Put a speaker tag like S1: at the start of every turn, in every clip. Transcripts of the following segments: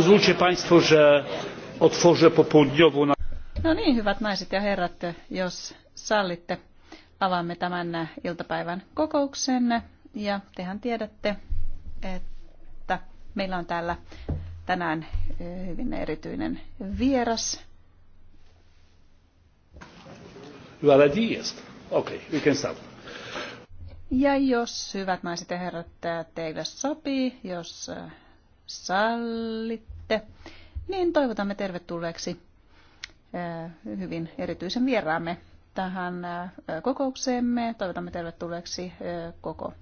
S1: pozwólcie państwo że otworzę popołudniową
S2: No niin, hyvät naiset ja herrat, jos sallitte, avaamme tämän iltapäivän kokouksen. Ja tehän tiedätte, että meillä on täällä tänään eh, hyvin erityinen vieras.
S1: You diest. Okei, Okay, we can start.
S2: Ja jos, hyvät naiset ja herrat, teille sopii, jos eh, sallitte, niin toivotamme tervetulleeksi hyvin erityisen vieraamme tähän kokoukseemme. Toivotamme tervetulleeksi koko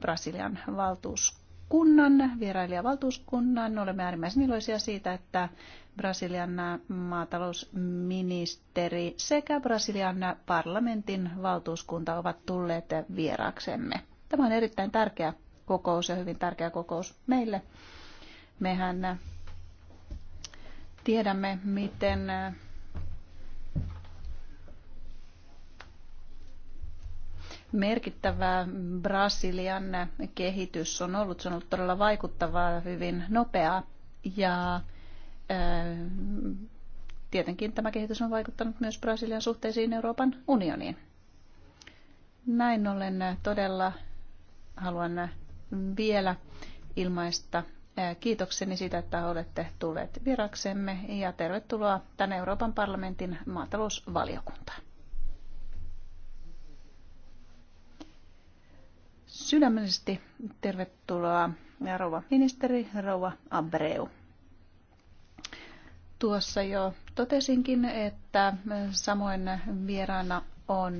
S2: Brasilian valtuuskunnan, vierailijavaltuuskunnan. Olemme äärimmäisen iloisia siitä, että Brasilian maatalousministeri sekä Brasilian parlamentin valtuuskunta ovat tulleet vieraaksemme. Tämä on erittäin tärkeä kokous ja hyvin tärkeä kokous meille Mehän äh, tiedämme, miten äh, merkittävä Brasilian kehitys on ollut. Se on ollut todella vaikuttavaa, hyvin nopeaa ja äh, tietenkin tämä kehitys on vaikuttanut myös Brasilian suhteisiin Euroopan unioniin. Näin ollen todella haluan vielä ilmaista kiitokseni siitä, että olette tulleet viraksemme ja tervetuloa tänne Euroopan parlamentin maatalousvaliokuntaan. Sydämellisesti tervetuloa rouva ministeri, rouva Abreu. Tuossa jo totesinkin, että samoin vieraana on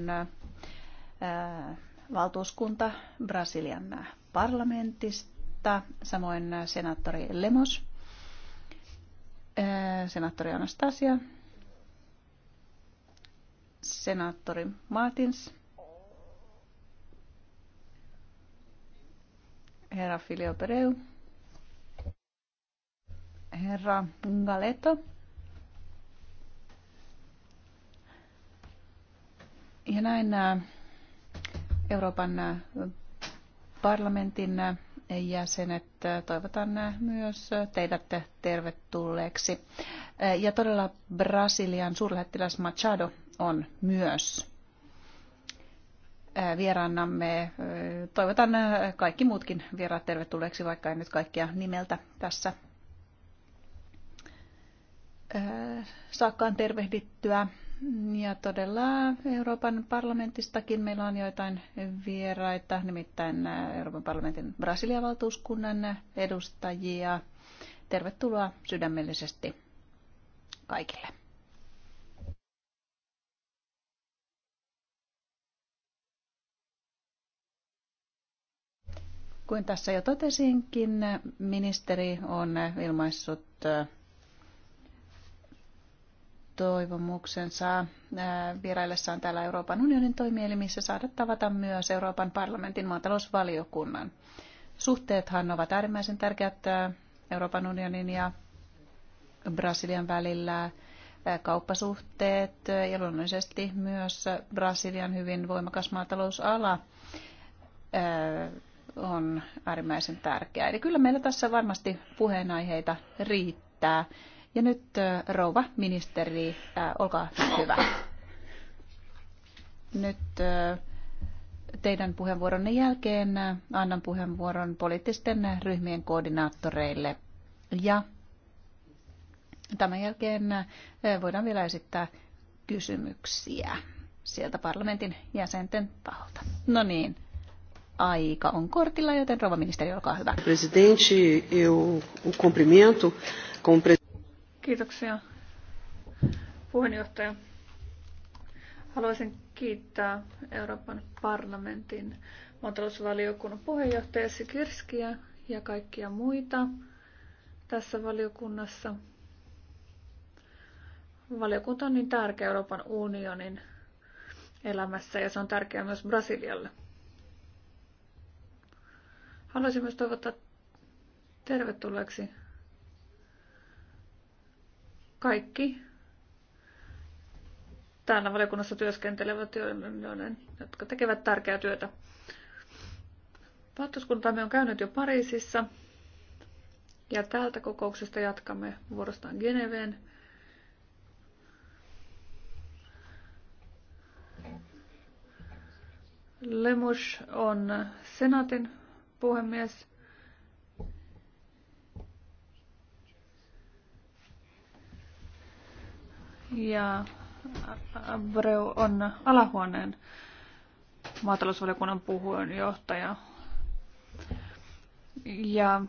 S2: valtuuskunta Brasilian parlamentista kannattaa, samoin äh, senaattori Lemos, äh, senaattori Anastasia, senaattori Martins, herra Filio Pereu, herra Galeto Ja näin äh, Euroopan parlamentin jäsenet, toivotan myös teidät tervetulleeksi. Ja todella Brasilian suurlähettiläs Machado on myös vieraannamme. Toivotan kaikki muutkin vieraat tervetulleeksi, vaikka en nyt kaikkia nimeltä tässä saakkaan tervehdittyä. Ja todella Euroopan parlamentistakin meillä on joitain vieraita, nimittäin äh, Euroopan parlamentin Brasilian valtuuskunnan edustajia. Tervetuloa sydämellisesti kaikille. Kuin tässä jo totesinkin, ministeri on ilmaissut äh, toivomuksensa vieraillessaan täällä Euroopan unionin toimielimissä saada tavata myös Euroopan parlamentin maatalousvaliokunnan. Suhteethan ovat äärimmäisen tärkeät Euroopan unionin ja Brasilian välillä kauppasuhteet ja luonnollisesti myös Brasilian hyvin voimakas maatalousala on äärimmäisen tärkeä. Eli kyllä meillä tässä varmasti puheenaiheita riittää. Ja nyt rouva ministeri, olkaa hyvä. Nyt teidän puheenvuoronne jälkeen annan puheenvuoron poliittisten ryhmien koordinaattoreille. Ja tämän jälkeen voidaan vielä esittää kysymyksiä sieltä parlamentin jäsenten taholta. No niin, aika on kortilla, joten rouva ministeri, olkaa hyvä.
S1: Presidente, eu cumprimento com
S3: Kiitoksia puheenjohtaja. Haluaisin kiittää Euroopan parlamentin maatalousvaliokunnan puheenjohtaja Sikirskiä ja kaikkia muita tässä valiokunnassa. Valiokunta on niin tärkeä Euroopan unionin elämässä ja se on tärkeä myös Brasilialle. Haluaisin myös toivottaa tervetulleeksi kaikki täällä valiokunnassa työskentelevät, joiden, jotka tekevät tärkeää työtä. Vaatuskuntamme on käynyt jo Pariisissa ja täältä kokouksesta jatkamme vuorostaan Geneveen. Lemus on senaatin puhemies. ja äh, Abreu on alahuoneen maatalousvaliokunnan puheenjohtaja. Ja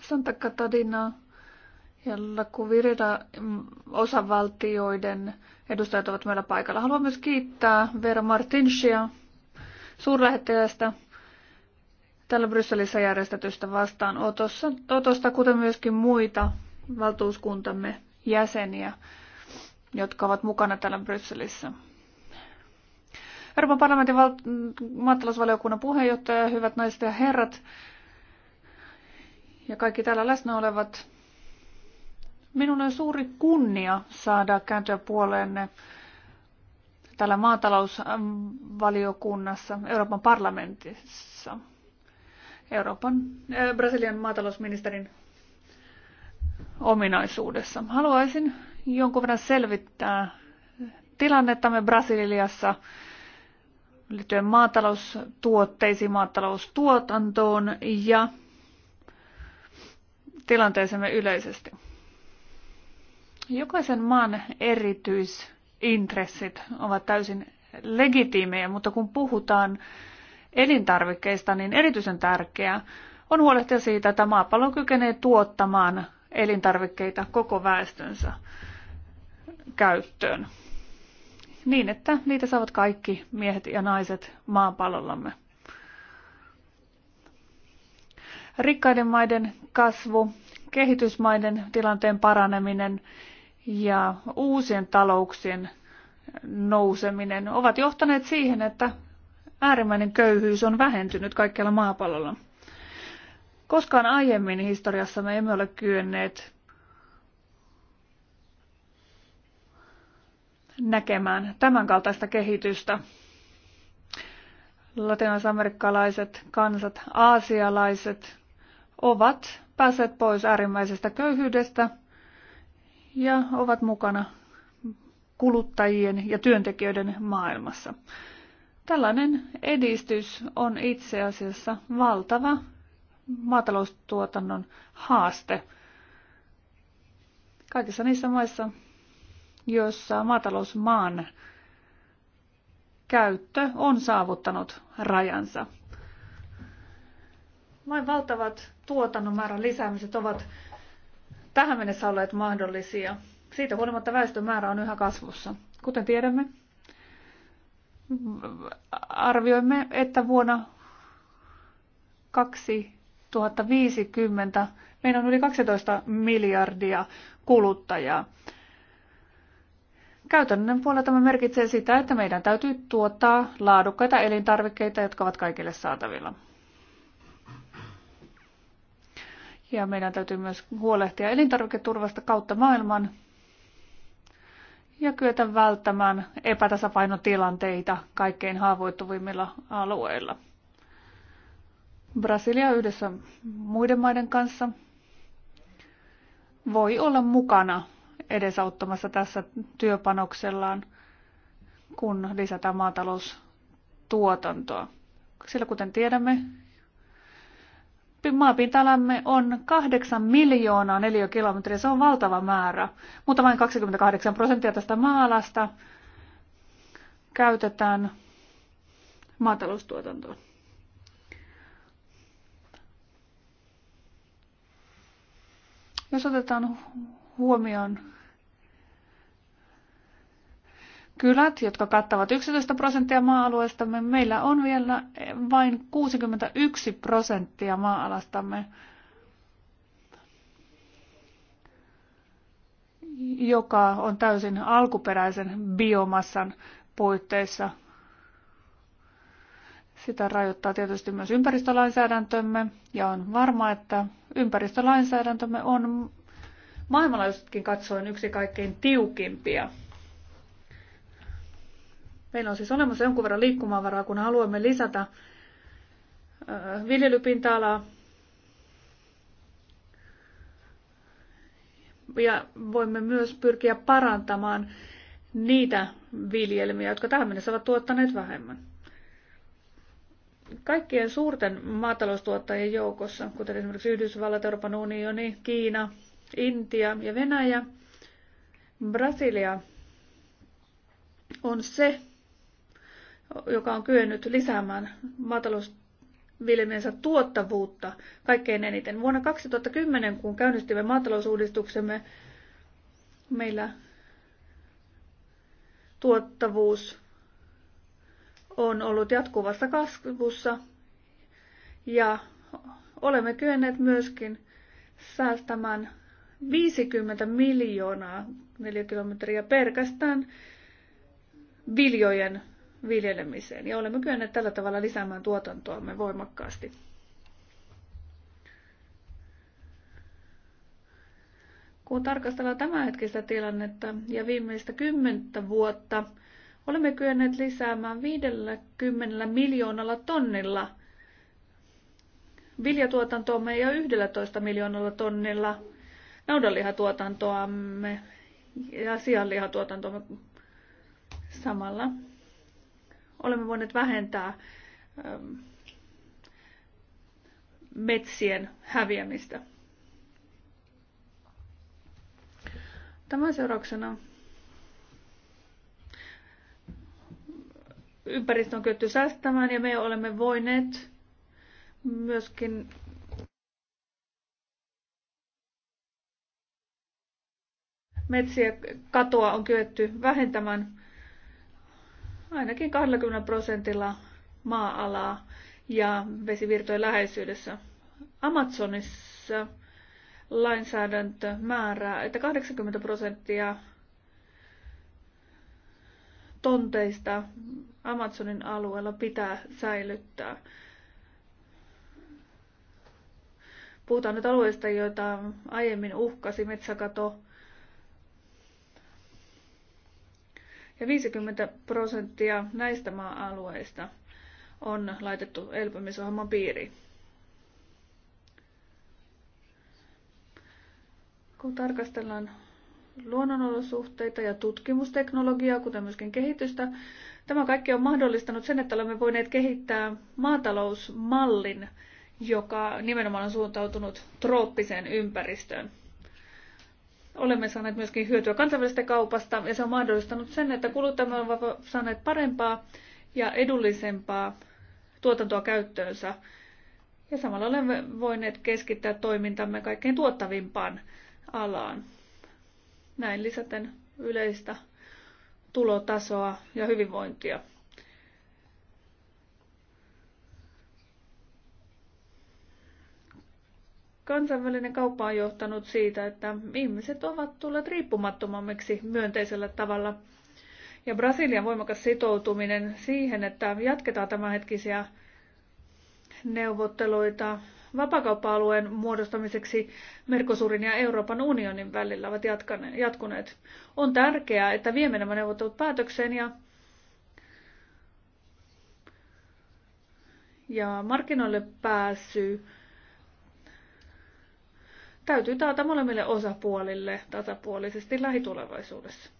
S3: Santa Catarina ja Lakuvirida mm, osavaltioiden edustajat ovat meillä paikalla. Haluan myös kiittää Vera Martinsia suurlähettäjästä täällä Brysselissä järjestetystä vastaanotosta, otosta, kuten myöskin muita valtuuskuntamme jäseniä, jotka ovat mukana täällä Brysselissä. Euroopan parlamentin val- maatalousvaliokunnan puheenjohtaja, hyvät naiset ja herrat ja kaikki täällä läsnä olevat. Minulle on suuri kunnia saada kääntyä puoleenne täällä maatalousvaliokunnassa Euroopan parlamentissa – Euroopan, äh, Brasilian maatalousministerin ominaisuudessa. Haluaisin jonkun verran selvittää tilannettamme Brasiliassa liittyen maataloustuotteisiin, maataloustuotantoon ja tilanteeseemme yleisesti. Jokaisen maan erityisintressit ovat täysin legitiimejä, mutta kun puhutaan äh, elintarvikkeista, niin erityisen tärkeää on huolehtia siitä, että maapallo kykenee tuottamaan elintarvikkeita koko väestönsä käyttöön. Niin, että niitä saavat kaikki miehet ja naiset maapallollamme. Rikkaiden maiden kasvu, kehitysmaiden tilanteen paraneminen ja uusien talouksien nouseminen ovat johtaneet siihen, että äärimmäinen köyhyys on vähentynyt kaikkialla maapallolla. Koskaan aiemmin historiassa me emme ole kyenneet näkemään tämän kaltaista kehitystä. Latinalaisamerikkalaiset kansat, aasialaiset ovat päässeet pois äärimmäisestä köyhyydestä ja ovat mukana kuluttajien ja työntekijöiden maailmassa. Tällainen edistys on itse asiassa valtava maataloustuotannon haaste. Kaikissa niissä maissa, joissa maatalousmaan käyttö on saavuttanut rajansa. Vain valtavat tuotannon määrän lisäämiset ovat tähän mennessä olleet mahdollisia. Siitä huolimatta väestön määrä on yhä kasvussa. Kuten tiedämme, arvioimme, että vuonna 2050 meillä on yli 12 miljardia kuluttajaa. Käytännön puolella tämä merkitsee sitä, että meidän täytyy tuottaa laadukkaita elintarvikkeita, jotka ovat kaikille saatavilla. Ja meidän täytyy myös huolehtia elintarviketurvasta kautta maailman ja kyetä välttämään epätasapainotilanteita kaikkein haavoittuvimmilla alueilla. Brasilia yhdessä muiden maiden kanssa voi olla mukana edesauttamassa tässä työpanoksellaan, kun lisätään maataloustuotantoa. Sillä kuten tiedämme, maapintalamme on 8 miljoonaa neliökilometriä. Se on valtava määrä, mutta vain 28 prosenttia tästä maalasta käytetään maataloustuotantoon. Jos otetaan huomioon kylät, jotka kattavat 11 prosenttia maa-alueestamme. Meillä on vielä vain 61 prosenttia maa-alastamme, joka on täysin alkuperäisen biomassan puitteissa. Sitä rajoittaa tietysti myös ympäristölainsäädäntömme ja on varma, että ympäristölainsäädäntömme on maailmanlaajuisestikin katsoen yksi kaikkein tiukimpia – Meillä on siis olemassa jonkun verran liikkumavaraa, kun haluamme lisätä viljelypinta-alaa. Ja voimme myös pyrkiä parantamaan niitä viljelmiä, jotka tähän mennessä ovat tuottaneet vähemmän. Kaikkien suurten maataloustuottajien joukossa, kuten esimerkiksi Yhdysvallat, Euroopan unioni, Kiina, Intia ja Venäjä, Brasilia on se joka on kyennyt lisäämään maatalousviljelmiensä tuottavuutta kaikkein eniten. Vuonna 2010, kun käynnistimme maatalousuudistuksemme, meillä tuottavuus on ollut jatkuvassa kasvussa ja olemme kyenneet myöskin säästämään 50 miljoonaa neliökilometriä perkästään viljojen viljelemiseen ja olemme kyenneet tällä tavalla lisäämään tuotantoamme voimakkaasti. Kun tarkastellaan tämänhetkistä tilannetta ja viimeistä kymmentä vuotta, olemme kyenneet lisäämään 50 miljoonalla tonnilla viljatuotantoamme ja 11 miljoonalla tonnilla naudanlihatuotantoamme ja sianlihatuotantoamme samalla olemme voineet vähentää ähm, metsien häviämistä. Tämän seurauksena ympäristö on kyetty säästämään ja me olemme voineet myöskin metsien katoa on kyetty vähentämään ainakin 20 prosentilla maa-alaa ja vesivirtojen läheisyydessä. Amazonissa lainsäädäntö määrää, että 80 prosenttia tonteista Amazonin alueella pitää säilyttää. Puhutaan nyt alueista, joita aiemmin uhkasi metsäkato, Ja 50 prosenttia näistä maa-alueista on laitettu elpymisohjelman piiriin. Kun tarkastellaan luonnonolosuhteita ja tutkimusteknologiaa, kuten myöskin kehitystä, tämä kaikki on mahdollistanut sen, että olemme voineet kehittää maatalousmallin, joka nimenomaan on suuntautunut trooppiseen ympäristöön olemme saaneet myöskin hyötyä kansainvälisestä kaupasta ja se on mahdollistanut sen, että kuluttajat ovat saaneet parempaa ja edullisempaa tuotantoa käyttöönsä. Ja samalla olemme voineet keskittää toimintamme kaikkein tuottavimpaan alaan. Näin lisäten yleistä tulotasoa ja hyvinvointia. Kansainvälinen kauppa on johtanut siitä, että ihmiset ovat tulleet riippumattomammiksi myönteisellä tavalla. Ja Brasilian voimakas sitoutuminen siihen, että jatketaan tämänhetkisiä neuvotteluita vapakauppa-alueen muodostamiseksi merkosurin ja Euroopan unionin välillä ovat jatkuneet. On tärkeää, että viemme nämä neuvottelut päätökseen ja, ja markkinoille pääsy täytyy taata molemmille osapuolille tasapuolisesti lähitulevaisuudessa.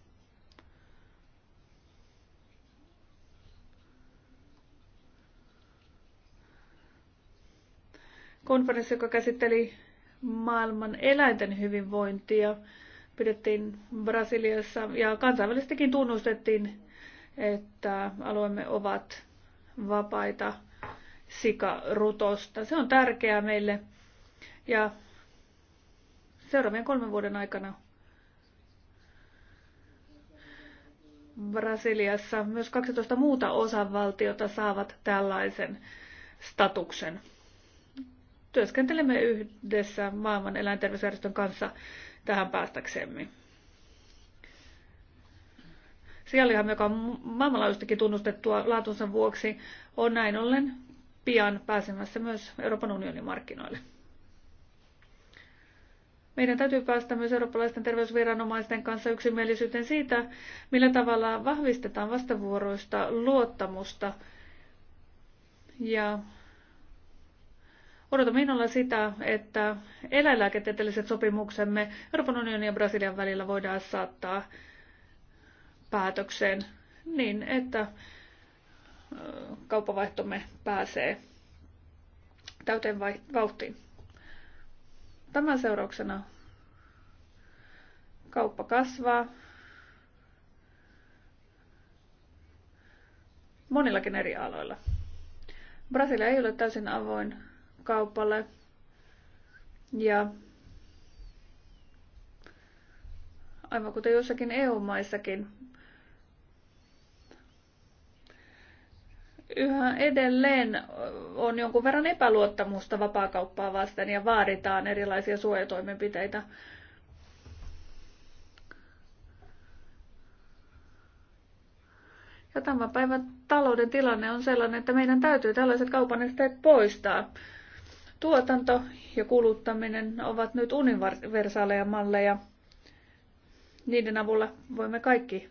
S3: Konferenssi, joka käsitteli maailman eläinten hyvinvointia, pidettiin Brasiliassa ja kansainvälisestikin tunnustettiin, että alueemme ovat vapaita sikarutosta. Se on tärkeää meille ja seuraavien kolmen vuoden aikana Brasiliassa myös 12 muuta osavaltiota saavat tällaisen statuksen. Työskentelemme yhdessä maailman eläinterveysjärjestön kanssa tähän päästäksemme. Sianlihan, joka on maailmanlaajuistakin tunnustettua laatunsa vuoksi, on näin ollen pian pääsemässä myös Euroopan unionin markkinoille. Meidän täytyy päästä myös eurooppalaisten terveysviranomaisten kanssa yksimielisyyteen siitä, millä tavalla vahvistetaan vastavuoroista luottamusta. Ja odotamme innolla sitä, että eläinlääketieteelliset sopimuksemme Euroopan unionin ja Brasilian välillä voidaan saattaa päätökseen niin, että kauppavaihtomme pääsee täyteen vauhtiin. Tämän seurauksena kauppa kasvaa monillakin eri aloilla. Brasilia ei ole täysin avoin kaupalle ja aivan kuten jossakin EU-maissakin, yhä edelleen on jonkun verran epäluottamusta vapaakauppaa vasten ja vaaditaan erilaisia suojatoimenpiteitä. Ja tämän päivän talouden tilanne on sellainen, että meidän täytyy tällaiset kaupan esteet poistaa. Tuotanto ja kuluttaminen ovat nyt universaaleja malleja. Niiden avulla voimme kaikki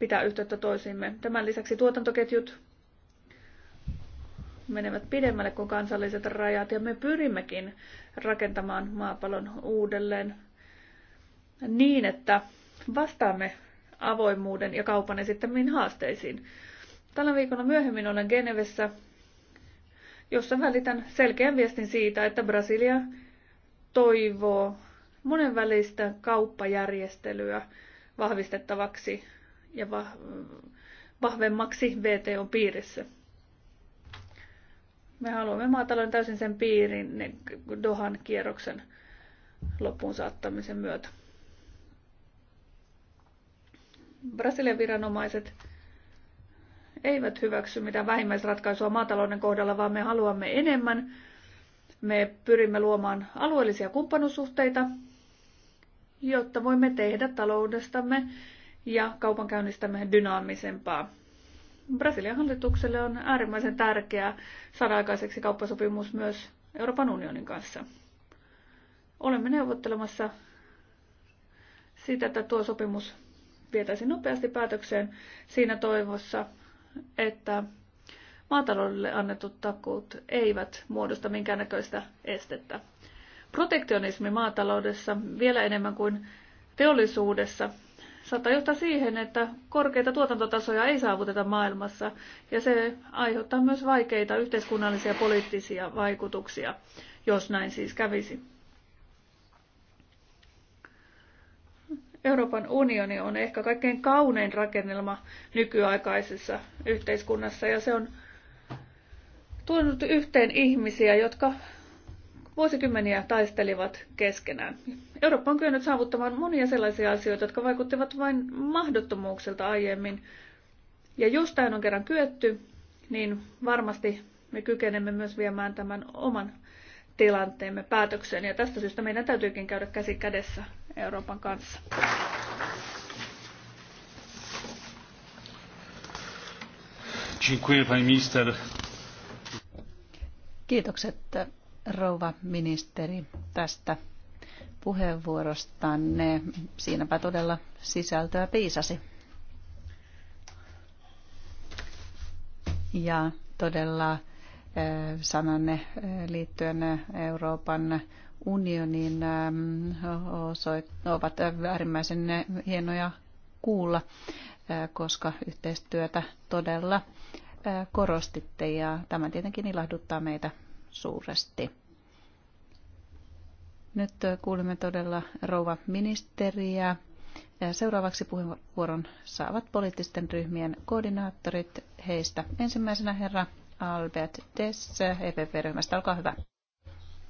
S3: pitää yhteyttä toisiimme. Tämän lisäksi tuotantoketjut menevät pidemmälle kuin kansalliset rajat ja me pyrimmekin rakentamaan maapallon uudelleen niin, että vastaamme avoimuuden ja kaupan esittämiin haasteisiin. Tällä viikolla myöhemmin olen Genevessä, jossa välitän selkeän viestin siitä, että Brasilia toivoo monenvälistä kauppajärjestelyä vahvistettavaksi ja vahvemmaksi VTOn piirissä. Me haluamme maatalouden täysin sen piirin Dohan kierroksen loppuun saattamisen myötä. Brasilian viranomaiset eivät hyväksy mitään vähimmäisratkaisua maatalouden kohdalla, vaan me haluamme enemmän. Me pyrimme luomaan alueellisia kumppanuussuhteita, jotta voimme tehdä taloudestamme ja kaupankäynnistämme dynaamisempaa. Brasilian hallitukselle on äärimmäisen tärkeää saada aikaiseksi kauppasopimus myös Euroopan unionin kanssa. Olemme neuvottelemassa siitä, että tuo sopimus vietäisiin nopeasti päätökseen siinä toivossa, että maataloudelle annetut takuut eivät muodosta minkäännäköistä estettä. Protektionismi maataloudessa vielä enemmän kuin teollisuudessa saattaa johtaa siihen, että korkeita tuotantotasoja ei saavuteta maailmassa ja se aiheuttaa myös vaikeita yhteiskunnallisia ja poliittisia vaikutuksia, jos näin siis kävisi. Euroopan unioni on ehkä kaikkein kaunein rakennelma nykyaikaisessa yhteiskunnassa ja se on tuonut yhteen ihmisiä, jotka vuosikymmeniä taistelivat keskenään. Eurooppa on kyennyt saavuttamaan monia sellaisia asioita, jotka vaikuttivat vain mahdottomuuksilta aiemmin. Ja jos tähän on kerran kyetty, niin varmasti me kykenemme myös viemään tämän oman tilanteemme päätökseen. Ja tästä syystä meidän täytyykin käydä käsi kädessä Euroopan kanssa.
S1: minister.
S2: Kiitokset rouva ministeri tästä puheenvuorostanne. Siinäpä todella sisältöä piisasi. Ja todella eh, sananne eh, liittyen Euroopan unioniin eh, ovat äärimmäisen hienoja kuulla, koska yhteistyötä todella korostitte ja tämä tietenkin ilahduttaa meitä suuresti. Nyt kuulemme todella rouva ministeriä. Seuraavaksi puheenvuoron saavat poliittisten ryhmien koordinaattorit heistä. Ensimmäisenä herra Albert Dess EPP-ryhmästä. Olkaa hyvä.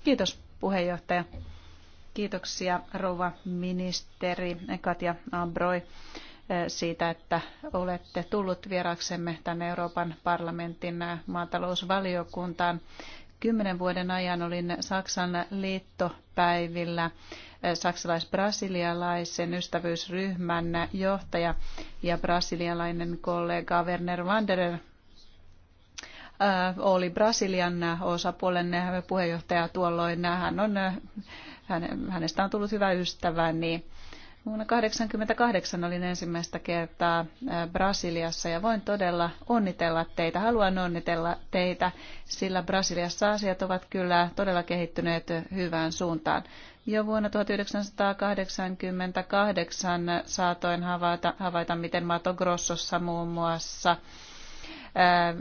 S2: Kiitos puheenjohtaja. Kiitoksia rouva ministeri Katja Ambroi siitä, että olette tullut vieraksemme tänne Euroopan parlamentin maatalousvaliokuntaan kymmenen vuoden ajan olin Saksan liittopäivillä eh, saksalais-brasilialaisen ystävyysryhmän johtaja ja brasilialainen kollega Werner Wanderer eh, oli Brasilian osapuolen puheenjohtaja tuolloin. Hän on, eh, hänestä on tullut hyvä ystäväni. Niin Vuonna 1988 olin ensimmäistä kertaa Brasiliassa ja voin todella onnitella teitä. Haluan onnitella teitä, sillä Brasiliassa asiat ovat kyllä todella kehittyneet hyvään suuntaan. Jo vuonna 1988 saatoin havaita, havaita miten Mato Grossossa muun muassa ää,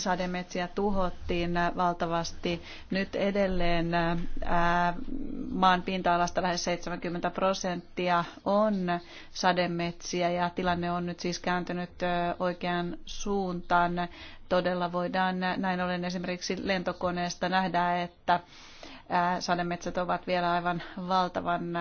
S2: sademetsiä tuhottiin valtavasti. Nyt edelleen maan pinta-alasta lähes 70 prosenttia on sademetsiä ja tilanne on nyt siis kääntynyt oikeaan suuntaan. Todella voidaan näin ollen esimerkiksi lentokoneesta nähdä, että sademetsät ovat vielä aivan valtavan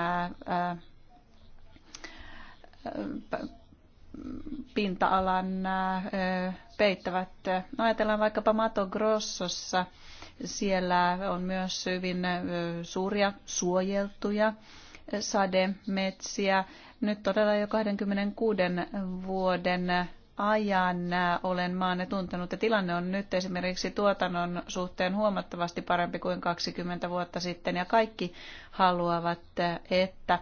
S2: pinta-alan äh, peittävät. No, ajatellaan vaikkapa Mato Grossossa. Siellä on myös hyvin äh, suuria suojeltuja äh, sademetsiä. Nyt todella jo 26 vuoden ajan olen maanne tuntenut että tilanne on nyt esimerkiksi tuotannon suhteen huomattavasti parempi kuin 20 vuotta sitten ja kaikki haluavat, että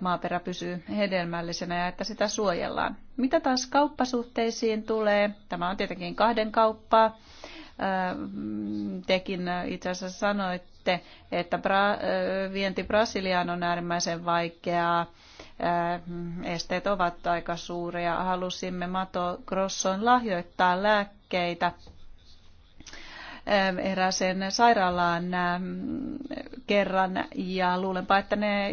S2: maaperä pysyy hedelmällisenä ja että sitä suojellaan. Mitä taas kauppasuhteisiin tulee? Tämä on tietenkin kahden kauppaa. Tekin itse asiassa sanoitte, että Bra- vienti Brasiliaan on äärimmäisen vaikeaa. Esteet ovat aika suuria. Halusimme Mato Grosson lahjoittaa lääkkeitä erääseen sairaalaan kerran ja luulenpa, että ne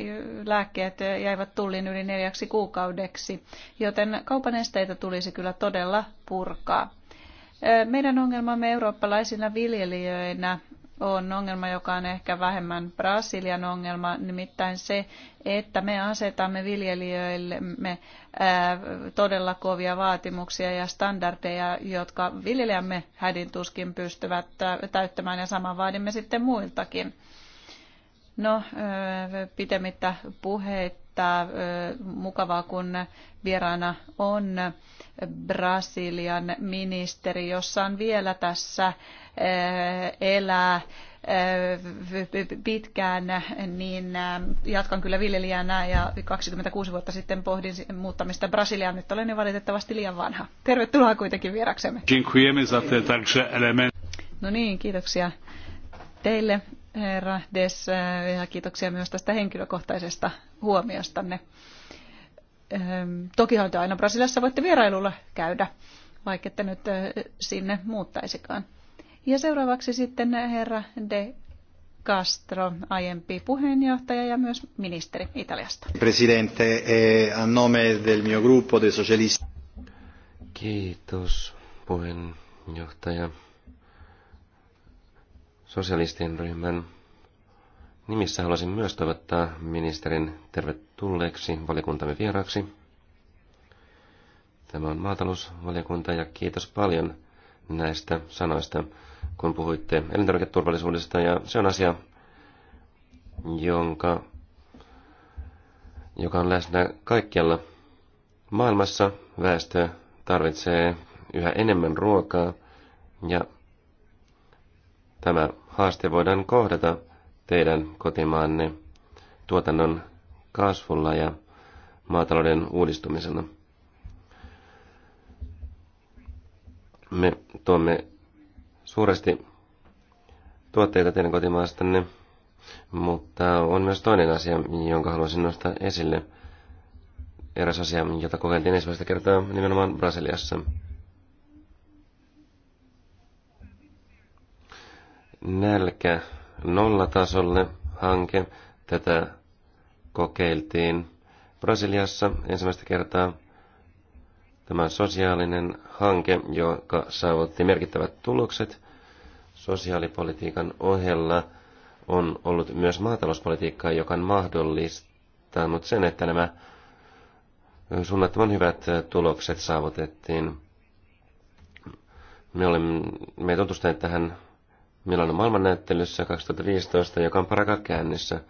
S2: lääkkeet jäivät tullin yli neljäksi kuukaudeksi, joten kaupan esteitä tulisi kyllä todella purkaa. Meidän ongelmamme eurooppalaisina viljelijöinä on ongelma, joka on ehkä vähemmän Brasilian ongelma, nimittäin se, että me asetamme viljelijöillemme todella kovia vaatimuksia ja standardeja, jotka viljelijämme hädin tuskin pystyvät täyttämään ja saman vaadimme sitten muiltakin. No, pitemmittä puheita että mukavaa kun vieraana on Brasilian ministeri, jossa on vielä tässä elää pitkään, niin jatkan kyllä viljelijänä ja 26 vuotta sitten pohdin muuttamista Brasiliaan. Nyt olen jo valitettavasti liian vanha. Tervetuloa kuitenkin vieraksemme. No niin, kiitoksia teille herra Des, eh, ja kiitoksia myös tästä henkilökohtaisesta huomiostanne. Ehm, tokihan te aina Brasiliassa voitte vierailulla käydä, vaikka te nyt eh, sinne muuttaisikaan. Ja seuraavaksi sitten herra De Castro, aiempi puheenjohtaja ja myös ministeri Italiasta.
S1: Presidente, eh, a nome del mio gruppo de socialisti. Kiitos puheenjohtaja.
S4: Sosialistien ryhmän nimissä haluaisin myös toivottaa ministerin tervetulleeksi valiokuntamme vieraksi. Tämä on maatalousvaliokunta ja kiitos paljon näistä sanoista, kun puhuitte elintarviketurvallisuudesta ja se on asia, jonka, joka on läsnä kaikkialla maailmassa. Väestö tarvitsee yhä enemmän ruokaa ja tämä haaste voidaan kohdata teidän kotimaanne tuotannon kasvulla ja maatalouden uudistumisena. Me tuomme suuresti tuotteita teidän kotimaastanne, mutta on myös toinen asia, jonka haluaisin nostaa esille. Eräs asia, jota kokeiltiin ensimmäistä kertaa nimenomaan Brasiliassa – nälkä nollatasolle hanke. Tätä kokeiltiin Brasiliassa ensimmäistä kertaa. Tämä sosiaalinen hanke, joka saavutti merkittävät tulokset sosiaalipolitiikan ohella, on ollut myös maatalouspolitiikkaa, joka on mahdollistanut sen, että nämä suunnattoman hyvät tulokset saavutettiin. Me olemme, tutustuneet tähän Milanon maailmannäyttelyssä 2015 ja Kamparaka käynnissä.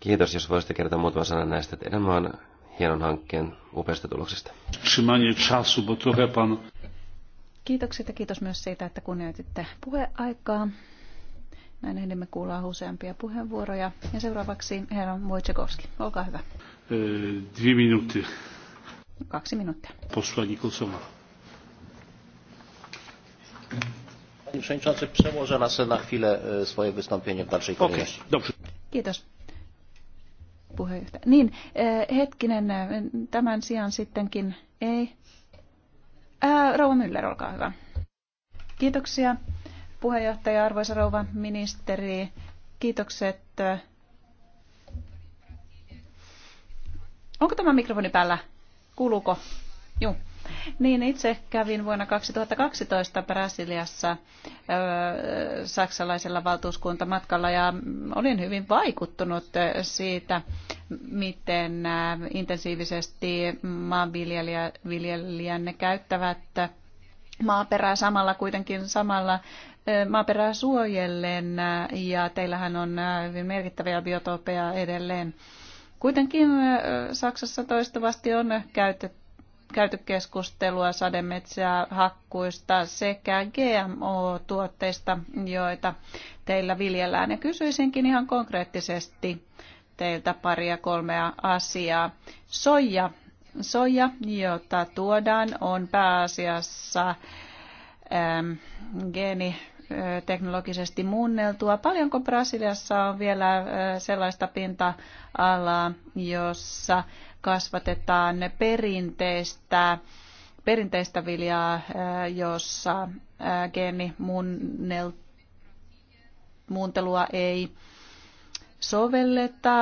S4: Kiitos, jos voisitte kertoa muutaman sanan näistä teidän
S1: hienon hankkeen upeasta tuloksesta.
S2: Kiitokset ja kiitos myös siitä, että kunnioititte puheaikaa. Näin ehdimme kuulla useampia puheenvuoroja. Ja seuraavaksi herra Wojciechowski, olkaa hyvä.
S1: E, Kaksi minuuttia. Kaksi minuuttia. Thank you. Przewodniczący przełożę na, na chwilę e, swoje wystąpienie w dalszej
S4: kolejności. Okay. Dobrze.
S2: Kiitos. Puheenjohtaja. Niin, e, hetkinen, e, tämän sijaan sittenkin ei. Ää, rouva Müller, olkaa hyvä. Kiitoksia puheenjohtaja, arvoisa rouva ministeri. Kiitokset. Onko tämä mikrofoni päällä? Kuuluuko? Joo. Niin, itse kävin vuonna 2012 Brasiliassa ö, saksalaisella valtuuskuntamatkalla ja olin hyvin vaikuttunut siitä, miten intensiivisesti maanviljelijänne käyttävät maaperää samalla kuitenkin samalla maaperää suojellen ja teillähän on hyvin merkittäviä biotoopeja edelleen. Kuitenkin Saksassa toistuvasti on käytetty käyty keskustelua sademetsää hakkuista sekä GMO-tuotteista, joita teillä viljellään. Ja kysyisinkin ihan konkreettisesti teiltä paria kolmea asiaa. Soja, soja jota tuodaan, on pääasiassa ähm, geeni teknologisesti muunneltua. Paljonko Brasiliassa on vielä äh, sellaista pinta-alaa, jossa kasvatetaan perinteistä, perinteistä viljaa, jossa geenimuuntelua ei sovelleta.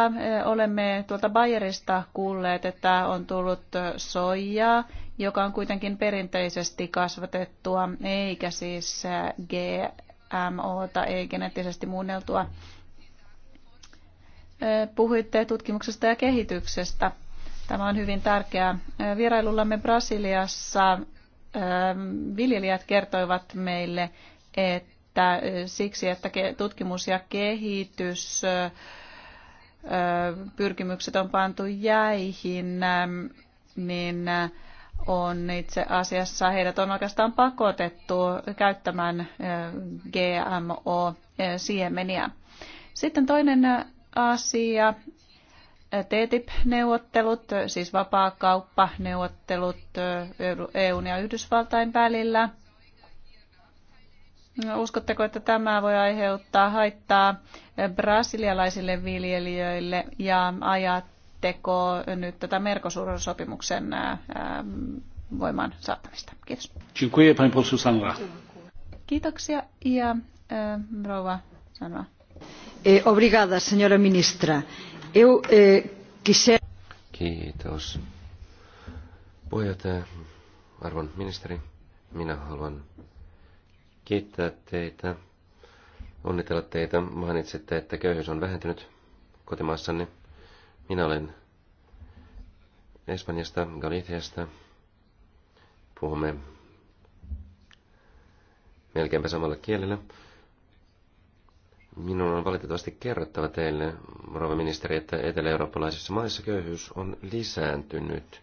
S2: Olemme tuolta Bayerista kuulleet, että on tullut soijaa, joka on kuitenkin perinteisesti kasvatettua, eikä siis GMO ei geneettisesti muunneltua. Puhuitte tutkimuksesta ja kehityksestä. Tämä on hyvin tärkeää. Vierailullamme Brasiliassa viljelijät kertoivat meille, että siksi, että tutkimus ja kehitys pyrkimykset on pantu jäihin, niin on itse asiassa heidät on oikeastaan pakotettu käyttämään GMO-siemeniä. Sitten toinen asia TTIP-neuvottelut, siis vapaakauppaneuvottelut EUn e ja Yhdysvaltain välillä. Uskotteko, että tämä voi aiheuttaa haittaa brasilialaisille viljelijöille ja ajatteko nyt tätä Mercosur-sopimuksen voimaan saattamista? Kiitos. Kiitoksia ja rouva Eh, Obrigada, señora ministra. Eh,
S4: Kiitos. Puheenjohtaja, arvon ministeri, minä haluan kiittää teitä, onnitella teitä. Mainitsitte, että köyhyys on vähentynyt kotimaassanne. Minä olen Espanjasta, Galiciasta. Puhumme melkeinpä samalla kielellä. Minun on valitettavasti kerrottava teille, rouva ministeri, että etelä-eurooppalaisissa maissa köyhyys on lisääntynyt.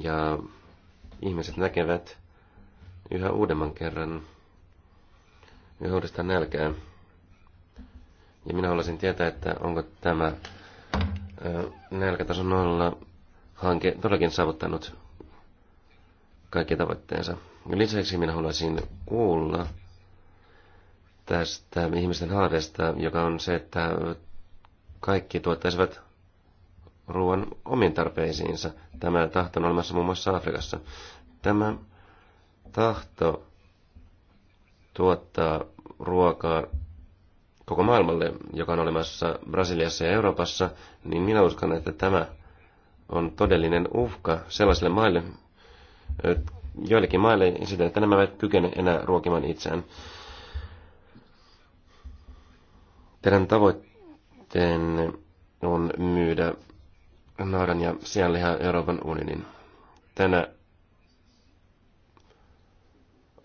S4: Ja ihmiset näkevät yhä uudemman kerran yhä uudestaan nälkää. Ja minä haluaisin tietää, että onko tämä nälkätason nolla hanke todellakin saavuttanut kaikki tavoitteensa. Lisäksi minä haluaisin kuulla, tästä ihmisten haaveesta, joka on se, että kaikki tuottaisivat ruoan omiin tarpeisiinsa. Tämä tahto on olemassa muun muassa Afrikassa. Tämä tahto tuottaa ruokaa koko maailmalle, joka on olemassa Brasiliassa ja Euroopassa, niin minä uskon, että tämä on todellinen uhka sellaisille maille, joillekin maille siten, että nämä eivät kykene enää ruokimaan itseään. Teidän tavoitteen on myydä naudan ja sianliha Euroopan unionin. Tänä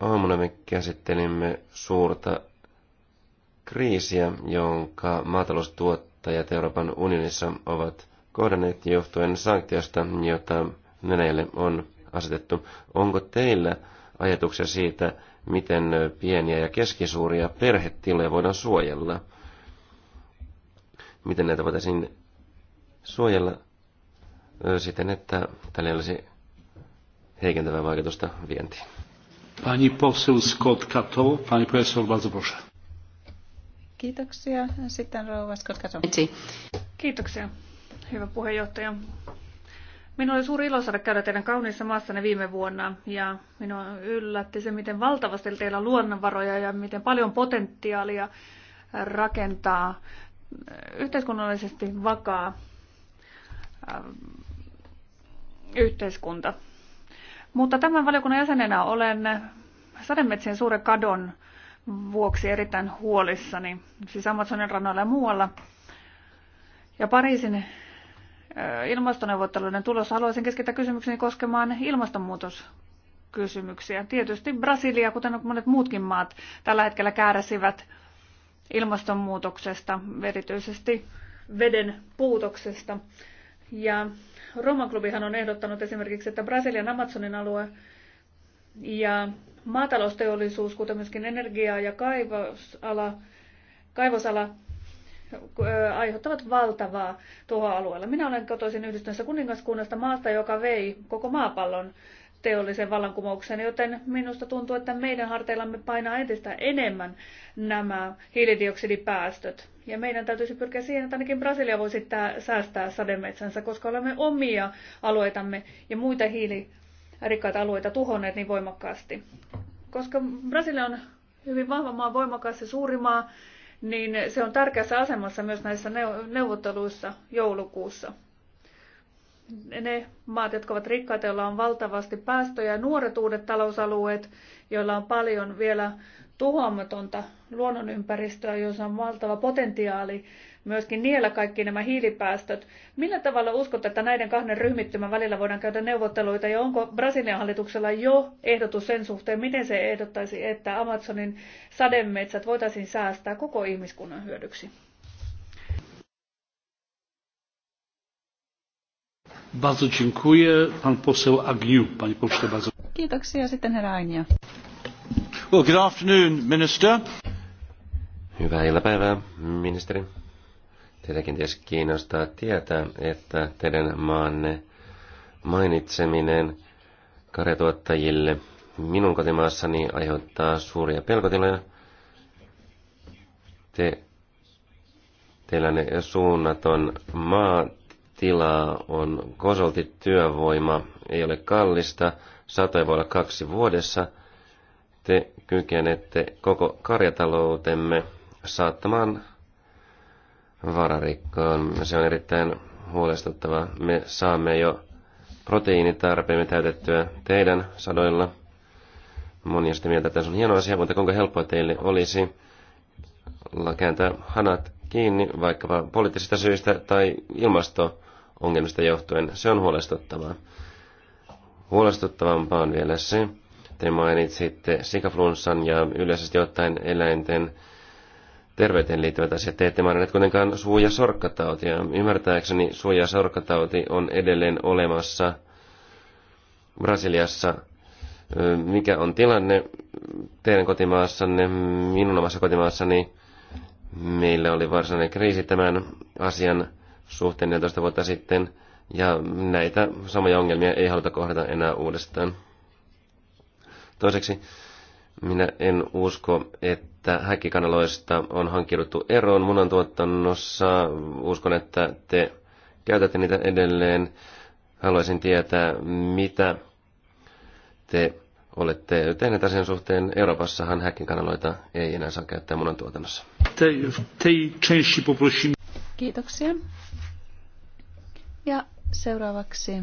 S4: aamuna me käsittelimme suurta kriisiä, jonka maataloustuottajat Euroopan unionissa ovat kohdanneet johtuen sanktiosta, jota Venäjälle on asetettu. Onko teillä ajatuksia siitä, miten pieniä ja keskisuuria perhetiloja voidaan suojella? miten näitä voitaisiin suojella siten, että tällä olisi heikentävää vaikutusta vientiin.
S1: Pani poseł Scott Kato, pani professor bardzo proszę.
S3: Kiitoksia. Sitten rouva Scott Kato. Kiitoksia, hyvä puheenjohtaja. Minulla oli suuri ilo saada käydä teidän kauniissa maassanne viime vuonna ja minua yllätti se, miten valtavasti teillä on luonnonvaroja ja miten paljon potentiaalia rakentaa yhteiskunnallisesti vakaa ähm, yhteiskunta. Mutta tämän valiokunnan jäsenenä olen sademetsien suuren kadon vuoksi erittäin huolissani, siis Amazonin rannoilla ja muualla. Ja Pariisin äh, ilmastoneuvotteluiden tulossa haluaisin keskittää kysymykseni koskemaan kysymyksiä. Tietysti Brasilia, kuten monet muutkin maat, tällä hetkellä kärsivät ilmastonmuutoksesta, erityisesti veden puutoksesta. Ja Roman klubihan on ehdottanut esimerkiksi, että Brasilian Amazonin alue ja maatalousteollisuus, kuten myöskin energia- ja kaivosala, kaivosala aiheuttavat valtavaa tuhoa alueella. Minä olen kotoisin yhdistyneessä kuningaskunnasta maasta, joka vei koko maapallon teollisen vallankumouksen, joten minusta tuntuu, että meidän harteillamme painaa entistä enemmän nämä hiilidioksidipäästöt. Ja meidän täytyisi pyrkiä siihen, että ainakin Brasilia voisi säästää sademetsänsä, koska olemme omia alueitamme ja muita hiilirikkaita alueita tuhonneet niin voimakkaasti. Koska Brasilia on hyvin vahva maa, voimakas ja suuri maa, niin se on tärkeässä asemassa myös näissä neuvotteluissa joulukuussa ne maat, jotka ovat rikkaita, joilla on valtavasti päästöjä, nuoret uudet talousalueet, joilla on paljon vielä tuhoamatonta luonnonympäristöä, jossa on valtava potentiaali myöskin niillä kaikki nämä hiilipäästöt. Millä tavalla uskot, että näiden kahden ryhmittymän välillä voidaan käydä neuvotteluita ja onko Brasilian hallituksella jo ehdotus sen suhteen, miten se ehdottaisi, että Amazonin sademetsät voitaisiin säästää koko ihmiskunnan hyödyksi?
S1: Bardzo dziękuję. Pan poseł Agniu, panie pośle, bardzo.
S2: Kiitoksia. Sitten herra
S1: Well, good afternoon, minister. Hyvää iltapäivää,
S4: ministeri. Teitä kenties kiinnostaa tietää, että teidän maanne mainitseminen karjatuottajille minun kotimaassani aiheuttaa suuria pelkotiloja. Te, teillä on suunnaton maa tilaa on kosolti työvoima, ei ole kallista, satoja voi olla kaksi vuodessa. Te kykenette koko karjataloutemme saattamaan vararikkoon. Se on erittäin huolestuttavaa. Me saamme jo proteiinitarpeemme täytettyä teidän sadoilla. Moni on sitä mieltä, että se on hieno asia, mutta kuinka helppoa teille olisi kääntää hanat kiinni vaikkapa poliittisista syistä tai ilmastoa ongelmista johtuen. Se on huolestuttavaa. Huolestuttavampaa on vielä se, te mainitsitte sikaflunssan ja yleisesti ottaen eläinten terveyteen liittyvät asiat. Te ette maininneet kuitenkaan suu- ja sorkkatautia. Ymmärtääkseni suu- ja sorkkatauti on edelleen olemassa Brasiliassa. Mikä on tilanne teidän kotimaassanne, minun omassa kotimaassani? Niin meillä oli varsinainen kriisi tämän asian suhteen 14 vuotta sitten, ja näitä samoja ongelmia ei haluta kohdata enää uudestaan. Toiseksi, minä en usko, että häkkikanaloista on hankkiuduttu eroon munantuotannossa. Uskon, että te käytätte niitä edelleen. Haluaisin tietää, mitä te olette tehneet asian suhteen. Euroopassahan häkkikanaloita ei enää saa käyttää munantuotannossa.
S1: Tej, tej
S2: Kiitoksia. Ja seuraavaksi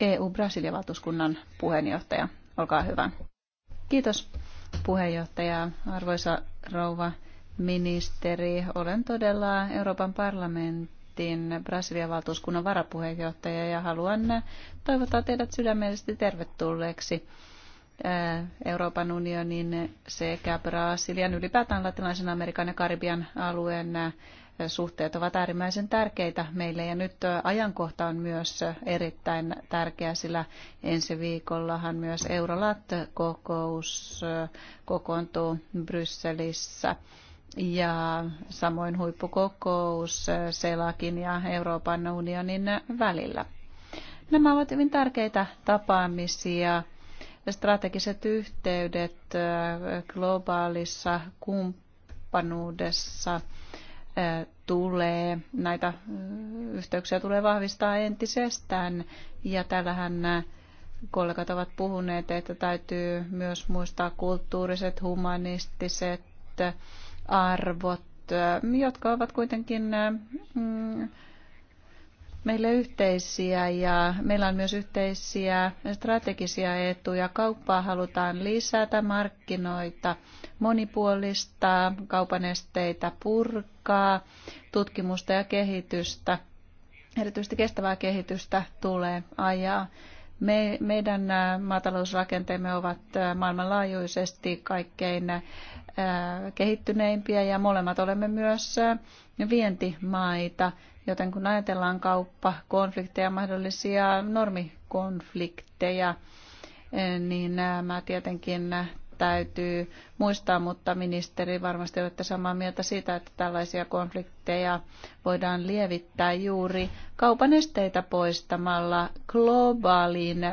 S2: EU-Brasilia-valtuuskunnan puheenjohtaja. Olkaa hyvä. Kiitos puheenjohtaja, arvoisa rouva ministeri. Olen todella Euroopan parlamentin brasilia valtuuskunnan varapuheenjohtaja ja haluan toivottaa teidät sydämellisesti tervetulleeksi Euroopan unionin sekä Brasilian, ylipäätään latinalaisen Amerikan ja Karibian alueen suhteet ovat äärimmäisen tärkeitä meille ja nyt ajankohta on myös erittäin tärkeä, sillä ensi viikollahan myös Eurolat-kokous kokoontuu Brysselissä ja samoin huippukokous Selakin ja Euroopan unionin välillä. Nämä ovat hyvin tärkeitä tapaamisia strategiset yhteydet globaalissa kumppanuudessa tulee, näitä yhteyksiä tulee vahvistaa entisestään. Ja tällähän nämä kollegat ovat puhuneet, että täytyy myös muistaa kulttuuriset, humanistiset arvot, jotka ovat kuitenkin mm, meille yhteisiä ja meillä on myös yhteisiä strategisia etuja. Kauppaa halutaan lisätä, markkinoita monipuolistaa, kaupan esteitä purkaa, tutkimusta ja kehitystä, erityisesti kestävää kehitystä tulee ajaa. Me, meidän maatalousrakenteemme ovat maailmanlaajuisesti kaikkein kehittyneimpiä ja molemmat olemme myös vientimaita. Joten kun ajatellaan kauppakonflikteja, mahdollisia normikonflikteja, niin nämä tietenkin täytyy muistaa, mutta ministeri varmasti olette samaa mieltä siitä, että tällaisia konflikteja voidaan lievittää juuri kaupan esteitä poistamalla globaalin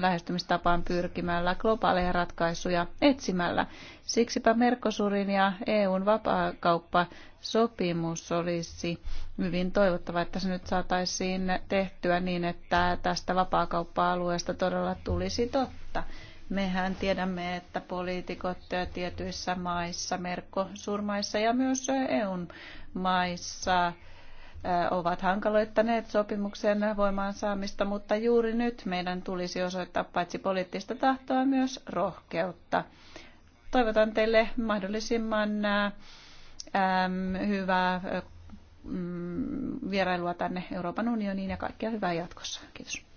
S2: lähestymistapaan pyrkimällä, globaaleja ratkaisuja etsimällä. Siksipä Merkosurin ja EUn vapaakauppasopimus olisi hyvin toivottava, että se nyt saataisiin tehtyä niin, että tästä vapaakauppa-alueesta todella tulisi totta. Mehän tiedämme, että poliitikot tietyissä maissa, merkosurmaissa ja myös EUn maissa ovat hankaloittaneet sopimuksen voimaan saamista, mutta juuri nyt meidän tulisi osoittaa paitsi poliittista tahtoa myös rohkeutta. Toivotan teille mahdollisimman hyvää mm, vierailua tänne Euroopan unioniin ja kaikkea hyvää jatkossa. Kiitos.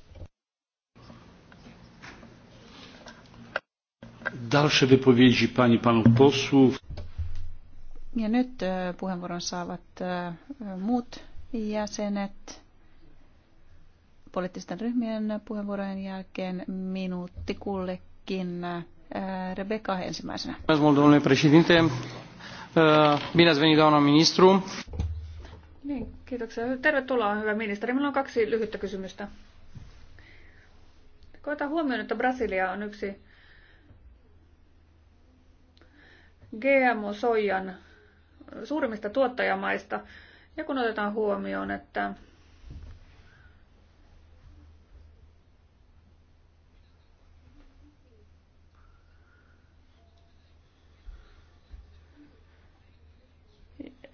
S1: Dalsze wypowiedzi pani panów posłów.
S2: Ja nyt e, puheenvuoron saavat e, muut jäsenet. Poliittisten ryhmien puheenvuorojen jälkeen minuutti kullekin. Äh,
S3: Rebecca ensimmäisenä.
S4: Domnule președinte, äh, bine ați
S3: Niin, kiitoksia. Tervetuloa, hyvä ministeri. Minulla on kaksi lyhyttä kysymystä. Koita huomioon, että Brasilia on yksi GMO-soijan suurimmista tuottajamaista. Ja kun otetaan huomioon, että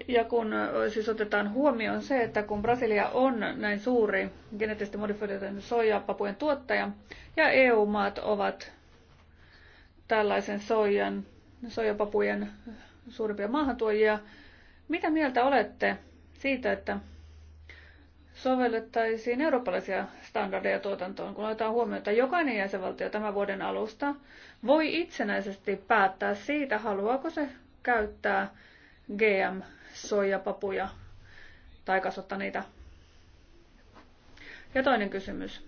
S3: ja kun siis otetaan huomioon se, että kun Brasilia on näin suuri geneettisesti modifioiden soijapapujen tuottaja ja EU-maat ovat tällaisen soijan, soijapapujen suurimpia maahantuojia, mitä mieltä olette siitä, että sovellettaisiin eurooppalaisia standardeja tuotantoon, kun otetaan huomioon, että jokainen jäsenvaltio tämän vuoden alusta voi itsenäisesti päättää siitä, haluaako se käyttää GM-soijapapuja tai kasvattaa niitä. Ja toinen kysymys.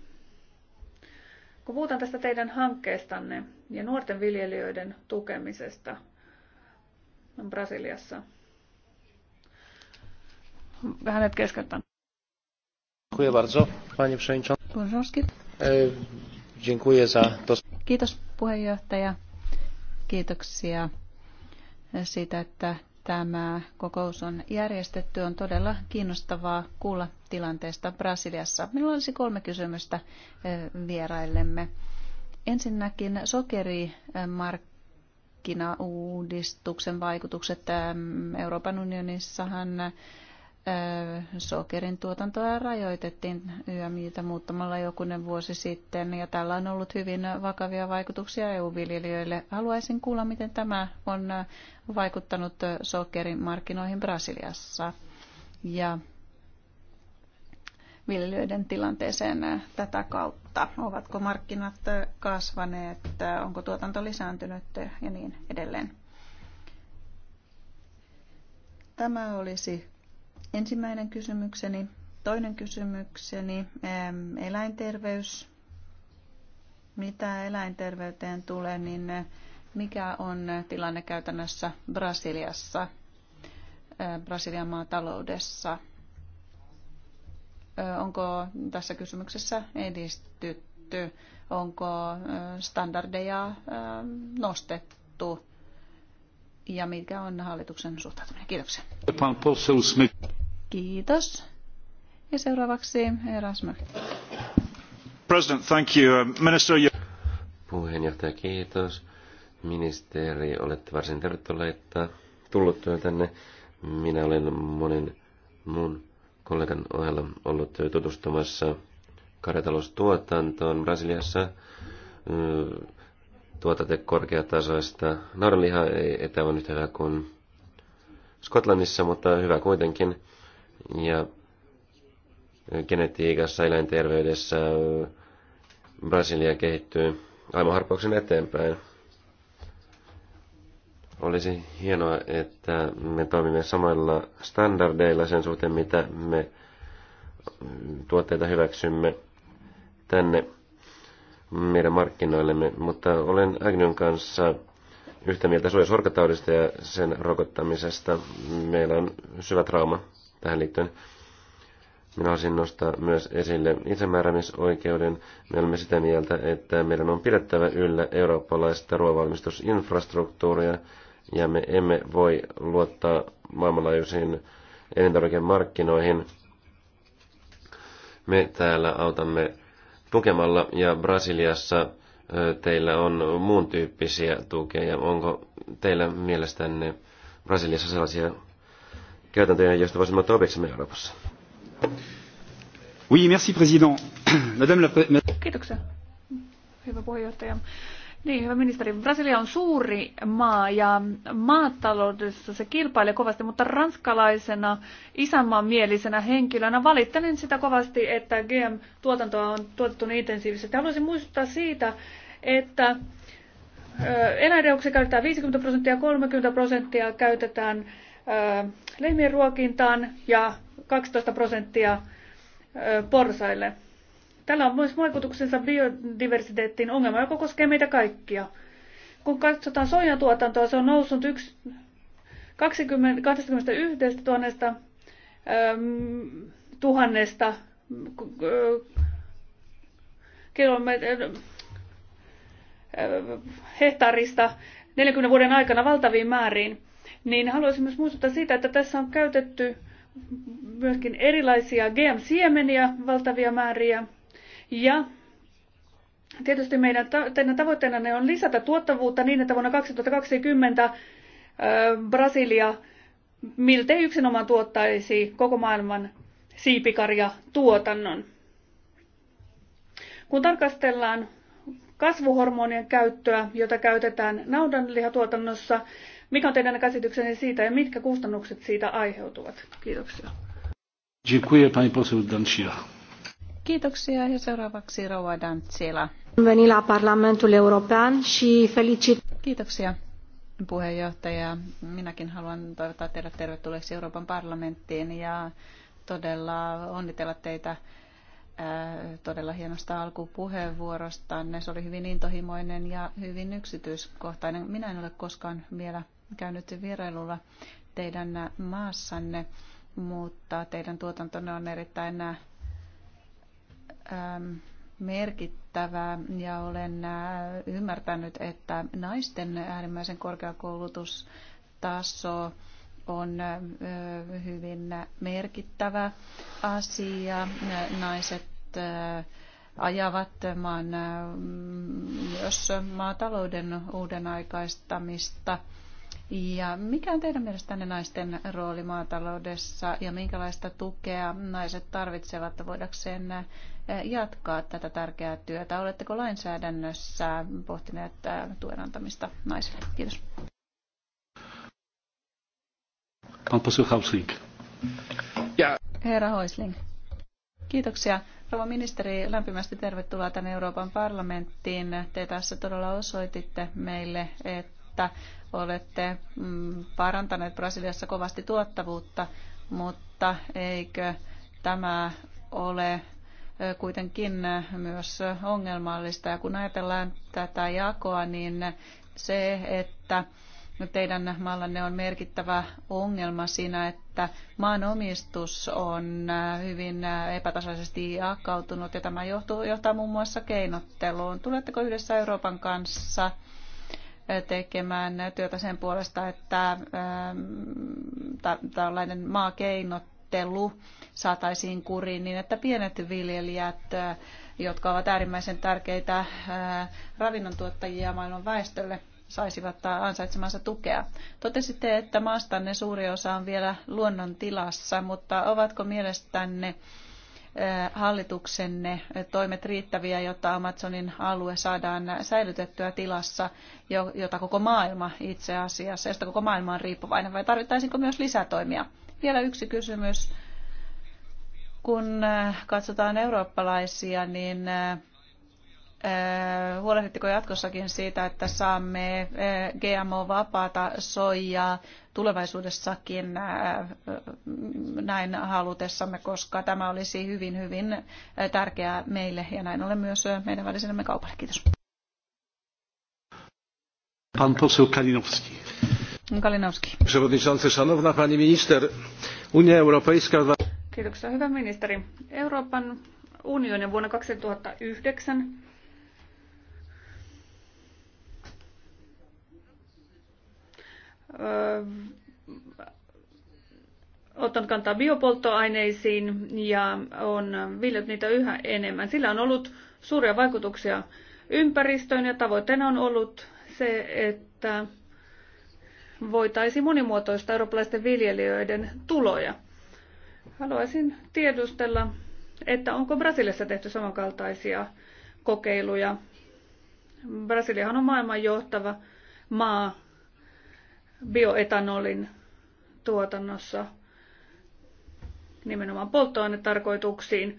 S3: Kun puhutaan tästä teidän hankkeestanne ja nuorten viljelijöiden tukemisesta Brasiliassa, hänet keskeyttää.
S1: Dziękuję bardzo,
S4: panie przewodniczący. E, dziękuję za to.
S2: Kiitos puheenjohtaja. Kiitoksia siitä, että tämä kokous on järjestetty. On todella kiinnostavaa kuulla tilanteesta Brasiliassa. Minulla olisi kolme kysymystä e, vieraillemme. Ensinnäkin sokerimarkkinauudistuksen e, vaikutukset Euroopan unionissahan sokerin tuotantoa rajoitettiin YMItä muuttamalla jokunen vuosi sitten, ja tällä on ollut hyvin vakavia vaikutuksia EU-viljelijöille. Haluaisin kuulla, miten tämä on vaikuttanut sokerin markkinoihin Brasiliassa ja viljelijöiden tilanteeseen tätä kautta. Ovatko markkinat kasvaneet, onko tuotanto lisääntynyt ja niin edelleen. Tämä olisi Ensimmäinen kysymykseni. Toinen kysymykseni, eläinterveys. Mitä eläinterveyteen tulee, niin eh, mikä on tilanne käytännössä Brasiliassa, eh, Brasilian maataloudessa? Eh, onko tässä kysymyksessä edistytty? Onko standardeja nostettu? Ja mikä on hallituksen suhtautuminen? Kiitoksia. Kiitos. Ja seuraavaksi Erasmus.
S4: President, thank you. Um, Minister, you... Puheenjohtaja, kiitos. Ministeri, olette varsin tervetulleita tullut tänne. Minä olen monen mun kollegan ohella ollut tutustumassa karjataloustuotantoon Brasiliassa. Tuotatte korkeatasoista naudanlihaa ei etävä nyt hyvä kuin Skotlannissa, mutta hyvä kuitenkin ja genetiikassa, eläinterveydessä Brasilia kehittyy harppauksen eteenpäin. Olisi hienoa, että me toimimme samoilla standardeilla sen suhteen, mitä me tuotteita hyväksymme tänne meidän markkinoillemme, mutta olen Agnion kanssa yhtä mieltä suojasorkataudista ja sen rokottamisesta. Meillä on syvä trauma tähän liittyen. Minä haluaisin nostaa myös esille itsemääräämisoikeuden. Me olemme sitä mieltä, että meidän on pidettävä yllä eurooppalaista ruoanvalmistusinfrastruktuuria, ja me emme voi luottaa maailmanlaajuisiin elintarvikemarkkinoihin. Me täällä autamme tukemalla, ja Brasiliassa teillä on muun tyyppisiä tukeja. Onko teillä mielestänne Brasiliassa sellaisia käytäntöjä, joista voisimme ottaa opiksemme Euroopassa. Oui, merci, président. Madame la... Kiitoksia.
S3: Hyvä puheenjohtaja. Niin, hyvä ministeri. Brasilia on suuri maa ja maataloudessa se kilpailee kovasti, mutta ranskalaisena isänmaanmielisenä henkilönä valittelen sitä kovasti, että GM-tuotantoa on tuotettu niin intensiivisesti. Haluaisin muistuttaa siitä, että eläinreuksia käytetään 50 prosenttia, 30 prosenttia käytetään lehmien ruokintaan ja 12 prosenttia porsaille. Tällä on myös vaikutuksensa biodiversiteettiin ongelma, joka koskee meitä kaikkia. Kun katsotaan soijan tuotantoa, se on noussut 20, 21 000 hehtaarista 40 vuoden aikana valtaviin määriin niin haluaisin myös muistuttaa siitä, että tässä on käytetty myöskin erilaisia GM-siemeniä valtavia määriä. Ja tietysti meidän teidän tavoitteena on lisätä tuottavuutta niin, että vuonna 2020 Brasilia miltei yksinomaan tuottaisi koko maailman siipikarjatuotannon. Kun tarkastellaan kasvuhormonien käyttöä, jota käytetään naudanlihatuotannossa, mikä on teidän käsityksenne siitä ja mitkä kustannukset siitä
S1: aiheutuvat? Kiitoksia. Dziękuję pani poseł Dancila.
S3: Kiitoksia
S2: ja seuraavaksi Rova Dantsila.
S3: Veni Parlamentul European și felicit.
S2: Kiitoksia puheenjohtaja. Minäkin haluan toivottaa teidät tervetulleeksi Euroopan parlamenttiin ja todella onnitella teitä todella hienosta alkupuheenvuorosta. Se oli hyvin intohimoinen ja hyvin yksityiskohtainen. Minä en ole koskaan vielä käynyt vierailulla teidän maassanne, mutta teidän tuotantonne on erittäin ähm, merkittävää ja olen ymmärtänyt, että naisten äärimmäisen korkeakoulutustaso on hyvin merkittävä asia. Naiset ajavat maan myös maatalouden uudenaikaistamista ja mikä on teidän mielestänne naisten rooli maataloudessa ja minkälaista tukea naiset tarvitsevat voidakseen eh, jatkaa tätä tärkeää työtä? Oletteko lainsäädännössä pohtineet eh, tuen antamista naisille? Kiitos. Herra Hoisling. Kiitoksia. Rouva ministeri, lämpimästi tervetuloa tänne Euroopan parlamenttiin. Te tässä todella osoititte meille, että että olette mm, parantaneet Brasiliassa kovasti tuottavuutta, mutta eikö tämä ole kuitenkin myös ongelmallista. Ja kun ajatellaan tätä jakoa, niin se, että teidän mallanne on merkittävä ongelma siinä, että maanomistus on hyvin epätasaisesti jakautunut ja tämä johtuu, johtaa muun muassa keinotteluun. Tuletteko yhdessä Euroopan kanssa tekemään työtä sen puolesta, että ähm, tällainen maakeinottelu saataisiin kuriin niin, että pienet viljelijät, äh, jotka ovat äärimmäisen tärkeitä äh, ravinnontuottajia maailman väestölle, saisivat äh, ansaitsemansa tukea. Totesitte, että maastanne suuri osa on vielä luonnon tilassa, mutta ovatko mielestänne hallituksenne toimet riittäviä, jotta Amazonin alue saadaan säilytettyä tilassa, jota koko maailma itse asiassa, josta koko maailma on riippuvainen, vai tarvittaisiinko myös lisätoimia? Vielä yksi kysymys. Kun katsotaan eurooppalaisia, niin Äh, huolehditteko jatkossakin siitä, että saamme äh, GMO-vapaata soijaa tulevaisuudessakin äh, näin halutessamme, koska tämä olisi hyvin, hyvin tärkeää meille ja näin ollen myös meidän välisenämme kaupalle. Kiitos.
S1: Pan poseł Kalinowski. Kalinowski. Przewodniczący, szanowna pani minister, Unia Europejska...
S3: Kiitoksia, hyvä ministeri. Euroopan unionin vuonna 2009 ottanut kantaa biopolttoaineisiin ja on viljot niitä yhä enemmän. Sillä on ollut suuria vaikutuksia ympäristöön ja tavoitteena on ollut se, että voitaisiin monimuotoista eurooppalaisten viljelijöiden tuloja. Haluaisin tiedustella, että onko Brasiliassa tehty samankaltaisia kokeiluja. Brasiliahan on maailman johtava maa bioetanolin tuotannossa nimenomaan polttoainetarkoituksiin.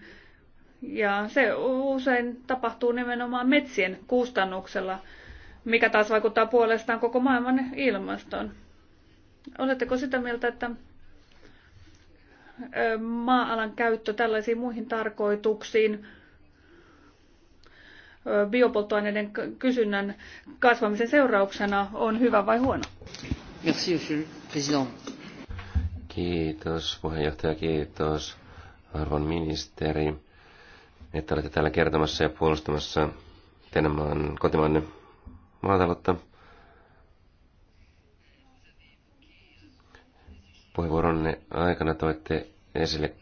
S3: Ja se usein tapahtuu nimenomaan metsien kustannuksella, mikä taas vaikuttaa puolestaan koko maailman ilmastoon. Oletteko sitä mieltä, että maa-alan käyttö tällaisiin muihin tarkoituksiin biopolttoaineiden kysynnän kasvamisen seurauksena on hyvä vai huono? Merci, President.
S4: Kiitos puheenjohtaja, kiitos arvon ministeri, että olette täällä kertomassa ja puolustamassa teidän kotimaanne maataloutta. Puheenvuoronne aikana toitte esille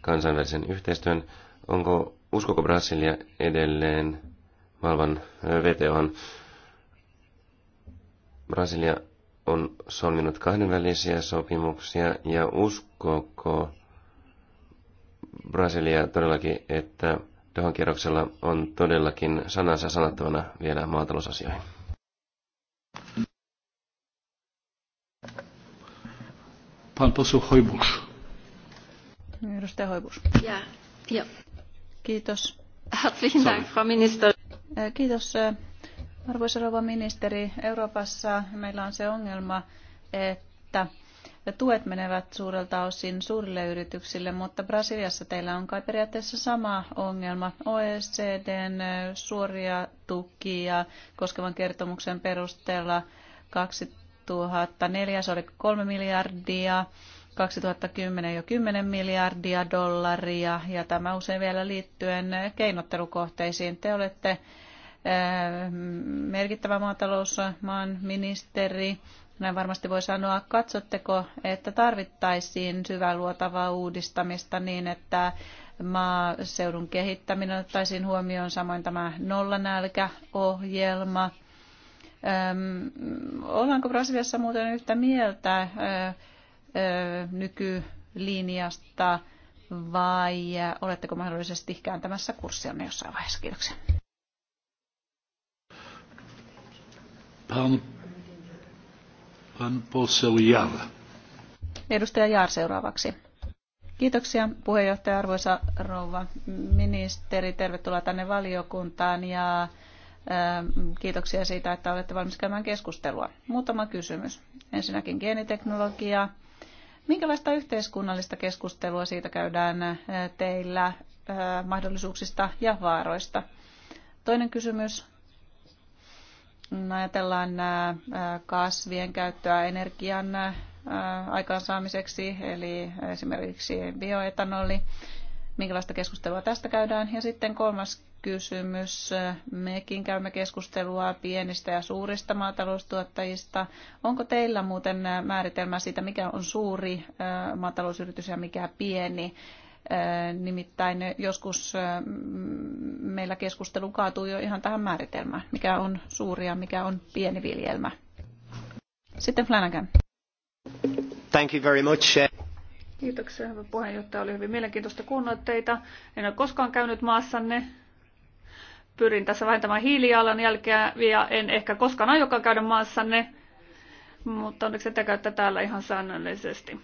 S4: kansainvälisen yhteistyön. Onko, uskoko Brasilia edelleen maailman VTOhan? Brasilia on solminut kahdenvälisiä sopimuksia ja uskoko Brasilia todellakin, että tuohon kierroksella on todellakin sanansa sanattavana vielä maatalousasioihin?
S1: Pan poseł Hojbusz.
S2: Edustaja Hoibus. Ja, ja. Kiitos. Herzlichen Dank, Frau Minister. Kiitos Arvoisa rouva ministeri, Euroopassa meillä on se ongelma, että tuet menevät suurelta osin suurille yrityksille, mutta Brasiliassa teillä on kai periaatteessa sama ongelma. OECDn suoria tukia koskevan kertomuksen perusteella 2004 se oli 3 miljardia, 2010 jo 10 miljardia dollaria ja tämä usein vielä liittyen keinottelukohteisiin. Te olette merkittävä maatalousmaan ministeri, näin varmasti voi sanoa, katsotteko, että tarvittaisiin syvää luotavaa uudistamista niin, että maaseudun kehittäminen ottaisiin huomioon, samoin tämä nollanälkäohjelma. ollaanko Brasiliassa muuten yhtä mieltä nykylinjasta vai oletteko mahdollisesti kääntämässä kurssia jossain vaiheessa? Kiitoksia.
S1: Pan, pan poseł Jar.
S2: Edustaja Jaar seuraavaksi. Kiitoksia puheenjohtaja, arvoisa rouva ministeri. Tervetuloa tänne valiokuntaan ja ähm, Kiitoksia siitä, että olette valmis käymään keskustelua. Muutama kysymys. Ensinnäkin geeniteknologia. Minkälaista yhteiskunnallista keskustelua siitä käydään äh, teillä äh, mahdollisuuksista ja vaaroista? Toinen kysymys ajatellaan äh, äh, kasvien käyttöä energian äh, aikaansaamiseksi, eli esimerkiksi bioetanoli, minkälaista keskustelua tästä käydään. Ja sitten kolmas kysymys. Mekin käymme keskustelua pienistä ja suurista maataloustuottajista. Onko teillä muuten määritelmä siitä, mikä on suuri maatalousyritys ja mikä pieni? Nimittäin joskus meillä keskustelu kaatuu jo ihan tähän määritelmään, mikä on suuri ja mikä on pieni viljelmä. Sitten Flanagan.
S4: Thank you very much.
S3: Kiitoksia, hyvä puheenjohtaja. Oli hyvin mielenkiintoista kuunnella teitä. En ole koskaan käynyt maassanne. Pyrin tässä vähentämään hiilijalanjälkeä ja en ehkä koskaan aiokaan käydä maassanne, mutta onneksi te käytte täällä ihan säännöllisesti.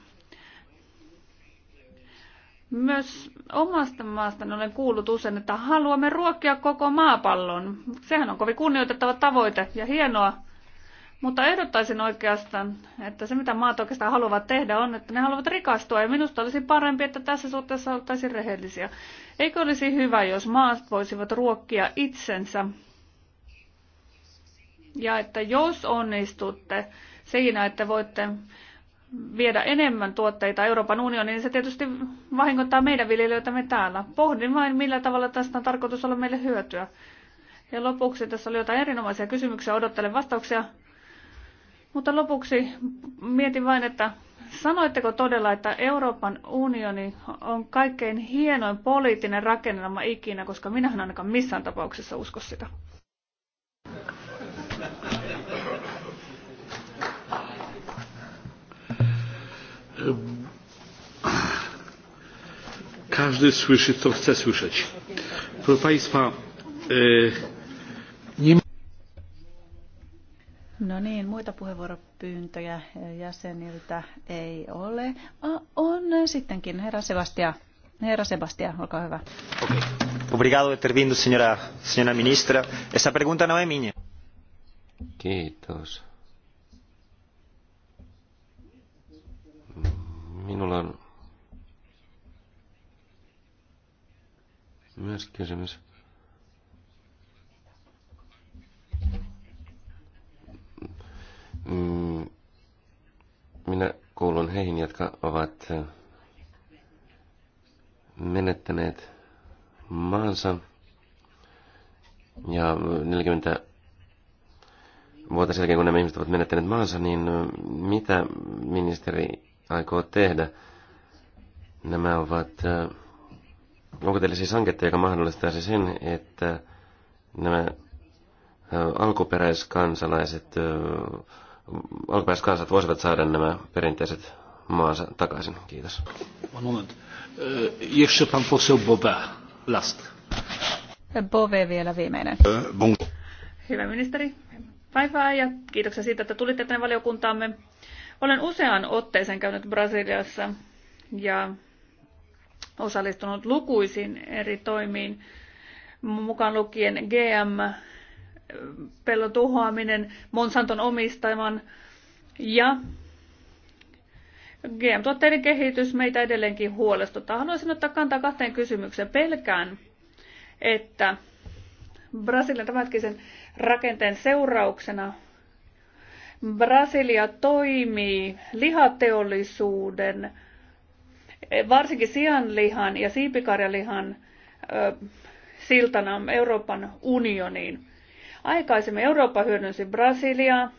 S3: Myös omasta maastani olen kuullut usein, että haluamme ruokkia koko maapallon. Sehän on kovin kunnioitettava tavoite ja hienoa. Mutta ehdottaisin oikeastaan, että se mitä maat oikeastaan haluavat tehdä on, että ne haluavat rikastua. Ja minusta olisi parempi, että tässä suhteessa oltaisiin rehellisiä. Eikö olisi hyvä, jos maat voisivat ruokkia itsensä? Ja että jos onnistutte siinä, että voitte viedä enemmän tuotteita Euroopan unioniin, niin se tietysti vahingoittaa meidän viljelijöitämme täällä. Pohdin vain, millä tavalla tästä on tarkoitus olla meille hyötyä. Ja lopuksi, tässä oli jotain erinomaisia kysymyksiä, odottelen vastauksia. Mutta lopuksi mietin vain, että sanoitteko todella, että Euroopan unioni on kaikkein hienoin poliittinen rakennelma ikinä, koska minähän ainakaan missään tapauksessa usko sitä.
S1: Każdy słyszy, co chce słyszeć. Proszę Państwa, nie ma...
S2: No niin, muita puheenvuoropyyntöjä jäseniltä ei ole. A, On sittenkin herra Sebastia. Herra Sebastia, olkaa hyvä. Okay.
S4: Obrigado, intervindo, señora, señora ministra. Esa pregunta no es minha. Kiitos, Minulla on myös kysymys. Mm, minä kuulun heihin, jotka ovat menettäneet maansa ja 40 vuotta sen jälkeen, kun nämä ihmiset ovat menettäneet maansa, niin mitä ministeri aikoo tehdä. Nämä ovat, äh, onko teille siis hanketta, joka mahdollistaa se sen, että nämä äh, alkuperäiskansalaiset, äh, alkuperäiskansat voisivat saada nämä perinteiset maansa takaisin. Kiitos.
S1: Moment. Jeszcze pan poseł Bove, last.
S3: Bove vielä viimeinen. Hyvä ministeri, päivää ja kiitoksia siitä, että tulitte tänne valiokuntaamme. Olen useaan otteeseen käynyt Brasiliassa ja osallistunut lukuisiin eri toimiin, mukaan lukien GM, pellon tuhoaminen, Monsanton omistaman ja GM-tuotteiden kehitys meitä edelleenkin huolestuttaa. Haluaisin ottaa kantaa kahteen kysymykseen. Pelkään, että Brasilian tämänhetkisen rakenteen seurauksena Brasilia toimii lihateollisuuden, varsinkin sianlihan ja siipikarjalihan siltana Euroopan unioniin. Aikaisemmin Eurooppa hyödynsi Brasiliaa,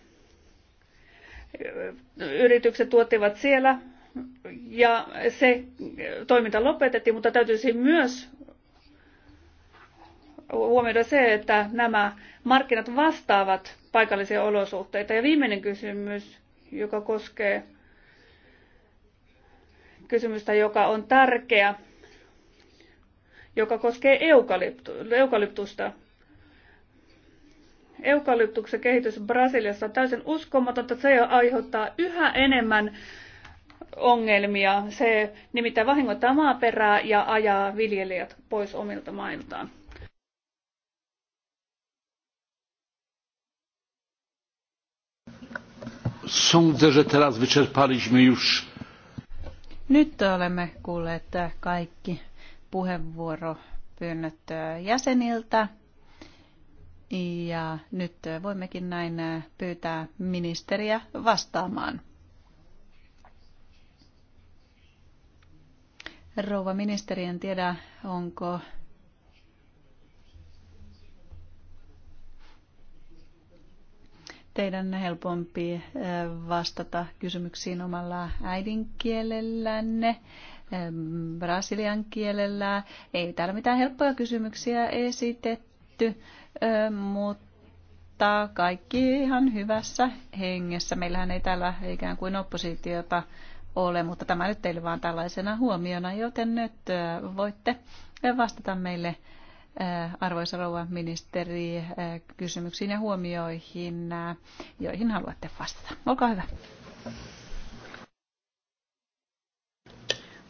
S3: yritykset tuottivat siellä ja se toiminta lopetettiin, mutta täytyisi myös huomioida se, että nämä markkinat vastaavat paikallisia olosuhteita. Ja viimeinen kysymys, joka koskee kysymystä, joka on tärkeä, joka koskee eukalyptusta. Eukalyptuksen kehitys Brasiliassa on täysin uskomatonta. Se aiheuttaa yhä enemmän ongelmia. Se nimittäin vahingoittaa maaperää ja ajaa viljelijät pois omilta mailtaan.
S1: Sądzę, że teraz wyczerpaliśmy już.
S2: Nyt olemme kuulleet kaikki puheenvuoropyynnöt jäseniltä. Ja nyt voimmekin näin pyytää ministeriä vastaamaan. Rouva ministeri, en tiedä, onko teidän helpompi vastata kysymyksiin omalla äidinkielellänne, brasilian kielellä. Ei täällä mitään helppoja kysymyksiä esitetty, mutta kaikki ihan hyvässä hengessä. Meillähän ei täällä ikään kuin oppositiota ole, mutta tämä nyt teille vaan tällaisena huomiona, joten nyt voitte vastata meille Äh, arvoisa rouva ministeri, äh, kysymyksiin ja huomioihin, äh, joihin haluatte vastata. Olkaa hyvä.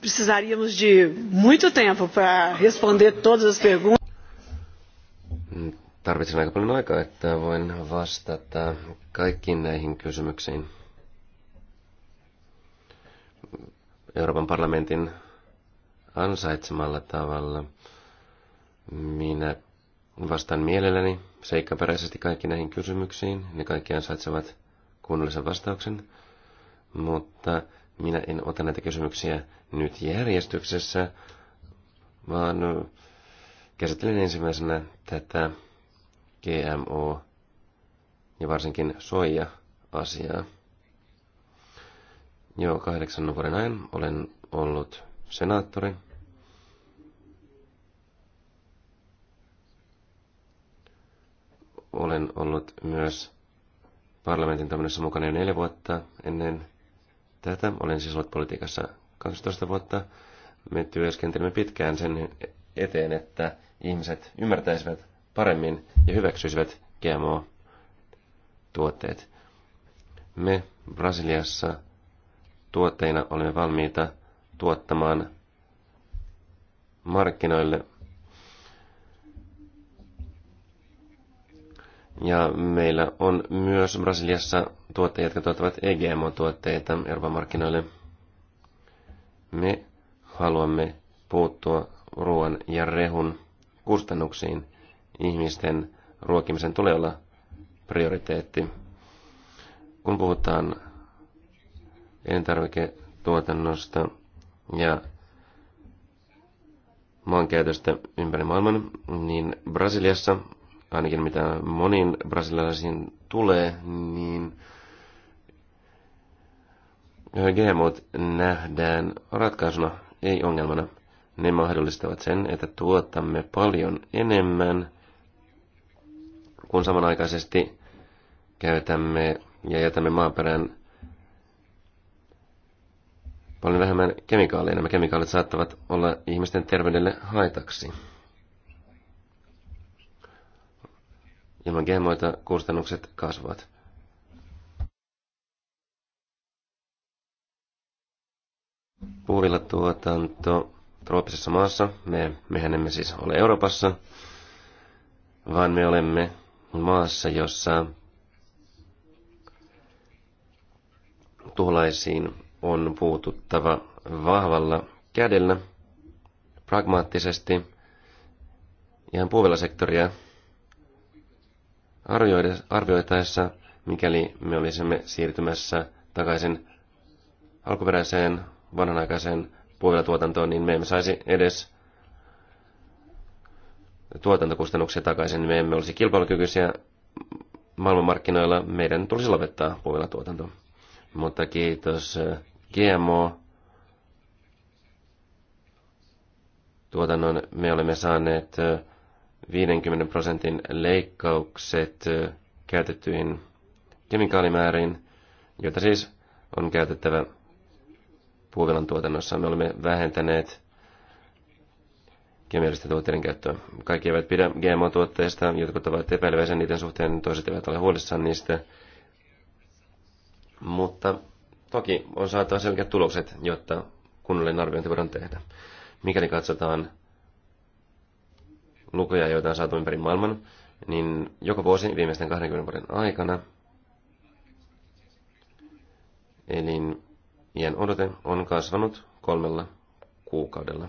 S2: Precisaríamos de muito tempo para responder todas as
S1: perguntas.
S4: Tarvitsen aika paljon aikaa, että voin vastata kaikkiin näihin kysymyksiin. Euroopan parlamentin ansaitsemalla tavalla – minä vastaan mielelläni seikkaperäisesti kaikki näihin kysymyksiin. Ne kaikki ansaitsevat kunnollisen vastauksen. Mutta minä en ota näitä kysymyksiä nyt järjestyksessä, vaan käsittelen ensimmäisenä tätä GMO ja varsinkin soija-asiaa. Jo kahdeksan vuoden ajan olen ollut senaattori olen ollut myös parlamentin toiminnassa mukana jo neljä vuotta ennen tätä. Olen siis ollut politiikassa 12 vuotta. Me työskentelimme pitkään sen eteen, että ihmiset ymmärtäisivät paremmin ja hyväksyisivät GMO-tuotteet. Me Brasiliassa tuotteina olemme valmiita tuottamaan markkinoille – Ja meillä on myös Brasiliassa tuotteita, jotka tuottavat EGMO-tuotteita Euroopan markkinoille. Me haluamme puuttua ruoan ja rehun kustannuksiin. Ihmisten ruokimisen tulee olla prioriteetti. Kun puhutaan elintarviketuotannosta ja maankäytöstä ympäri maailman, niin Brasiliassa ainakin mitä moniin brasilialaisiin tulee, niin GMOt nähdään ratkaisuna, ei ongelmana. Ne mahdollistavat sen, että tuotamme paljon enemmän, kun samanaikaisesti käytämme ja jätämme maaperän paljon vähemmän kemikaaleja. Nämä kemikaalit saattavat olla ihmisten terveydelle haitaksi. Ilman GMOita kustannukset kasvavat. Puuvillatuotanto trooppisessa maassa, me, mehän emme siis ole Euroopassa, vaan me olemme maassa, jossa tuholaisiin on puututtava vahvalla kädellä, pragmaattisesti, ihan puuvillasektoria arvioitaessa, mikäli me olisimme siirtymässä takaisin alkuperäiseen vanhanaikaiseen puolilatuotantoon, niin me emme saisi edes tuotantokustannuksia takaisin, niin me emme olisi kilpailukykyisiä maailmanmarkkinoilla, meidän tulisi lopettaa puolilatuotanto. Mutta kiitos eh, GMO tuotannon me olemme saaneet eh, 50 prosentin leikkaukset käytettyihin kemikaalimääriin, joita siis on käytettävä puuvilan tuotannossa. Me olemme vähentäneet kemiallisten tuotteiden käyttöä. Kaikki eivät pidä GMO-tuotteista, jotkut ovat epäileväisiä niiden suhteen, toiset eivät ole huolissaan niistä. Mutta toki on saatava selkeät tulokset, jotta kunnollinen arviointi voidaan tehdä. Mikäli katsotaan lukuja, joita on saatu ympäri maailman, niin joka vuosi viimeisten 20 vuoden aikana eli iän odote on kasvanut kolmella kuukaudella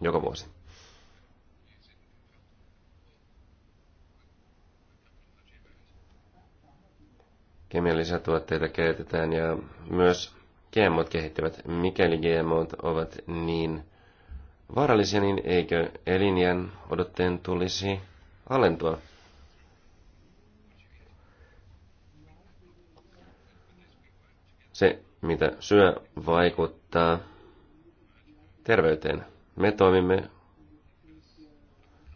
S4: joka vuosi. Kemiallisia tuotteita käytetään ja myös GMOt kehittyvät, mikäli GMOt ovat niin vaarallisia, niin eikö elinjän odotteen tulisi alentua? Se, mitä syö, vaikuttaa terveyteen. Me toimimme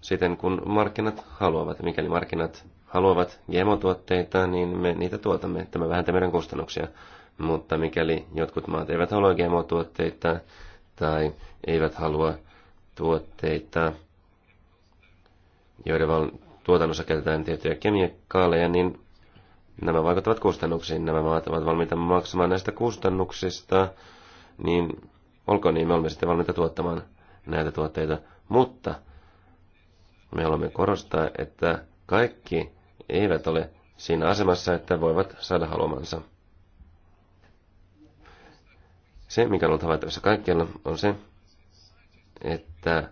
S4: siten, kun markkinat haluavat. Mikäli markkinat haluavat gemotuotteita, niin me niitä tuotamme. Tämä vähentää meidän kustannuksia. Mutta mikäli jotkut maat eivät halua gemotuotteita, tuotteita tai eivät halua tuotteita, joiden val- tuotannossa käytetään tiettyjä kemiakaaleja, niin nämä vaikuttavat kustannuksiin. Nämä maat ovat valmiita maksamaan näistä kustannuksista, niin olkoon niin, me olemme sitten valmiita tuottamaan näitä tuotteita. Mutta me haluamme korostaa, että kaikki eivät ole siinä asemassa, että voivat saada haluamansa. Se, mikä on ollut havaittavissa kaikkialla, on se, että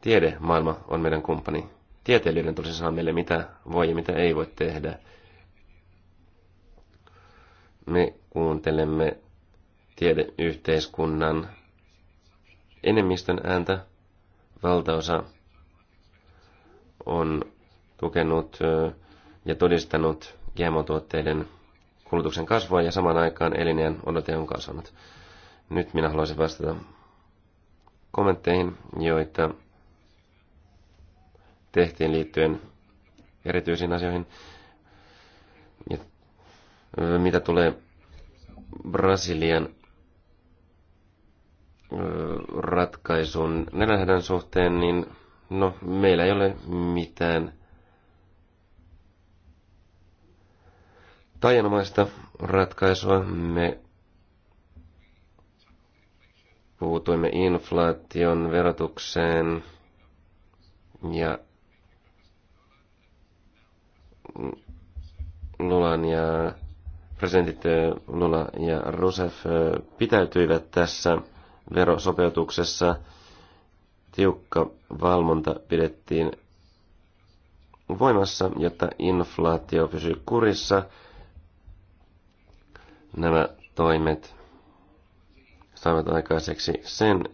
S4: tiedemaailma on meidän kumppani. Tieteilijöiden tulisi sanoa meille, mitä voi ja mitä ei voi tehdä. Me kuuntelemme tiedeyhteiskunnan enemmistön ääntä. Valtaosa on tukenut ja todistanut GMO-tuotteiden kulutuksen kasvua ja samaan aikaan elinjään odote on kasvanut. Nyt minä haluaisin vastata kommentteihin, joita tehtiin liittyen erityisiin asioihin. Ja mitä tulee Brasilian ratkaisun nelähdän suhteen, niin no, meillä ei ole mitään taianomaista ratkaisua. Me puutuimme inflaation verotukseen ja Lulan ja presidentit Lula ja Rousseff pitäytyivät tässä verosopeutuksessa. Tiukka valvonta pidettiin voimassa, jotta inflaatio pysyy kurissa – Nämä toimet saavat aikaiseksi sen,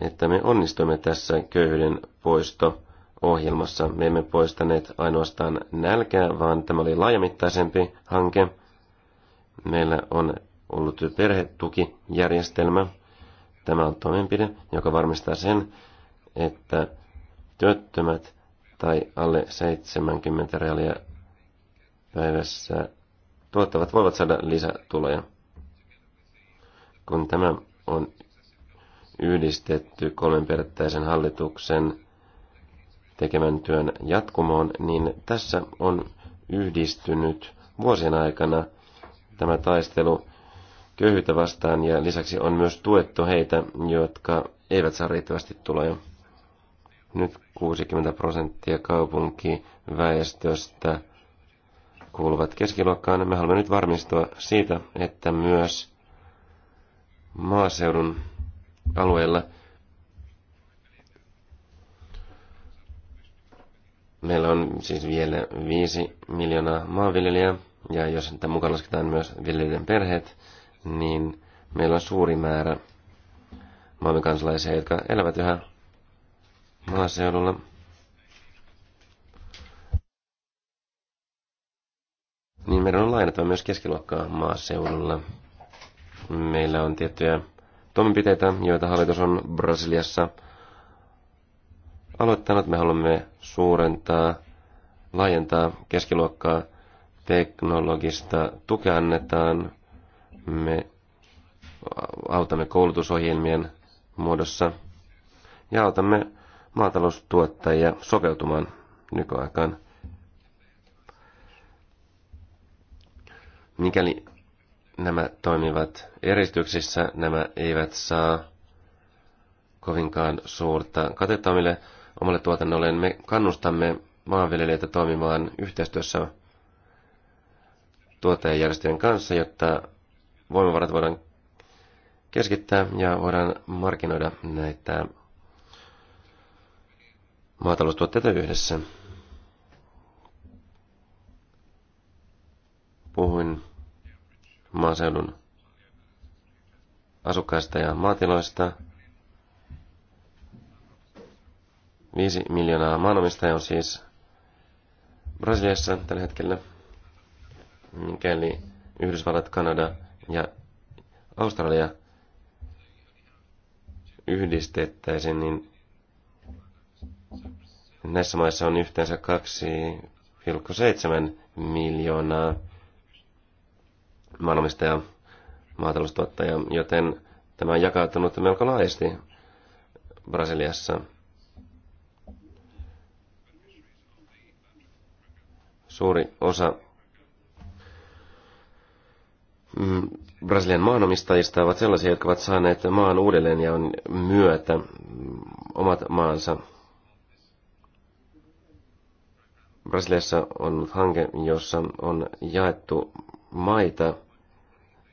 S4: että me onnistumme tässä köyhyyden poisto ohjelmassa. Me emme poistaneet ainoastaan nälkää, vaan tämä oli laajamittaisempi hanke. Meillä on ollut perhetukijärjestelmä. Tämä on toimenpide, joka varmistaa sen, että työttömät tai alle 70 reaalia päivässä tuottavat voivat saada lisätuloja. Kun tämä on yhdistetty kolmenperättäisen hallituksen tekemän työn jatkumoon, niin tässä on yhdistynyt vuosien aikana tämä taistelu köyhyyttä vastaan ja lisäksi on myös tuettu heitä, jotka eivät saa riittävästi tuloja. Nyt 60 prosenttia kaupunkiväestöstä kuuluvat keskiluokkaan. Me haluamme nyt varmistua siitä, että myös maaseudun alueella meillä on siis vielä viisi miljoonaa maanviljelijää, ja jos niitä mukaan lasketaan myös viljelijöiden perheet, niin meillä on suuri määrä maamme kansalaisia, jotka elävät yhä maaseudulla. Niin meidän on lainattava myös keskiluokkaa maaseudulla. Meillä on tiettyjä toimenpiteitä, joita hallitus on Brasiliassa aloittanut. Me haluamme suurentaa, laajentaa keskiluokkaa. Teknologista tukea annetaan. Me autamme koulutusohjelmien muodossa ja autamme maataloustuottajia sopeutumaan nykyaikaan. Mikäli nämä toimivat eristyksissä, nämä eivät saa kovinkaan suurta katetta omille, omalle tuotannolle. Me kannustamme maanviljelijöitä toimimaan yhteistyössä tuottajajärjestöjen kanssa, jotta voimavarat voidaan keskittää ja voidaan markkinoida näitä maataloustuotteita yhdessä. Puhuin maaseudun asukkaista ja maatiloista. viisi miljoonaa maanomistajaa on siis Brasiliassa tällä hetkellä, mikäli Yhdysvallat, Kanada ja Australia yhdistettäisiin, niin näissä maissa on yhteensä 2,7 miljoonaa maanomistaja, maataloustuottaja, joten tämä on jakautunut melko laajasti Brasiliassa. Suuri osa mm, Brasilian maanomistajista ovat sellaisia, jotka ovat saaneet maan uudelleen ja on myötä omat maansa. Brasiliassa on ollut hanke, jossa on jaettu maita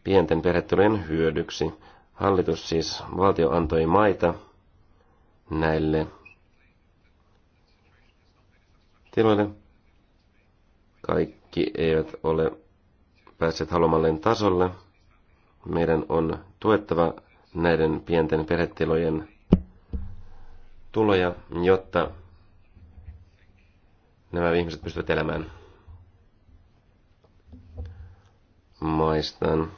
S4: pienten perhetulojen hyödyksi. Hallitus siis, valtio antoi maita näille tiloille. Kaikki eivät ole päässeet haluamalleen tasolle. Meidän on tuettava näiden pienten perhetilojen tuloja, jotta nämä ihmiset pystyvät elämään maistaan.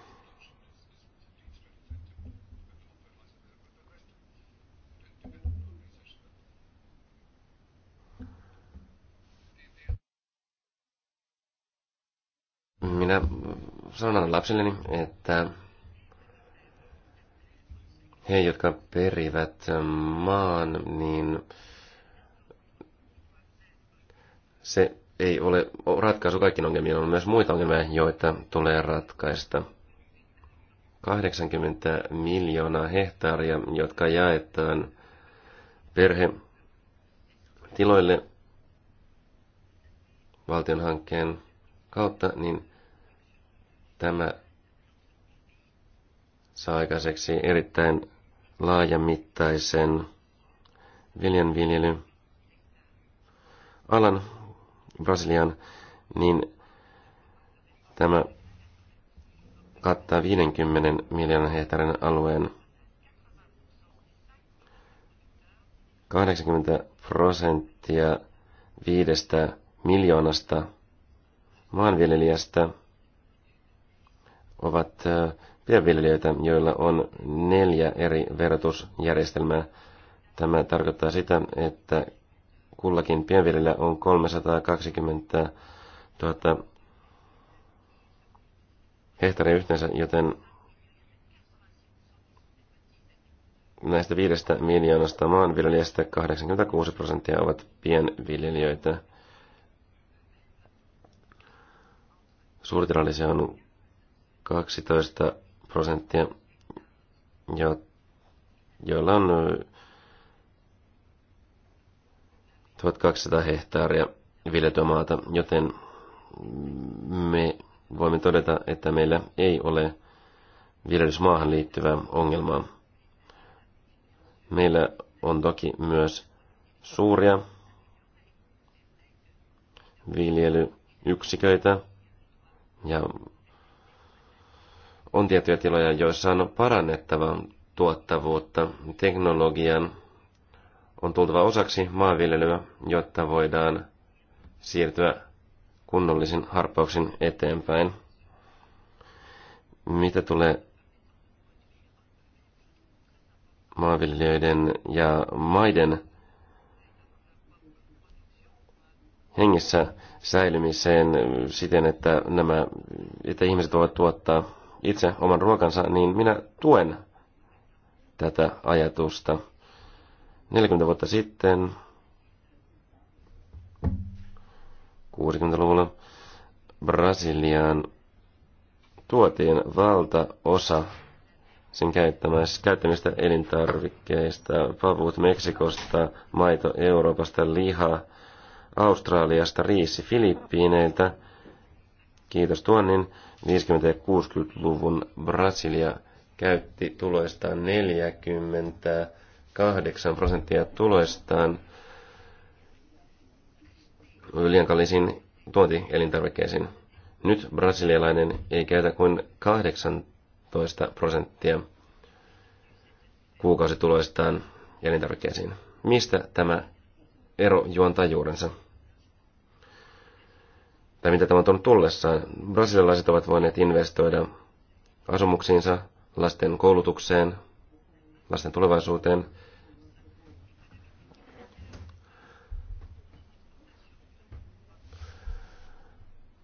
S4: Minä sanon lapsilleni, että he, jotka perivät maan, niin se ei ole ratkaisu kaikkiin ongelmiin. On myös muita ongelmia, joita tulee ratkaista. 80 miljoonaa hehtaaria, jotka jaetaan tiloille valtion hankkeen kautta, niin Tämä saa aikaiseksi erittäin laajamittaisen viljanviljelyn alan Brasilian, niin tämä kattaa 50 miljoonan hehtaarin alueen 80 prosenttia viidestä miljoonasta maanviljelijästä – ovat pienviljelijöitä, joilla on neljä eri verotusjärjestelmää. Tämä tarkoittaa sitä, että kullakin pienviljelijällä on 320 000 hehtaaria yhteensä, joten näistä viidestä miljoonasta maanviljelijästä 86 prosenttia ovat pienviljelijöitä. Suurtilallisia on 12 prosenttia, jo, joilla on 1200 hehtaaria viljelymaata, joten me voimme todeta, että meillä ei ole viljelysmaahan liittyvää ongelmaa. Meillä on toki myös suuria viljelyyksiköitä ja on tiettyjä tiloja, joissa on parannettava tuottavuutta. Teknologian on tultava osaksi maanviljelyä, jotta voidaan siirtyä kunnollisin harppauksin eteenpäin. Mitä tulee maanviljelijöiden ja maiden hengissä säilymiseen siten, että, nämä, että ihmiset voivat tuottaa itse oman ruokansa, niin minä tuen tätä ajatusta. 40 vuotta sitten, 60-luvulla, Brasiliaan tuotiin valtaosa sen käyttämistä elintarvikkeista, pavut Meksikosta, maito Euroopasta, liha Australiasta, riisi Filippiineiltä. Kiitos tuonnin. 50- ja 60-luvun Brasilia käytti tuloistaan 48 prosenttia tuloistaan liian tuontielintarvikkeisiin. Nyt brasilialainen ei käytä kuin 18 prosenttia kuukausituloistaan elintarvikkeisiin. Mistä tämä ero juontaa juurensa? tai mitä tämä on tullut tullessaan. Brasilialaiset ovat voineet investoida asumuksiinsa, lasten koulutukseen, lasten tulevaisuuteen.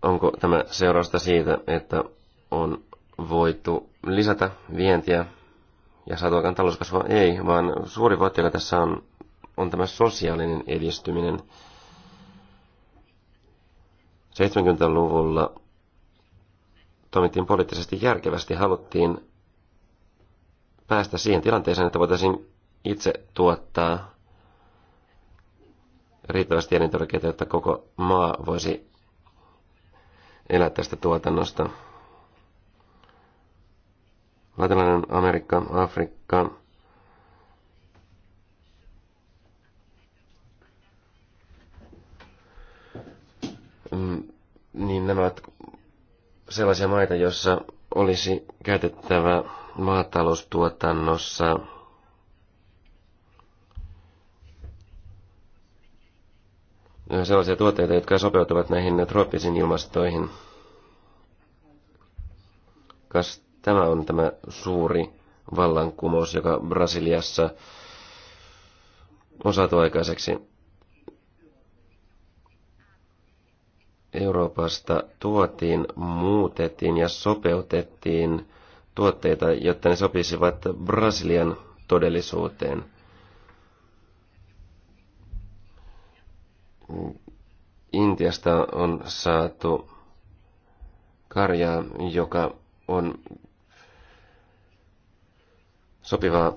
S4: Onko tämä seurausta siitä, että on voitu lisätä vientiä ja saatu aikaan talouskasvua? Ei, vaan suuri voittaja tässä on, on tämä sosiaalinen edistyminen. 70-luvulla toimittiin poliittisesti järkevästi, haluttiin päästä siihen tilanteeseen, että voitaisiin itse tuottaa riittävästi elintarvikkeita, jotta koko maa voisi elää tästä tuotannosta. Latinalainen Amerikka, Afrikka, Mm, niin nämä ovat sellaisia maita, joissa olisi käytettävä maataloustuotannossa sellaisia tuotteita, jotka sopeutuvat näihin trooppisiin ilmastoihin. Kas tämä on tämä suuri vallankumous, joka Brasiliassa on saatu aikaiseksi. Euroopasta tuotiin, muutettiin ja sopeutettiin tuotteita, jotta ne sopisivat Brasilian todellisuuteen. Intiasta on saatu karjaa, joka on sopivaa.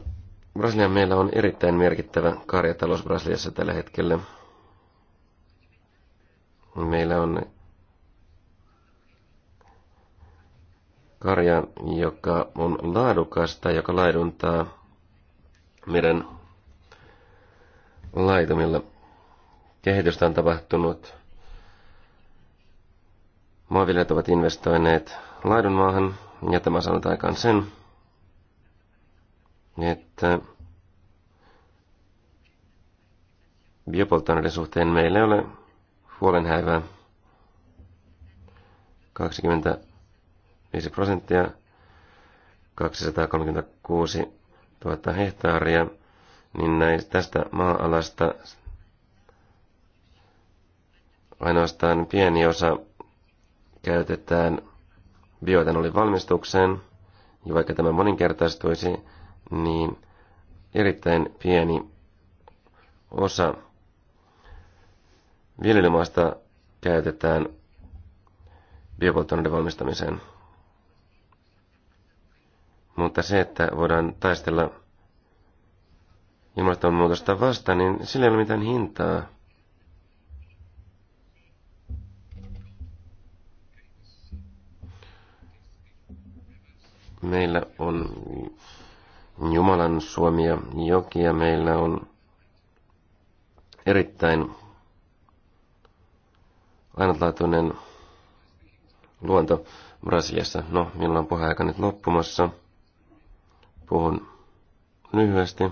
S4: Brasilian meillä on erittäin merkittävä karjatalous Brasiliassa tällä hetkellä. Meillä on karja, joka on laadukasta, joka laiduntaa meidän laitumilla. Kehitystä on tapahtunut. Maanviljelijät ovat investoineet laidunmaahan, ja tämä sanotaan aikaan sen, että biopolttoaineiden suhteen meillä ei ole huolenhäivää. 25 prosenttia, 236 000 hehtaaria, niin näistä, tästä maa-alasta ainoastaan pieni osa käytetään bioetanolin valmistukseen, ja vaikka tämä moninkertaistuisi, niin erittäin pieni osa Viljelymaasta käytetään biopolttoaineiden valmistamiseen. Mutta se, että voidaan taistella ilmastonmuutosta vastaan, niin sillä ei ole mitään hintaa. Meillä on Jumalan suomia jokia, meillä on erittäin ainutlaatuinen luonto Brasiliassa. No, minulla on puheaika nyt loppumassa. Puhun lyhyesti.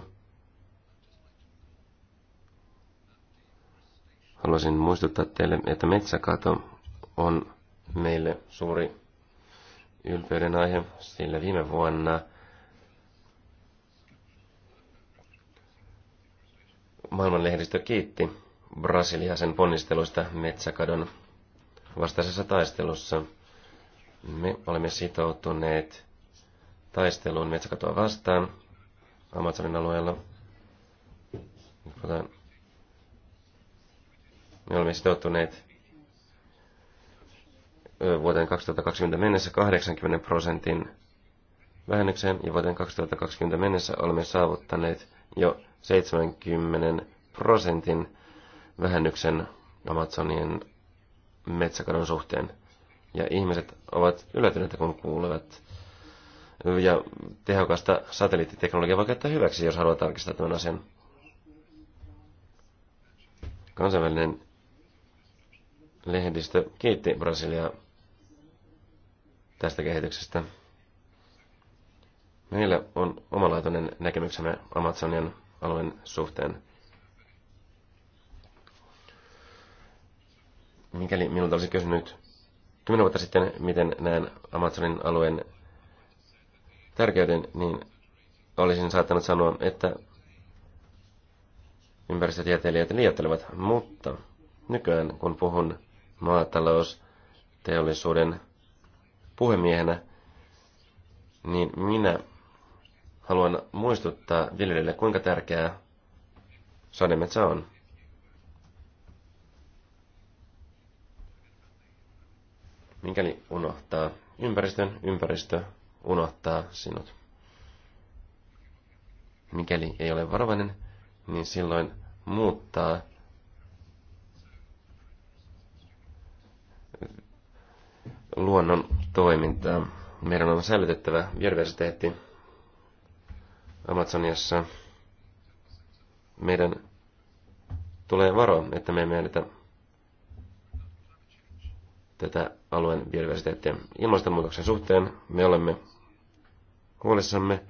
S4: Haluaisin muistuttaa teille, että metsäkato on meille suuri ylpeyden aihe, sillä viime vuonna maailmanlehdistö kiitti Brasilia sen ponnisteluista metsäkadon vastaisessa taistelussa. Me olemme sitoutuneet taisteluun metsäkatoa vastaan Amazonin alueella. Me olemme sitoutuneet vuoteen 2020 mennessä 80 prosentin vähennykseen ja vuoteen 2020 mennessä olemme saavuttaneet jo 70 prosentin vähennyksen Amazonien metsäkadon suhteen. Ja ihmiset ovat yllätyneitä, kun kuulevat. Ja tehokasta satelliittiteknologiaa voi käyttää hyväksi, jos haluaa tarkistaa tämän asian. Kansainvälinen lehdistö kiitti Brasiliaa tästä kehityksestä. Meillä on omalaatuinen näkemyksemme Amazonian alueen suhteen. Mikäli minulta olisi kysynyt kymmenen vuotta sitten, miten näen Amazonin alueen tärkeyden, niin olisin saattanut sanoa, että ympäristötieteilijät liioittelevat, mutta nykyään kun puhun maatalousteollisuuden puhemiehenä, niin minä haluan muistuttaa viljelijöille, kuinka tärkeää sademetsä on. Mikäli unohtaa ympäristön, ympäristö unohtaa sinut. Mikäli ei ole varovainen, niin silloin muuttaa luonnon toimintaa. Meidän on säilytettävä biodiversiteetti Amazoniassa. Meidän tulee varoa, että me emme tätä alueen biodiversiteettiä. Ilmastonmuutoksen suhteen me olemme huolissamme.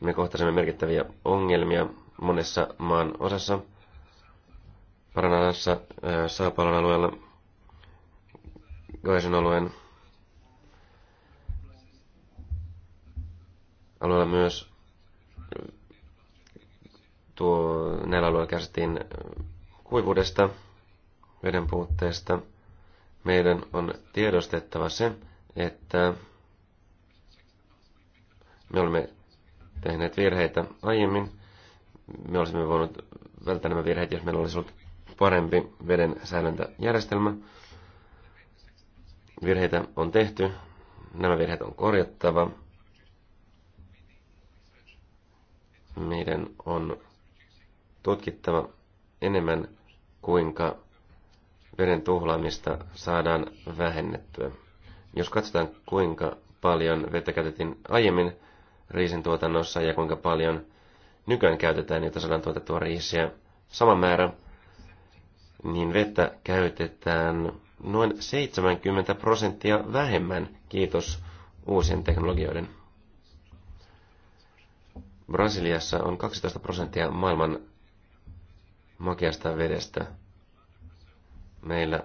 S4: Me kohtasimme merkittäviä ongelmia monessa maan osassa. Paranalassa, äh, Saapalon alueella, Gaisen alueen alueella myös tuo, näillä alueilla kärsittiin kuivuudesta, veden puutteesta, meidän on tiedostettava se, että me olemme tehneet virheitä aiemmin. Me olisimme voineet välttää nämä virheet, jos meillä olisi ollut parempi veden säilöntäjärjestelmä. Virheitä on tehty, nämä virheet on korjattava. Meidän on tutkittava enemmän, kuinka veden tuhlaamista saadaan vähennettyä. Jos katsotaan, kuinka paljon vettä käytettiin aiemmin riisintuotannossa ja kuinka paljon nykyään käytetään, jotta saadaan tuotettua riisiä sama määrä, niin vettä käytetään noin 70 prosenttia vähemmän, kiitos uusien teknologioiden. Brasiliassa on 12 prosenttia maailman makeasta vedestä meillä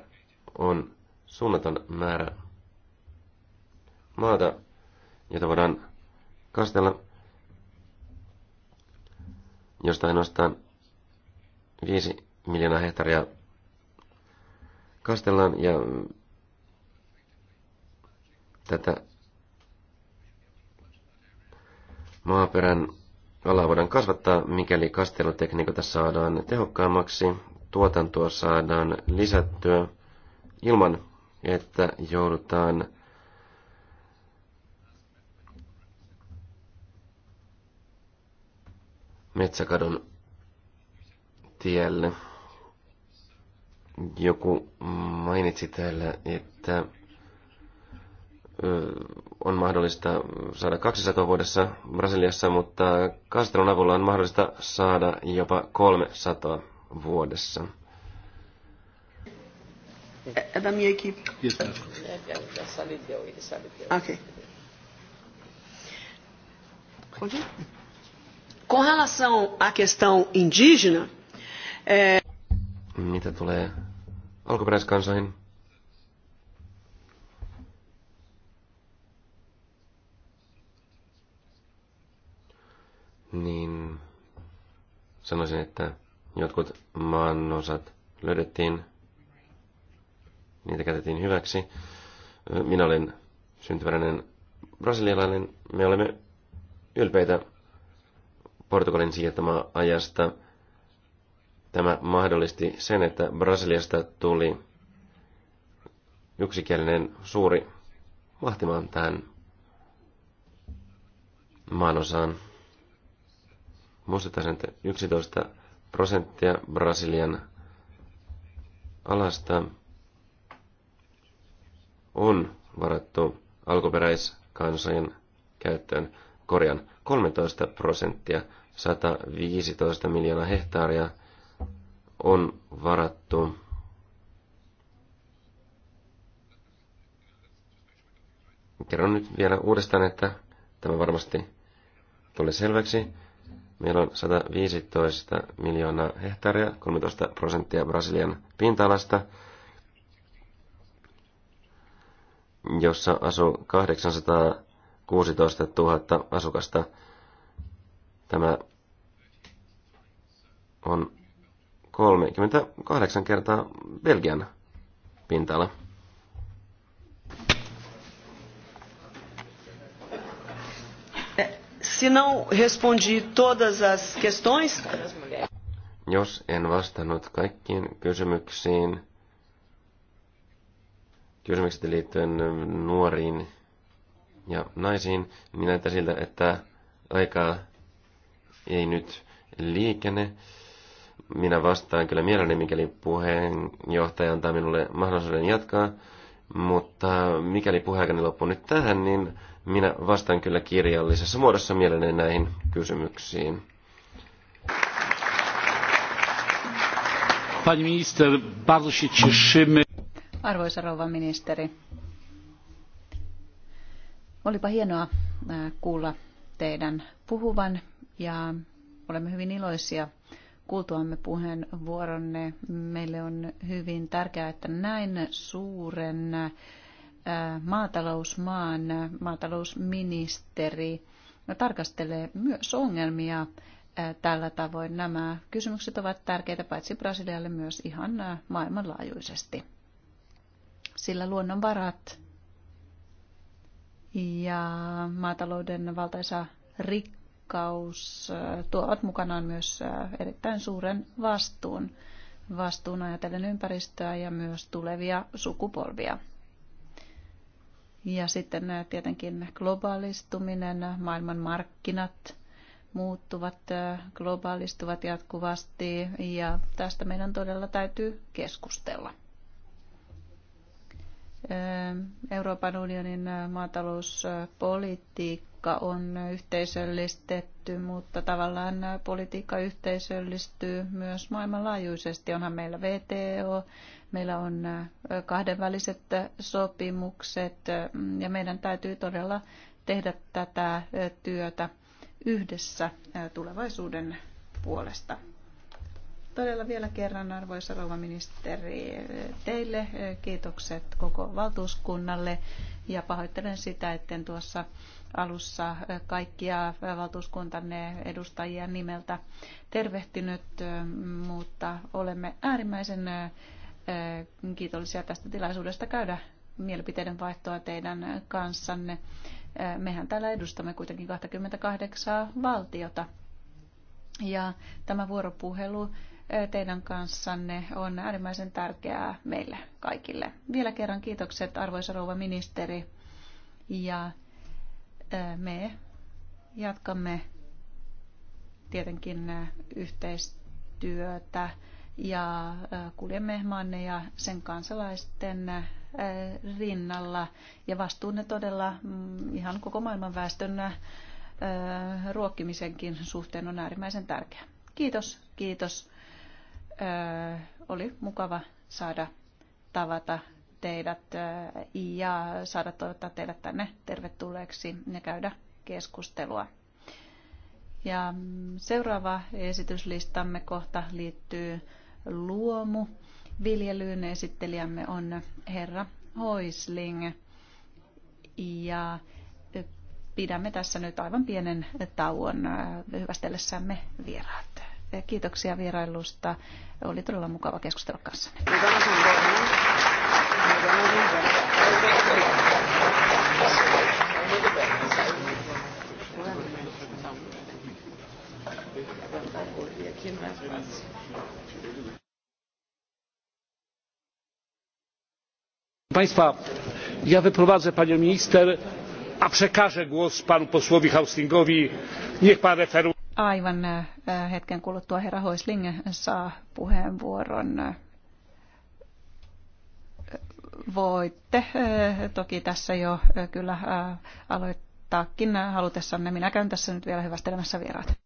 S4: on suunnaton määrä maata, jota voidaan kastella, josta ainoastaan 5 miljoonaa hehtaaria kastellaan ja tätä maaperän alaa voidaan kasvattaa, mikäli kastelutekniikoita saadaan tehokkaammaksi, tuotantoa saadaan lisättyä ilman, että joudutaan metsäkadon tielle. Joku mainitsi täällä, että on mahdollista saada 200 vuodessa Brasiliassa, mutta kastelun avulla on mahdollista saada jopa 300 vuodessa.
S3: Adam Jeki. Okay. Com relação à questão
S2: indígena, é...
S4: mitä tulee alkuperäiskansoihin, niin sanoisin, että Jotkut maanosat löydettiin, niitä käytettiin hyväksi. Minä olen syntyväinen brasilialainen. Me olemme ylpeitä Portugalin siirtämää ajasta. Tämä mahdollisti sen, että Brasiliasta tuli yksikielinen suuri mahtimaan tähän maanosaan. Muistetaan, että 11 prosenttia Brasilian alasta on varattu alkuperäiskansojen käyttöön korjan 13 prosenttia, 115 miljoonaa hehtaaria on varattu Kerron nyt vielä uudestaan, että tämä varmasti tuli selväksi. Meillä on 115 miljoonaa hehtaaria, 13 prosenttia Brasilian pinta-alasta, jossa asuu 816 000 asukasta. Tämä on 38 kertaa Belgian pinta-ala.
S3: Se não respondi todas as questões...
S4: Jos en vastannut kaikkiin kysymyksiin, kysymykset liittyen nuoriin ja naisiin, niin näyttää siltä, että aikaa ei nyt liikene. Minä vastaan kyllä mielelläni, mikäli puheenjohtaja antaa minulle mahdollisuuden jatkaa, mutta mikäli puheenjohtaja loppuu nyt tähän, niin minä vastaan kyllä kirjallisessa muodossa mielelläni näihin kysymyksiin.
S1: Pani minister,
S2: Arvoisa rouva ministeri, olipa hienoa kuulla teidän puhuvan ja olemme hyvin iloisia kuultuamme puheenvuoronne. Meille on hyvin tärkeää, että näin suuren maatalousmaan maatalousministeri no, tarkastelee myös ongelmia tällä tavoin. Nämä kysymykset ovat tärkeitä paitsi Brasilialle myös ihan maailmanlaajuisesti. Sillä luonnonvarat ja maatalouden valtaisa rikkaus tuovat mukanaan myös erittäin suuren vastuun. Vastuun ajatellen ympäristöä ja myös tulevia sukupolvia. Ja sitten äh, tietenkin globaalistuminen, maailman markkinat muuttuvat, äh, globaalistuvat jatkuvasti ja tästä meidän todella täytyy keskustella. Äh, Euroopan unionin maatalouspolitiikka on yhteisöllistetty, mutta tavallaan politiikka yhteisöllistyy myös maailmanlaajuisesti. Onhan meillä VTO, Meillä on kahdenväliset sopimukset ja meidän täytyy todella tehdä tätä työtä yhdessä tulevaisuuden puolesta. Todella vielä kerran, arvoisa rouva ministeri, teille kiitokset koko valtuuskunnalle ja pahoittelen sitä, etten tuossa alussa kaikkia valtuuskuntanne edustajia nimeltä tervehtinyt, mutta olemme äärimmäisen kiitollisia tästä tilaisuudesta käydä mielipiteiden vaihtoa teidän kanssanne. Mehän täällä edustamme kuitenkin 28 valtiota. Ja tämä vuoropuhelu teidän kanssanne on äärimmäisen tärkeää meille kaikille. Vielä kerran kiitokset arvoisa rouva ministeri ja me jatkamme tietenkin yhteistyötä ja kuljemme maanne ja sen kansalaisten rinnalla. Ja vastuunne todella mm, ihan koko maailman väestön ruokkimisenkin suhteen on äärimmäisen tärkeä. Kiitos, kiitos. Oli mukava saada tavata teidät ja saada toivottaa teidät tänne tervetulleeksi ja käydä keskustelua. Ja mm, seuraava esityslistamme kohta liittyy luomu viljelyyn. Esittelijämme on herra Hoisling. Ja pidämme tässä nyt aivan pienen tauon hyvästellessämme vieraat. Kiitoksia vierailusta. Oli todella mukava keskustella kanssanne.
S1: you. Quién más fácil. Państwa, ja wyprowadzę panią minister, a przekażę głos panu posłowi Hauslingowi. Niech pan referuje.
S2: Aivan äh, hetken kuluttua herra Hoisling saa puheenvuoron voitte äh, toki tässä jo äh, kyllä aloittaakin halutessanne. Minä käyn tässä nyt vielä hyvästelemässä vieraat.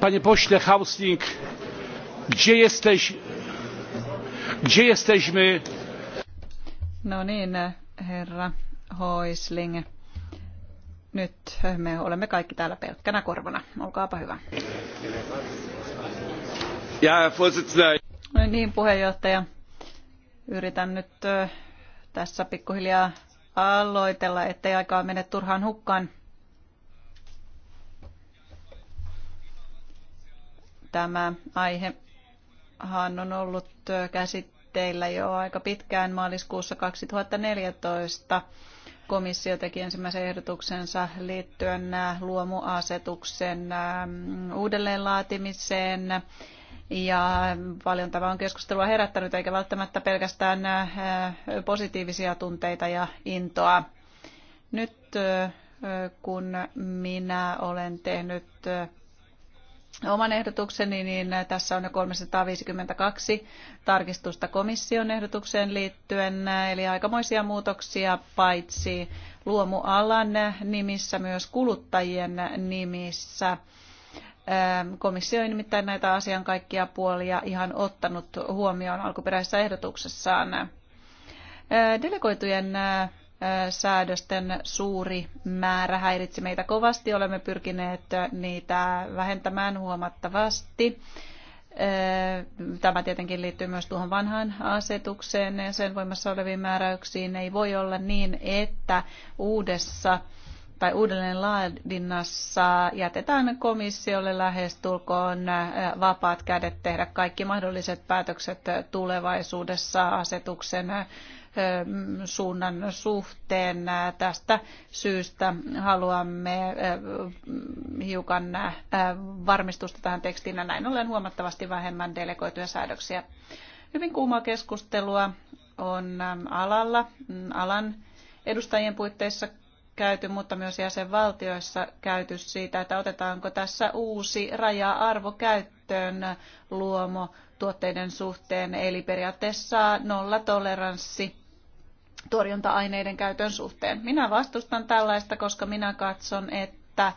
S1: Panie pośle husling gdzie jesteś? Gdzie jesteśmy?
S2: No niin, herra Hoisling. Nyt me olemme kaikki täällä pelkkänä korvana. Olkaapa
S4: hyvä. Ja, Vorsitzender.
S2: No niin, puheenjohtaja. Yritän nyt tässä pikkuhiljaa aloitella, ettei aikaa mene turhaan hukkaan. Tämä aihehan on ollut käsitteillä jo aika pitkään maaliskuussa 2014. Komissio teki ensimmäisen ehdotuksensa liittyen luomuasetuksen ähm, uudelleenlaatimiseen. Ja paljon tämä on keskustelua herättänyt, eikä välttämättä pelkästään äh, positiivisia tunteita ja intoa. Nyt äh, kun minä olen tehnyt äh, oman ehdotukseni, niin tässä on jo 352 tarkistusta komission ehdotukseen liittyen, eli aikamoisia muutoksia paitsi luomualan nimissä, myös kuluttajien nimissä. Ehm, komissio ei nimittäin näitä asian kaikkia puolia ihan ottanut huomioon alkuperäisessä ehdotuksessaan. Ehm, delegoitujen säädösten suuri määrä häiritsi meitä kovasti. Olemme pyrkineet niitä vähentämään huomattavasti. Tämä tietenkin liittyy myös tuohon vanhaan asetukseen ja sen voimassa oleviin määräyksiin. Ei voi olla niin, että uudessa tai uudelleen laadinnassa jätetään komissiolle lähestulkoon vapaat kädet tehdä kaikki mahdolliset päätökset tulevaisuudessa asetuksen Ähm, suunnan suhteen. Tästä syystä haluamme äh, hiukan äh, varmistusta tähän tekstiin ja näin ollen huomattavasti vähemmän delegoituja säädöksiä. Hyvin kuumaa keskustelua on ähm, alalla, mm, alan edustajien puitteissa käyty, mutta myös jäsenvaltioissa käyty siitä, että otetaanko tässä uusi raja-arvo käyttöön luomo tuotteiden suhteen, eli periaatteessa nollatoleranssi torjunta-aineiden käytön suhteen. Minä vastustan tällaista, koska minä katson, että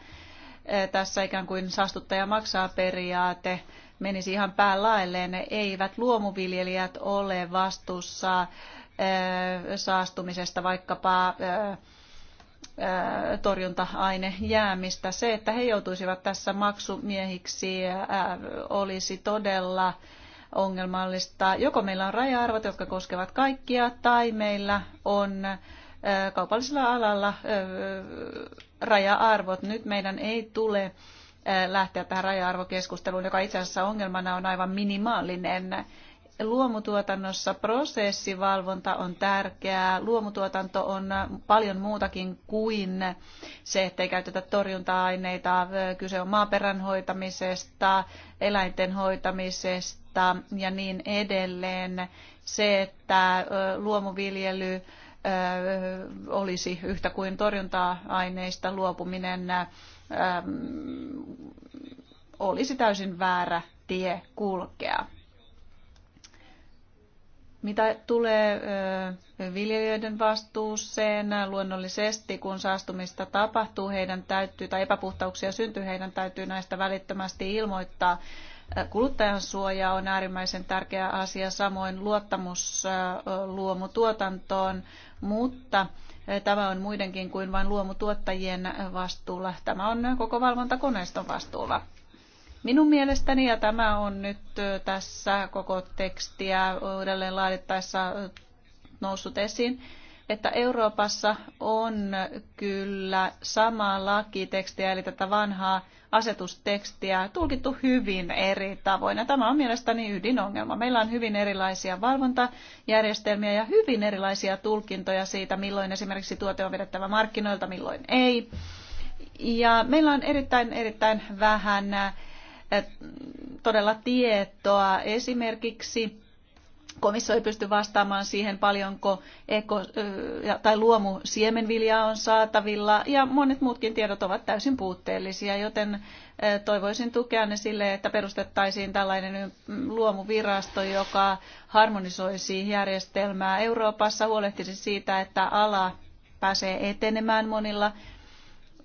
S2: e, tässä ikään kuin saastuttaja maksaa periaate menisi ihan päälaelleen. Eivät luomuviljelijät ole vastuussa e, saastumisesta vaikkapa e, torjunta-aine jäämistä. Se, että he joutuisivat tässä maksumiehiksi, olisi todella ongelmallista. Joko meillä on raja-arvot, jotka koskevat kaikkia, tai meillä on kaupallisella alalla raja-arvot. Nyt meidän ei tule lähteä tähän raja-arvokeskusteluun, joka itse asiassa ongelmana on aivan minimaalinen. Luomutuotannossa prosessivalvonta on tärkeää. Luomutuotanto on paljon muutakin kuin se, ettei käytetä torjunta-aineita. Kyse on maaperän hoitamisesta, eläinten hoitamisesta vuotta ja niin edelleen. Se, että luomuviljely olisi yhtä kuin torjunta-aineista luopuminen olisi täysin väärä tie kulkea. Mitä tulee viljelijöiden vastuuseen, luonnollisesti kun saastumista tapahtuu, heidän täytyy, tai epäpuhtauksia syntyy, heidän täytyy näistä välittömästi ilmoittaa Kuluttajan suoja on äärimmäisen tärkeä asia, samoin luottamus luomutuotantoon, mutta tämä on muidenkin kuin vain luomutuottajien vastuulla. Tämä on koko valvontakoneiston vastuulla. Minun mielestäni, ja tämä on nyt tässä koko tekstiä uudelleen laadittaessa noussut esiin, että Euroopassa on kyllä sama lakitekstiä, eli tätä vanhaa asetustekstiä, tulkittu hyvin eri tavoin. Ja tämä on mielestäni ydinongelma. Meillä on hyvin erilaisia valvontajärjestelmiä ja hyvin erilaisia tulkintoja siitä, milloin esimerkiksi tuote on vedettävä markkinoilta, milloin ei. Ja meillä on erittäin, erittäin vähän eh, todella tietoa esimerkiksi Komissio ei pysty vastaamaan siihen, paljonko eko- tai luomu siemenviljaa on saatavilla ja monet muutkin tiedot ovat täysin puutteellisia, joten toivoisin tukeanne sille, että perustettaisiin tällainen luomuvirasto, joka harmonisoisi järjestelmää Euroopassa, huolehtisi siitä, että ala pääsee etenemään monilla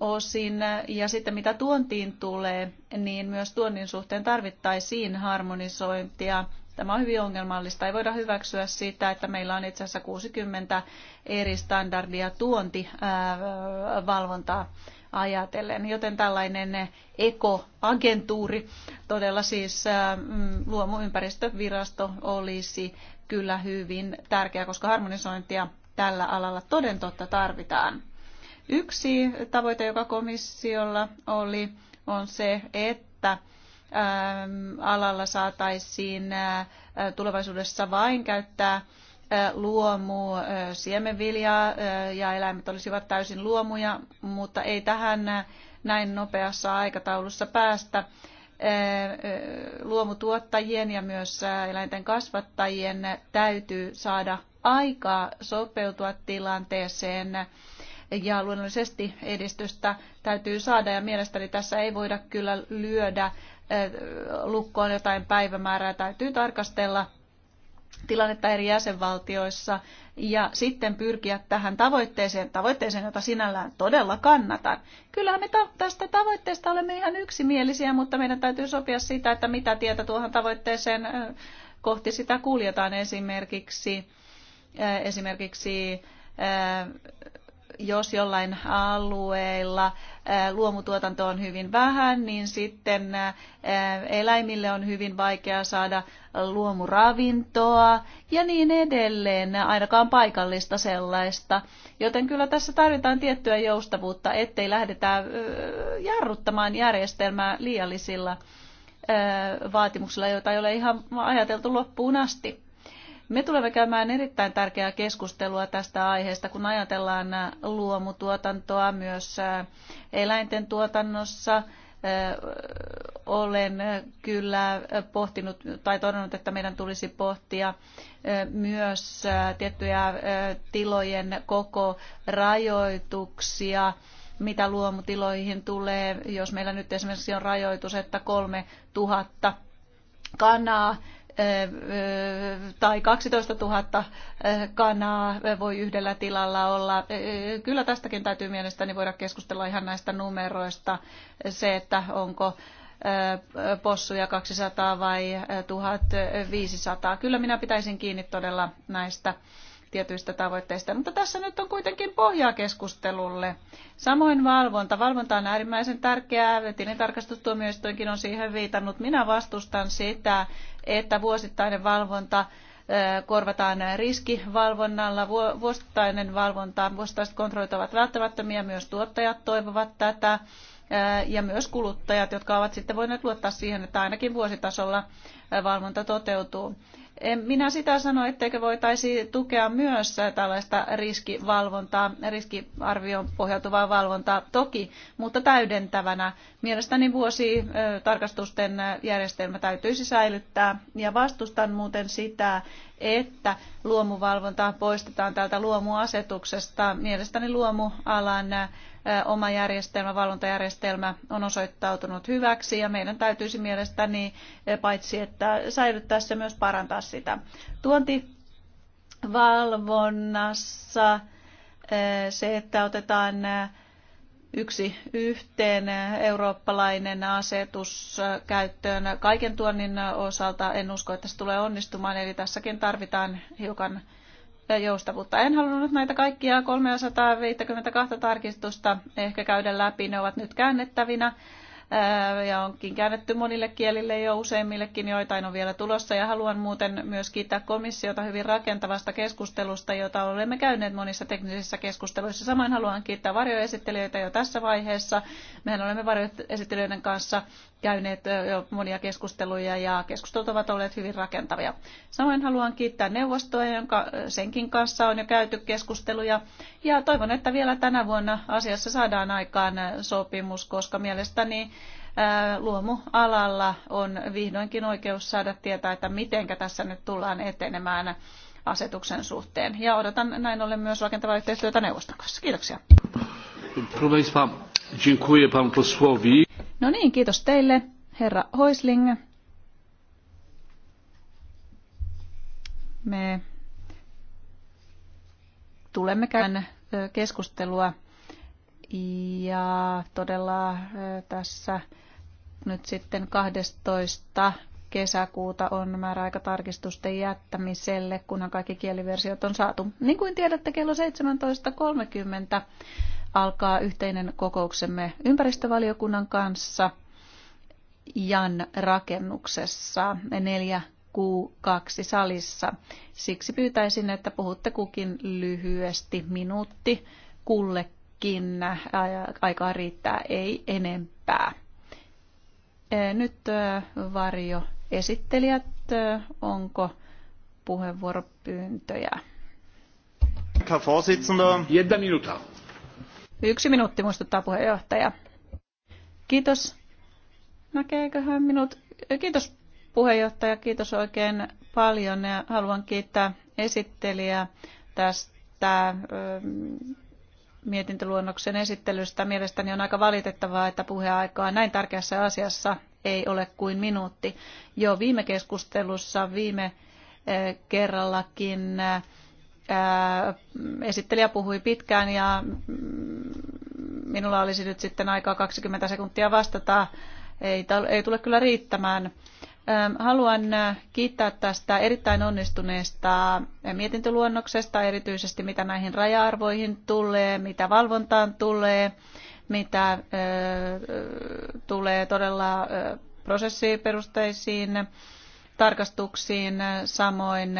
S2: osin. Ja sitten mitä tuontiin tulee, niin myös tuonnin suhteen tarvittaisiin harmonisointia Tämä on hyvin ongelmallista. Ei voida hyväksyä sitä, että meillä on itse asiassa 60 eri standardia tuontivalvontaa ajatellen. Joten tällainen ekoagentuuri, todella siis mm, luomuympäristövirasto olisi kyllä hyvin tärkeä, koska harmonisointia tällä alalla toden totta tarvitaan. Yksi tavoite, joka komissiolla oli, on se, että Ähm, alalla saataisiin äh, äh, tulevaisuudessa vain käyttää äh, luomu, siemenviljaa ja eläimet olisivat täysin luomuja, mutta ei tähän näin nopeassa aikataulussa päästä. Luomutuottajien ja myös eläinten kasvattajien täytyy saada aikaa sopeutua tilanteeseen ja luonnollisesti edistystä täytyy saada ja mielestäni tässä ei voida kyllä lyödä Äh, lukkoon jotain päivämäärää. Täytyy tarkastella tilannetta eri jäsenvaltioissa ja sitten pyrkiä tähän tavoitteeseen, tavoitteeseen, jota sinällään todella kannatan. Kyllähän me tästä tavoitteesta olemme ihan yksimielisiä, mutta meidän täytyy sopia sitä, että mitä tietä tuohon tavoitteeseen äh, kohti sitä kuljetaan esimerkiksi, äh, esimerkiksi jos jollain alueilla luomutuotanto on hyvin vähän, niin sitten eläimille on hyvin vaikea saada luomuravintoa ja niin edelleen, ainakaan paikallista sellaista. Joten kyllä tässä tarvitaan tiettyä joustavuutta, ettei lähdetä jarruttamaan järjestelmää liiallisilla vaatimuksilla, joita ei ole ihan ajateltu loppuun asti. Me tulemme käymään erittäin tärkeää keskustelua tästä aiheesta, kun ajatellaan äh, luomutuotantoa myös äh, eläinten tuotannossa. Äh, olen kyllä pohtinut tai todennut, että meidän tulisi pohtia myös tiettyjä tilojen koko rajoituksia mitä luomutiloihin tulee. Jos meillä nyt esimerkiksi on rajoitus, että 3000 kanaa tai 12 000 eh, kanaa eh, voi yhdellä tilalla olla. Eh, kyllä tästäkin täytyy mielestäni voida keskustella ihan näistä numeroista. Se, että onko possuja 200 vai 1500. Kyllä minä pitäisin kiinni todella näistä tietyistä tavoitteista, mutta tässä nyt on kuitenkin pohjaa keskustelulle. Samoin valvonta. Valvonta on äärimmäisen tärkeää. Tilintarkastustuomioistuinkin on siihen viitannut. Minä vastustan sitä, että vuosittainen valvonta korvataan riskivalvonnalla, vuosittainen valvonta, vuosittaiset kontrollit ovat välttämättömiä, myös tuottajat toivovat tätä ja myös kuluttajat, jotka ovat sitten voineet luottaa siihen, että ainakin vuositasolla valvonta toteutuu. En minä sitä sano, etteikö voitaisi tukea myös tällaista riskivalvontaa, riskiarvioon pohjautuvaa valvontaa toki, mutta täydentävänä. Mielestäni vuositarkastusten järjestelmä täytyisi säilyttää ja vastustan muuten sitä, että luomuvalvontaa poistetaan täältä luomuasetuksesta. Mielestäni luomualan oma järjestelmä, valvontajärjestelmä on osoittautunut hyväksi ja meidän täytyisi mielestäni paitsi, että säilyttää se myös parantaa sitä. Tuontivalvonnassa se, että otetaan yksi yhteen eurooppalainen asetus käyttöön kaiken tuonnin osalta. En usko, että se tulee onnistumaan, eli tässäkin tarvitaan hiukan joustavuutta. En halunnut näitä kaikkia 352 tarkistusta ehkä käydä läpi. Ne ovat nyt käännettävinä ja onkin käännetty monille kielille jo useimmillekin, joitain on vielä tulossa. Ja haluan muuten myös kiittää komissiota hyvin rakentavasta keskustelusta, jota olemme käyneet monissa teknisissä keskusteluissa. Samoin haluan kiittää varjoesittelijöitä jo tässä vaiheessa. Mehän olemme varjoesittelijöiden kanssa käyneet jo monia keskusteluja ja keskustelut ovat olleet hyvin rakentavia. Samoin haluan kiittää neuvostoa, jonka senkin kanssa on jo käyty keskusteluja. Ja toivon, että vielä tänä vuonna asiassa saadaan aikaan sopimus, koska mielestäni luomualalla on vihdoinkin oikeus saada tietää, että miten tässä nyt tullaan etenemään asetuksen suhteen. Ja odotan näin ollen myös rakentavaa yhteistyötä neuvoston kanssa. Kiitoksia. No niin, kiitos teille, herra Hoisling. Me tulemme käymään keskustelua ja todella tässä nyt sitten 12 kesäkuuta on määräaika tarkistusten jättämiselle, kunhan kaikki kieliversiot on saatu. Niin kuin tiedätte, kello 17.30 alkaa yhteinen kokouksemme ympäristövaliokunnan kanssa Jan rakennuksessa 4 Q2 salissa. Siksi pyytäisin, että puhutte kukin lyhyesti minuutti kullekin. Aikaa riittää, ei enempää. Nyt varjo esittelijät, onko puheenvuoropyyntöjä? Yksi minuutti muistuttaa puheenjohtaja. Kiitos. Näkeeköhän no, minut? Kiitos puheenjohtaja, kiitos oikein paljon ja haluan kiittää esittelijää tästä mietintöluonnoksen esittelystä. Mielestäni on aika valitettavaa, että puheaikaa näin tärkeässä asiassa ei ole kuin minuutti. Jo viime keskustelussa, viime eh, kerrallakin eh, esittelijä puhui pitkään ja mm, minulla olisi nyt sitten aikaa 20 sekuntia vastata. Ei, ei tule kyllä riittämään. Ähm, haluan äh, kiittää tästä erittäin onnistuneesta äh, mietintöluonnoksesta, erityisesti mitä näihin raja-arvoihin tulee, mitä valvontaan tulee, mitä äh, tulee todella prosessiperusteisiin tarkastuksiin, samoin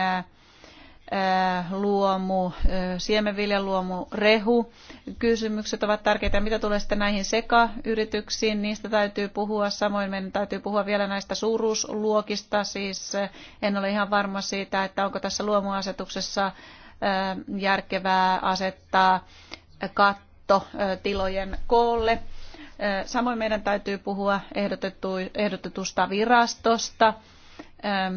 S2: Äh, luomu, äh, siemenviljaluomu, rehu. Kysymykset ovat tärkeitä. Mitä tulee sitten näihin sekayrityksiin, niistä täytyy puhua. Samoin meidän täytyy puhua vielä näistä suuruusluokista. Siis äh, en ole ihan varma siitä, että onko tässä luomuasetuksessa järkevää asettaa katto tilojen koolle. Samoin meidän täytyy puhua ehdotetusta virastosta ähm,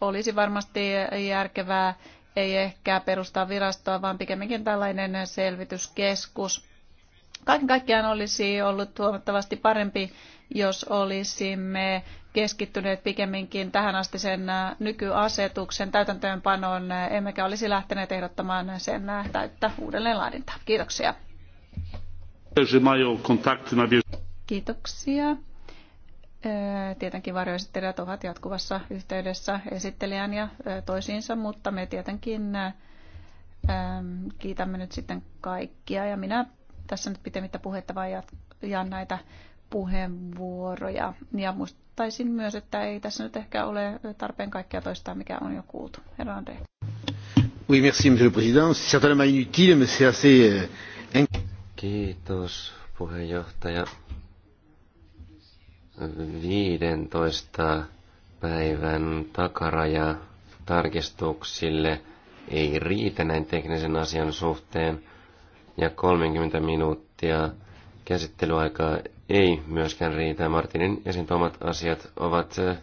S2: olisi varmasti järkevää ei ehkä perustaa virastoa, vaan pikemminkin tällainen selvityskeskus. Kaiken kaikkiaan olisi ollut huomattavasti parempi, jos olisimme keskittyneet pikemminkin tähän asti sen nykyasetuksen täytäntöönpanoon, emmekä olisi lähteneet ehdottamaan sen täyttä uudelleenlaadintaa. Kiitoksia. Kiitoksia. Tietenkin varjoesittelijät ovat jatkuvassa yhteydessä esittelijän ja toisiinsa, mutta me tietenkin kiitämme nyt sitten kaikkia. Ja minä tässä nyt pitemmittä puhetta vain jaan näitä puheenvuoroja. Ja muistaisin myös, että ei tässä nyt ehkä ole tarpeen kaikkia toistaa, mikä on jo kuultu. Herra André.
S1: Oui, merci, monsieur le président. C'est certainement inutile, mais c'est assez...
S4: Euh, Kiitos, puheenjohtaja. 15 päivän takaraja tarkistuksille ei riitä näin teknisen asian suhteen ja 30 minuuttia käsittelyaikaa ei myöskään riitä. Martinin esiin tuomat asiat ovat eh,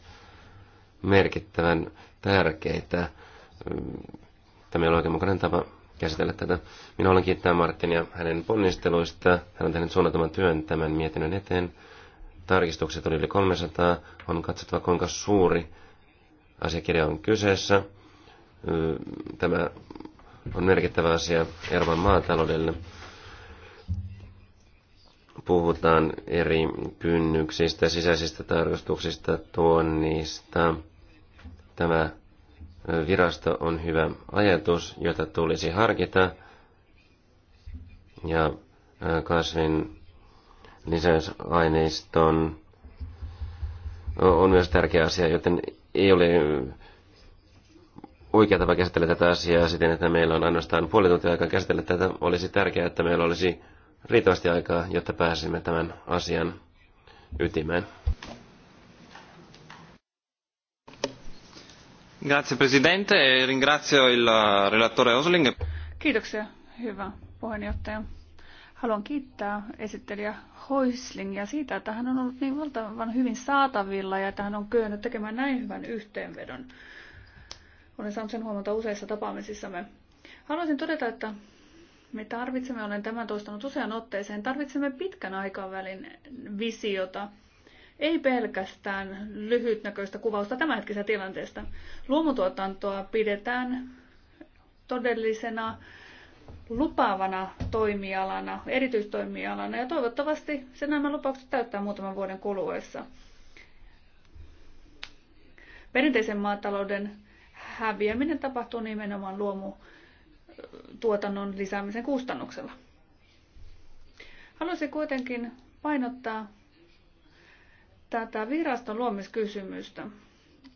S4: merkittävän tärkeitä. Tämä on oikein mukainen tapa käsitellä tätä. Minä olen kiittää Martinia hänen ponnisteluista. Hän on tehnyt suunnattoman työn tämän mietinnön eteen tarkistukset oli yli 300, on katsottava kuinka suuri asiakirja on kyseessä. Tämä on merkittävä asia Ervan maataloudelle. Puhutaan eri kynnyksistä, sisäisistä tarkastuksista, tuonnista. Tämä virasto on hyvä ajatus, jota tulisi harkita. Ja kasvin lisäysaineiston on myös tärkeä asia, joten ei ole oikea tapa käsitellä tätä asiaa siten, että meillä on ainoastaan puoli tuntia aikaa käsitellä tätä. Olisi tärkeää, että meillä olisi riittävästi aikaa, jotta pääsisimme tämän asian ytimeen. Grazie Presidente, e ringrazio il relatore Osling.
S3: Kiitoksia, hyvä puheenjohtaja. Haluan kiittää esittelijä Hoislingia siitä, että hän on ollut niin valtavan hyvin saatavilla ja että hän on kyennyt tekemään näin hyvän yhteenvedon. Olen saanut sen huomata useissa tapaamisissamme. Haluaisin todeta, että me tarvitsemme, olen tämän toistanut usean otteeseen, tarvitsemme pitkän aikavälin visiota, ei pelkästään lyhytnäköistä kuvausta tämänhetkisestä tilanteesta. Luomutuotantoa pidetään todellisena lupaavana toimialana, erityistoimialana ja toivottavasti se nämä lupaukset täyttää muutaman vuoden kuluessa. Perinteisen maatalouden häviäminen tapahtuu nimenomaan luomutuotannon lisäämisen kustannuksella. Haluaisin kuitenkin painottaa tätä viraston luomiskysymystä.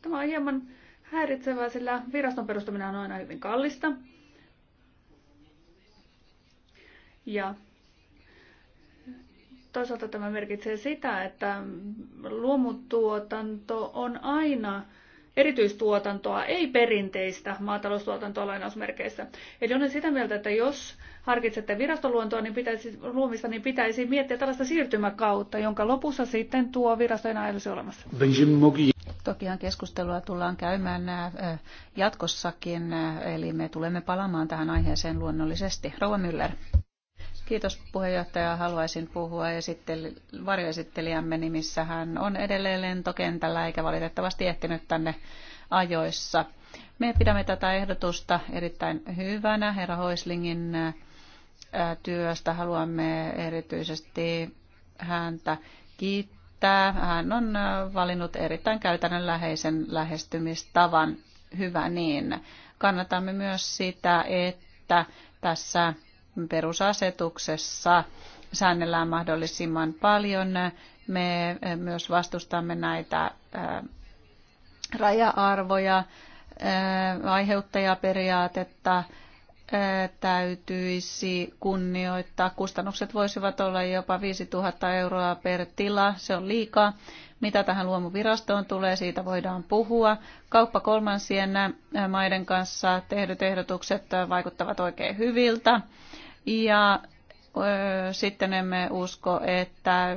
S3: Tämä on hieman häiritsevää, sillä viraston perustaminen on aina hyvin kallista. Ja toisaalta tämä merkitsee sitä, että luomutuotanto on aina erityistuotantoa, ei perinteistä maataloustuotantoa lainausmerkeissä. Eli olen sitä mieltä, että jos harkitsette virastoluontoa, niin pitäisi, luomista, niin pitäisi miettiä tällaista siirtymäkautta, jonka lopussa sitten tuo virasto enää olisi olemassa. Tokihan keskustelua tullaan käymään äh,
S2: jatkossakin, äh, eli me tulemme palaamaan tähän aiheeseen luonnollisesti. Rouva Müller. Kiitos puheenjohtaja. Haluaisin puhua varjoesittelijämme nimissä. Hän on edelleen lentokentällä eikä valitettavasti ehtinyt tänne ajoissa. Me pidämme tätä ehdotusta erittäin hyvänä. Herra Hoislingin työstä haluamme erityisesti häntä kiittää. Hän on valinnut erittäin käytännönläheisen lähestymistavan. Hyvä niin. Kannatamme myös sitä, että tässä perusasetuksessa säännellään mahdollisimman paljon. Me eh, myös vastustamme näitä eh, raja-arvoja, eh, aiheuttajaperiaatetta, täytyisi kunnioittaa. Kustannukset voisivat olla jopa 5000 euroa per tila, se on liikaa. Mitä tähän luomuvirastoon tulee, siitä voidaan puhua. Kauppa kolmansien maiden kanssa tehdyt ehdotukset vaikuttavat oikein hyviltä. Ja sitten emme usko, että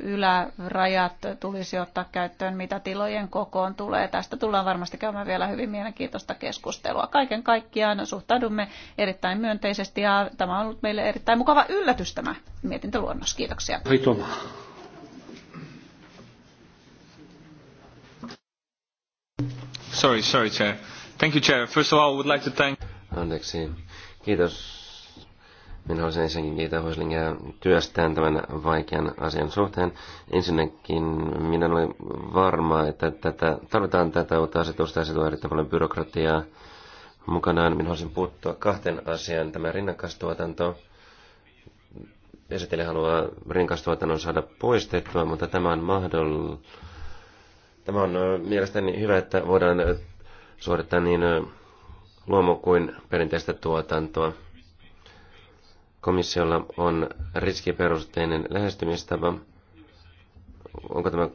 S2: ylärajat tulisi ottaa käyttöön, mitä tilojen kokoon tulee. Tästä tullaan varmasti käymään vielä hyvin mielenkiintoista keskustelua. Kaiken kaikkiaan suhtaudumme erittäin myönteisesti ja tämä on ollut meille erittäin mukava yllätys tämä mietintöluonnos. Kiitoksia. Ritoma.
S4: Sorry, sorry, Chair. Thank you, Chair.
S1: First of all, I would like to thank...
S4: Anteeksi. Kiitos minä olisin ensinnäkin kiitän Hoislingia työstään tämän vaikean asian suhteen. Ensinnäkin minä olen varma, että tätä, tarvitaan tätä uutta asetusta ja se tuo erittäin paljon byrokratiaa mukanaan. Minä haluaisin puuttua kahteen asiaan. Tämä rinnakkaistuotanto. Esittelijä haluaa rinnakkaistuotannon saada poistettua, mutta tämä on mahdollista. Tämä on mielestäni hyvä, että voidaan suorittaa niin luomu kuin perinteistä tuotantoa komissiolla on riskiperusteinen lähestymistapa. Onko tämä,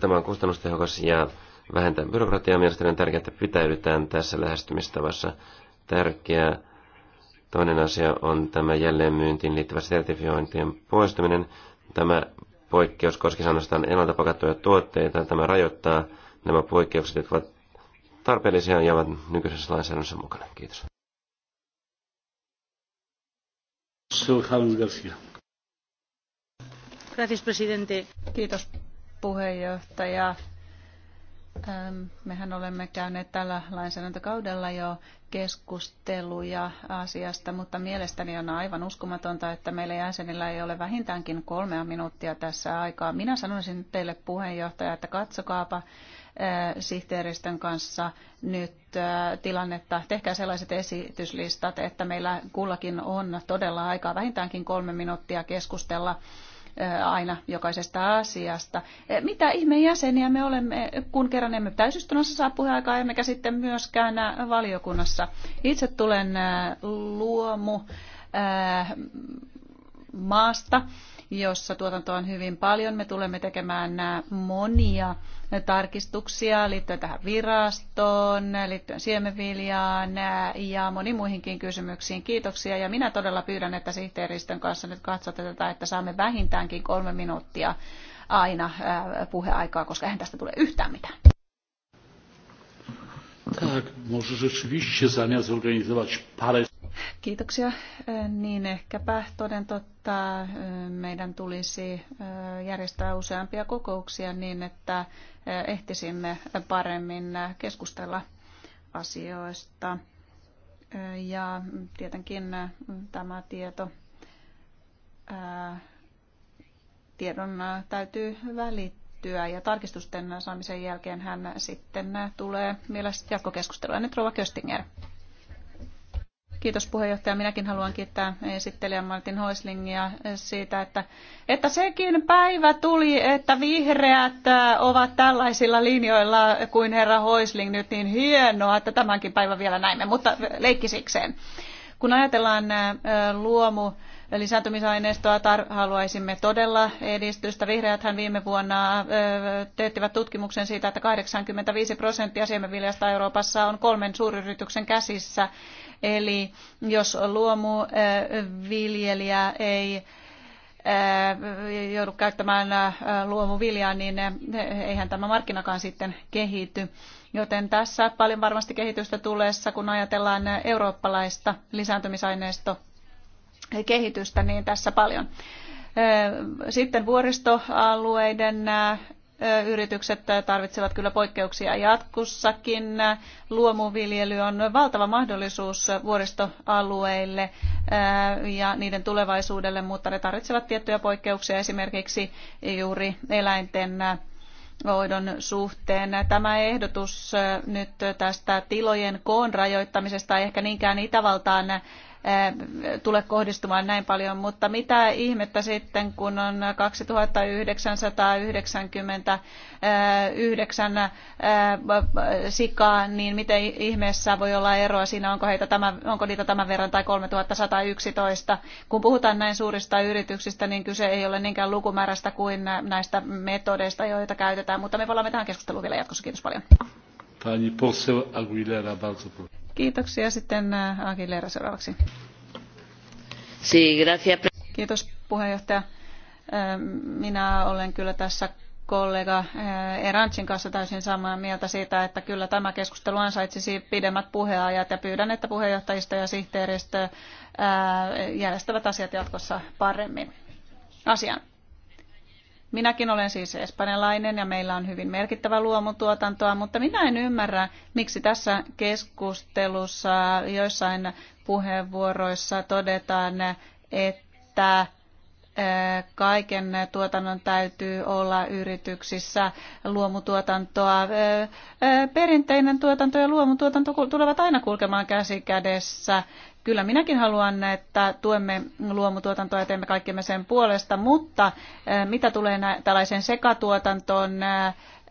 S4: tämä on kustannustehokas ja vähentää byrokratiaa. Mielestäni on tärkeää, että pitäydytään tässä lähestymistavassa. Tärkeää Toinen asia on tämä jälleenmyyntiin liittyvä sertifiointien poistuminen. Tämä poikkeus koski ainoastaan ennalta pakattuja tuotteita. Tämä rajoittaa nämä poikkeukset, jotka ovat tarpeellisia ja ovat nykyisessä
S1: lainsäädännössä mukana. Kiitos.
S2: Kiitos puheenjohtaja. Ähm, mehän olemme käyneet tällä lainsäädäntökaudella jo keskusteluja asiasta, mutta mielestäni on aivan uskomatonta, että meillä jäsenillä ei ole vähintäänkin kolmea minuuttia tässä aikaa. Minä sanoisin teille puheenjohtaja, että katsokaapa Eh, sihteeristön kanssa nyt eh, tilannetta. Tehkää sellaiset esityslistat, että meillä kullakin on todella aikaa vähintäänkin kolme minuuttia keskustella eh, aina jokaisesta asiasta. Mitä ihmeen jäseniä me olemme, kun kerran emme täysistunnossa saa puheaikaa, emmekä sitten myöskään valiokunnassa. Itse tulen luomu maasta jossa tuotantoa on hyvin paljon. Me tulemme tekemään äh, monia tarkistuksia liittyen tähän virastoon, liittyen siemenviljaan äh, ja moniin muihinkin kysymyksiin. Kiitoksia ja minä todella pyydän, että sihteeristön kanssa nyt katsotte tätä, että saamme vähintäänkin kolme minuuttia aina äh, puheaikaa, koska eihän tästä tule yhtään mitään.
S1: Tak, może rzeczywiście zamiast zorganizować parę...
S2: Kiitoksia. E, niin ehkäpä toden totta e, meidän tulisi e, järjestää useampia kokouksia niin, että ehtisimme paremmin keskustella asioista. Ja tietenkin tämä tieto, tiedon täytyy välittää päätettyä ja tarkistusten saamisen jälkeen hän sitten tulee vielä jatkokeskustelua. Nyt Rova Köstinger. Kiitos puheenjohtaja. Minäkin haluan kiittää esittelijä Martin Hoislingia siitä, että, että sekin päivä tuli, että vihreät ovat tällaisilla linjoilla kuin herra Hoisling nyt niin hienoa, että tämänkin päivän vielä näimme, mutta leikkisikseen. Kun ajatellaan luomu lisääntymisaineistoa tar- haluaisimme todella edistystä. Vihreäthän viime vuonna teettivät tutkimuksen siitä, että 85 prosenttia siemenviljasta Euroopassa on kolmen suuryrityksen käsissä. Eli jos luomuviljelijä ei joudu käyttämään luomuviljaa, niin eihän tämä markkinakaan sitten kehity. Joten tässä paljon varmasti kehitystä tulessa, kun ajatellaan eurooppalaista lisääntymisaineisto kehitystä niin tässä paljon. Sitten vuoristoalueiden yritykset tarvitsevat kyllä poikkeuksia jatkussakin Luomuviljely on valtava mahdollisuus vuoristoalueille ja niiden tulevaisuudelle, mutta ne tarvitsevat tiettyjä poikkeuksia esimerkiksi juuri eläinten hoidon suhteen. Tämä ehdotus nyt tästä tilojen koon rajoittamisesta ei ehkä niinkään Itävaltaan Eh, tule kohdistumaan näin paljon, mutta mitä ihmettä sitten, kun on 2999 eh, sikaa, niin miten ihmeessä voi olla eroa siinä, onko, heitä tämän, onko niitä tämän verran tai 3111. Kun puhutaan näin suurista yrityksistä, niin kyse ei ole niinkään lukumäärästä kuin näistä metodeista, joita käytetään, mutta me palaamme tähän keskusteluun vielä jatkossa. Kiitos paljon. Kiitoksia. Sitten äh, Aguilera seuraavaksi. Kiitos puheenjohtaja. Ähm, minä olen kyllä tässä kollega äh, Erantsin kanssa täysin samaa mieltä siitä, että kyllä tämä keskustelu ansaitsisi pidemmät puheajat ja pyydän, että puheenjohtajista ja sihteeristö äh, järjestävät asiat jatkossa paremmin asian. Minäkin olen siis espanjalainen ja meillä on hyvin merkittävä luomutuotantoa, mutta minä en ymmärrä, miksi tässä keskustelussa joissain puheenvuoroissa todetaan, että eh, kaiken tuotannon täytyy olla yrityksissä luomutuotantoa. Eh, eh, perinteinen tuotanto ja luomutuotanto tulevat aina kulkemaan käsi kädessä. Kyllä minäkin haluan, että tuemme luomutuotantoa ja teemme kaikkemme sen puolesta, mutta eh, mitä tulee tällaiseen sekatuotantoon, eh,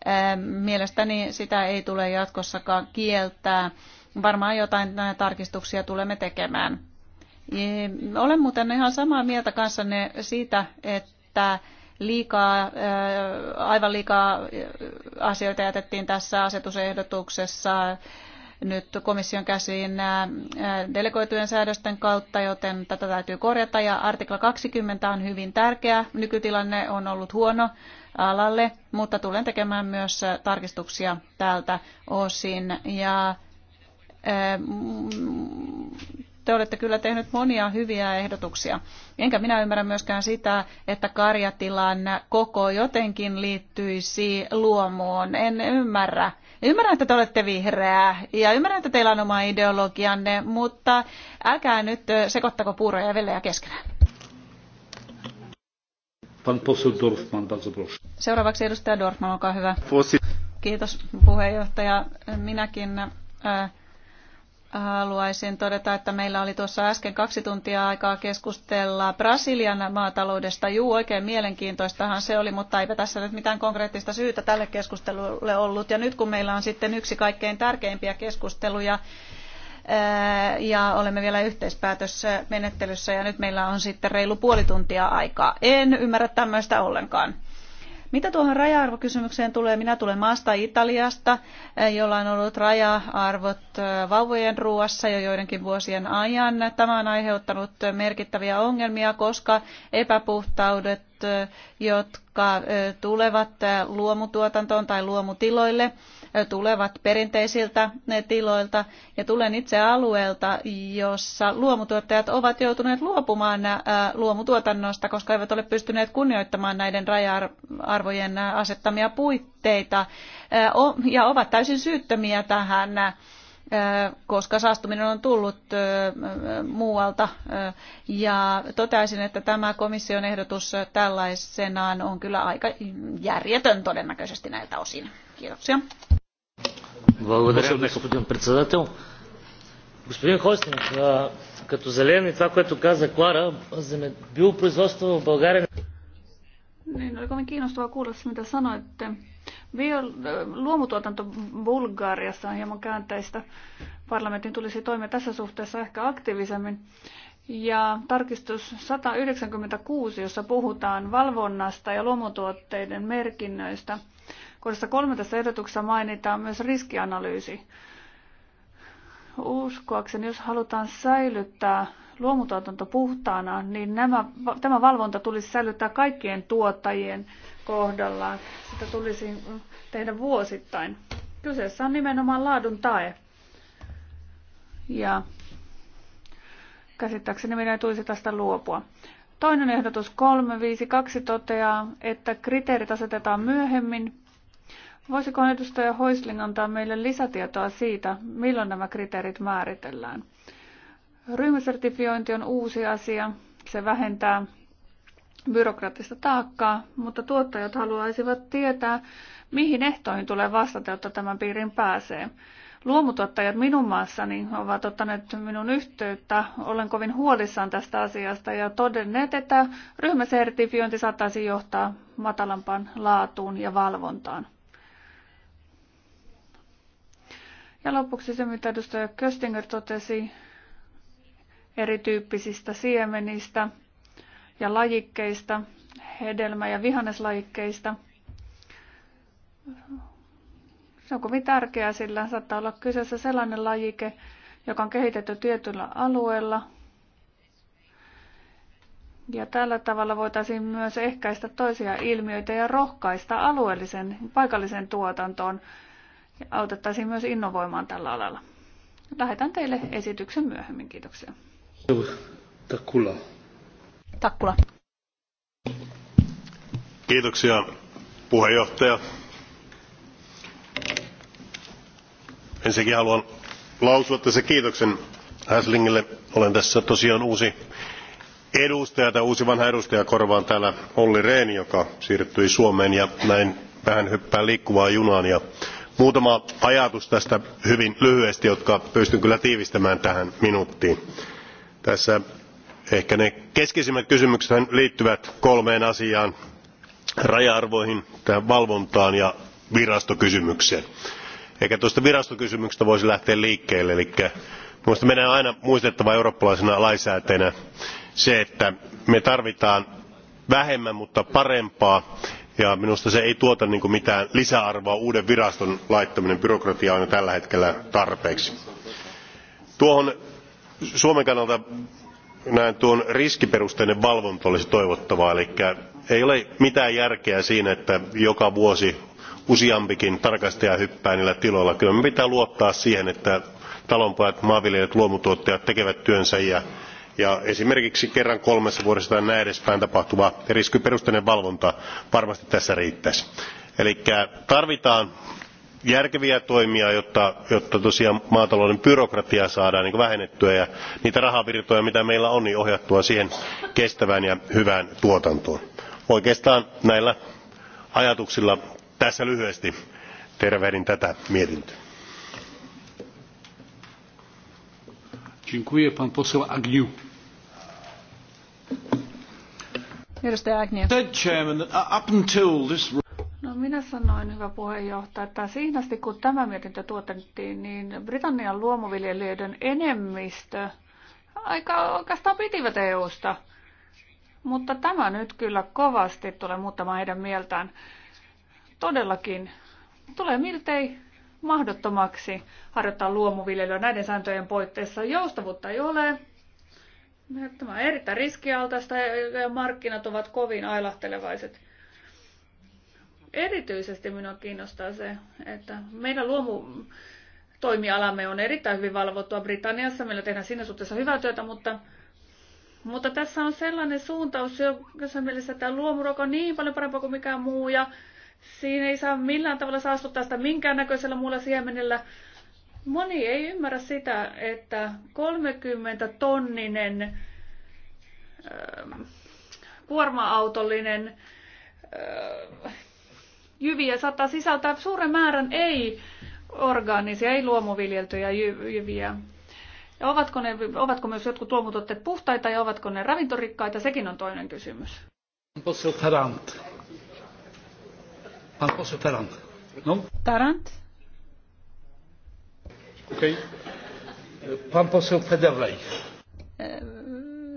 S2: eh, mielestäni sitä ei tule jatkossakaan kieltää. Varmaan jotain tarkistuksia tulemme tekemään. Olen muuten ihan samaa mieltä kanssanne siitä, että liikaa, aivan liikaa asioita jätettiin tässä asetusehdotuksessa nyt komission käsiin delegoitujen säädösten kautta, joten tätä täytyy korjata. Ja artikla 20 on hyvin tärkeä. Nykytilanne on ollut huono alalle, mutta tulen tekemään myös tarkistuksia tältä osin. Ja te olette kyllä tehnyt monia hyviä ehdotuksia. Enkä minä ymmärrä myöskään sitä, että karjatilan koko jotenkin liittyisi luomuun. En ymmärrä. Ymmärrän, että te olette vihreää ja ymmärrän, että teillä on oma ideologianne, mutta älkää nyt sekoittako puuroja ja vellejä keskenään.
S1: Pan poseł Dorfman,
S2: Seuraavaksi edustaja Dorfman, olkaa hyvä. Kiitos puheenjohtaja. Minäkin äh, haluaisin todeta, että meillä oli tuossa äsken kaksi tuntia aikaa keskustella Brasilian maataloudesta. Juu, oikein mielenkiintoistahan se oli, mutta eipä tässä nyt mitään konkreettista syytä tälle keskustelulle ollut. Ja nyt kun meillä on sitten yksi kaikkein tärkeimpiä keskusteluja, ja olemme vielä yhteispäätössä menettelyssä ja nyt meillä on sitten reilu puoli tuntia aikaa. En ymmärrä tämmöistä ollenkaan. Mitä tuohon raja-arvokysymykseen tulee? Minä tulen maasta Italiasta, eh, jolla on ollut raja-arvot eh, vauvojen ruoassa jo joidenkin vuosien ajan. Tämä on aiheuttanut merkittäviä ongelmia, koska epäpuhtaudet jotka tulevat luomutuotantoon tai luomutiloille, tulevat perinteisiltä tiloilta. Ja tulen itse alueelta, jossa luomutuottajat ovat joutuneet luopumaan luomutuotannosta, koska eivät ole pystyneet kunnioittamaan näiden raja-arvojen asettamia puitteita ja ovat täysin syyttömiä tähän koska saastuminen on tullut muualta. Ja toteaisin, että tämä komission ehdotus tällaisenaan on kyllä aika järjetön todennäköisesti näiltä
S3: osin. Kiitoksia. господин председател. като зелен и това, което каза Клара, за биопроизводство в България... Niin, oli kovin kiinnostavaa kuulla mitä sanoitte. Bio, luomutuotanto Bulgariassa on hieman käänteistä. Parlamentin tulisi toimia tässä suhteessa ehkä aktiivisemmin. Ja tarkistus 196, jossa puhutaan valvonnasta ja luomutuotteiden merkinnöistä. Kohdassa 13 ehdotuksessa mainitaan myös riskianalyysi. Uskoakseni, jos halutaan säilyttää luomutuotanto puhtaana, niin nämä, tämä valvonta tulisi säilyttää kaikkien tuottajien kohdallaan. Sitä tulisi mm, tehdä vuosittain. Kyseessä on nimenomaan laadun tae. Ja käsittääkseni minä tulisi tästä luopua. Toinen ehdotus 352 toteaa, että kriteerit asetetaan myöhemmin. Voisiko edustaja Hoisling antaa meille lisätietoa siitä, milloin nämä kriteerit määritellään? Ryhmäsertifiointi on uusi asia. Se vähentää byrokraattista taakkaa, mutta tuottajat haluaisivat tietää, mihin ehtoihin tulee vastata, jotta tämän piirin pääsee. Luomutuottajat minun maassani ovat ottaneet minun yhteyttä. Olen kovin huolissaan tästä asiasta ja todenneet, että ryhmäsertifiointi saattaisi johtaa matalampaan laatuun ja valvontaan. Ja lopuksi se, mitä edustaja Köstinger totesi erityyppisistä siemenistä – ja lajikkeista, hedelmä- ja vihanneslajikkeista. Se on kovin tärkeää, sillä saattaa olla kyseessä sellainen lajike, joka on kehitetty tietyllä alueella. Ja tällä tavalla voitaisiin myös ehkäistä toisia ilmiöitä ja rohkaista alueellisen, paikalliseen tuotantoon. Ja autettaisiin myös innovoimaan tällä alalla. Lähetän teille esityksen myöhemmin. Kiitoksia. Takula. Takkula.
S1: Kiitoksia puheenjohtaja. Ensinnäkin haluan lausua tässä kiitoksen Häslingille. Olen tässä tosiaan uusi edustaja tai uusi vanha edustaja korvaan täällä Olli Rehn, joka siirtyi Suomeen ja näin vähän hyppää liikkuvaa junaan. Ja muutama ajatus tästä hyvin lyhyesti, jotka pystyn kyllä tiivistämään tähän minuuttiin. Tässä ehkä ne keskeisimmät kysymykset liittyvät kolmeen asiaan raja arvoihin valvontaan ja virastokysymykseen. ehkä tuosta virastokysymyksestä voisi lähteä liikkeelle. eli minusta meidän on aina muistettava eurooppalaisena lainsäätäjänä se että me tarvitsemme vähemmän mutta parempaa ja minusta se ei tuota niin mitään lisäarvoa uuden viraston laittaminen byrokratiaan on jo tällä hetkellä tarpeeksi. tuohon suomen kannalta näen tuon riskiperusteinen valvonta olisi toivottavaa eli ei ole mitään järkeä siinä että joka vuosi useampikin tarkastaja hyppää niillä tiloilla. kyllä meidän pitää luottaa siihen että talonpojat maanviljelijät luomutuottajat tekevät työnsä ja, ja esimerkiksi kerran kolmessa vuodessa tai näin edespäin tapahtuva riskiperusteinen valvonta varmasti tässä riittäisi. eli tarvitaan järkeviä toimia jotta, tosiaan maatalouden byrokratiaa saadaan niin vähennettyä ja niitä rahavirtoja mitä meillä on niin ohjattua siihen kestävään ja hyvään tuotantoon. oikeastaan näillä ajatuksilla tässä lyhyesti tervehdin tätä mietintöä.
S3: Minä sanoin, hyvä puheenjohtaja, että siinä asti kun tämä mietintö tuotettiin, niin Britannian luomuviljelijöiden enemmistö aika oikeastaan pitivät EUsta. Mutta tämä nyt kyllä kovasti tulee muuttamaan heidän mieltään. Todellakin tulee miltei mahdottomaksi harjoittaa luomuviljelyä näiden sääntöjen poitteissa. Joustavuutta ei ole. Tämä on erittäin riskialtaista ja markkinat ovat kovin ailahtelevaiset. Erityisesti minua kiinnostaa se, että meidän luomu toimialamme on erittäin hyvin valvottua Britanniassa. Meillä tehdään siinä suhteessa hyvää työtä, mutta, mutta tässä on sellainen suuntaus, jossa mielessä tämä luomuruoka on niin paljon parempaa kuin mikään muu ja siinä ei saa millään tavalla saastuttaa sitä minkäännäköisellä muulla siemenellä. Moni ei ymmärrä sitä, että 30 tonninen ähm, kuorma-autollinen äh, jyviä saattaa sisältää suuren määrän ei-orgaanisia, ei-luomuviljeltyjä jyviä. Ja ovatko, ne, ovatko myös jotkut luomutuotteet puhtaita ja ovatko ne ravintorikkaita, sekin on toinen
S1: kysymys. Tarant. No? Tarant. Okei. Okay.
S2: E,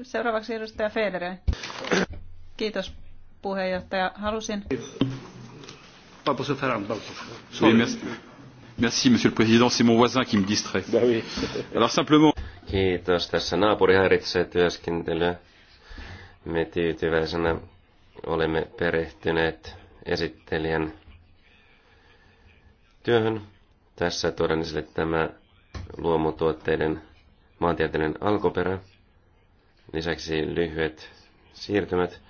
S2: seuraavaksi edustaja Federer. Kiitos puheenjohtaja. Halusin
S1: Pas pour se faire un oui, merci. merci, Monsieur le Président. C'est mon voisin qui me distrait. Ben oui. Alors
S4: simplement... Kiitos. Tässä naapuri häiritsee työskentelyä. Me tyytyväisenä olemme perehtyneet esittelijän työhön. Tässä tuodaan esille tämä luomutuotteiden maantieteellinen alkuperä. Lisäksi lyhyet siirtymät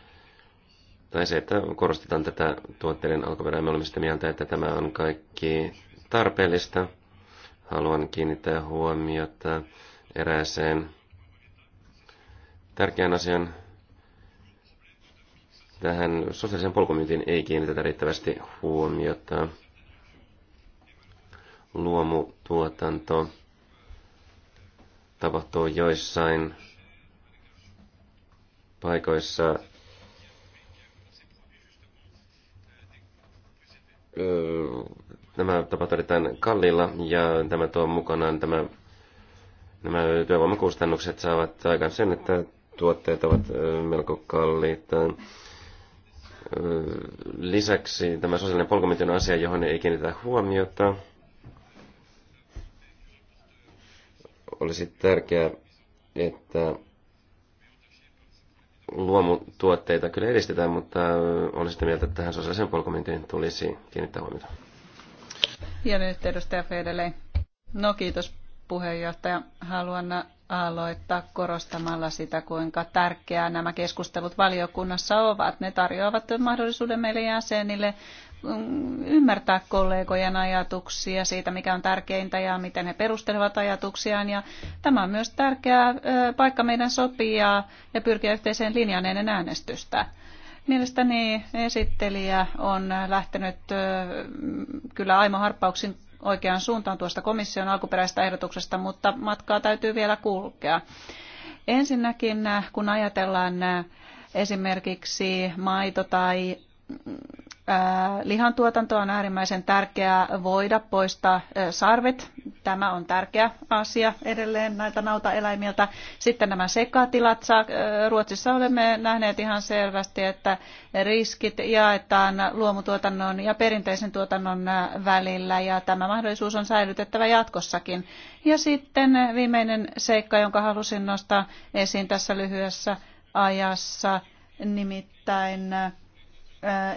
S4: tai se, että korostetaan tätä tuotteiden alkuperää. Me olemme sitä mieltä, että tämä on kaikki tarpeellista. Haluan kiinnittää huomiota erääseen tärkeän asian. Tähän sosiaalisen polkumyyntiin ei kiinnitetä riittävästi huomiota. Luomutuotanto tapahtuu joissain paikoissa nämä tapahtuu erittäin kalliilla ja tämä tuo mukanaan tämä, nämä työvoimakustannukset saavat aikaan sen, että tuotteet ovat melko kalliita. Lisäksi tämä sosiaalinen polkumyynti on asia, johon ei kiinnitä huomiota. Olisi tärkeää, että luomutuotteita kyllä edistetään, mutta olen sitä mieltä, että tähän sosiaalisen polkomintiin tulisi kiinnittää huomiota.
S2: Ja nyt edustaja Fedele. No kiitos puheenjohtaja. Haluan aloittaa korostamalla sitä, kuinka tärkeää nämä keskustelut valiokunnassa ovat. Ne tarjoavat mahdollisuuden meille jäsenille mm, ymmärtää kollegojen ajatuksia siitä, mikä on tärkeintä ja miten he perustelevat ajatuksiaan. Ja tämä on myös tärkeä paikka meidän sopia ja pyrkiä yhteiseen linjaan ennen äänestystä. Mielestäni esittelijä on lähtenyt kyllä aimo harppauksin oikeaan suuntaan tuosta komission alkuperäisestä ehdotuksesta, mutta matkaa täytyy vielä kulkea. Ensinnäkin, kun ajatellaan äh, esimerkiksi maito- tai Lihantuotanto on äärimmäisen tärkeää voida poistaa sarvet. Tämä on tärkeä asia edelleen näiltä nautaeläimiltä. Sitten nämä sekatilat. Ruotsissa olemme nähneet ihan selvästi, että riskit jaetaan luomutuotannon ja perinteisen tuotannon välillä ja tämä mahdollisuus on säilytettävä jatkossakin. Ja sitten viimeinen seikka, jonka halusin nostaa esiin tässä lyhyessä ajassa, nimittäin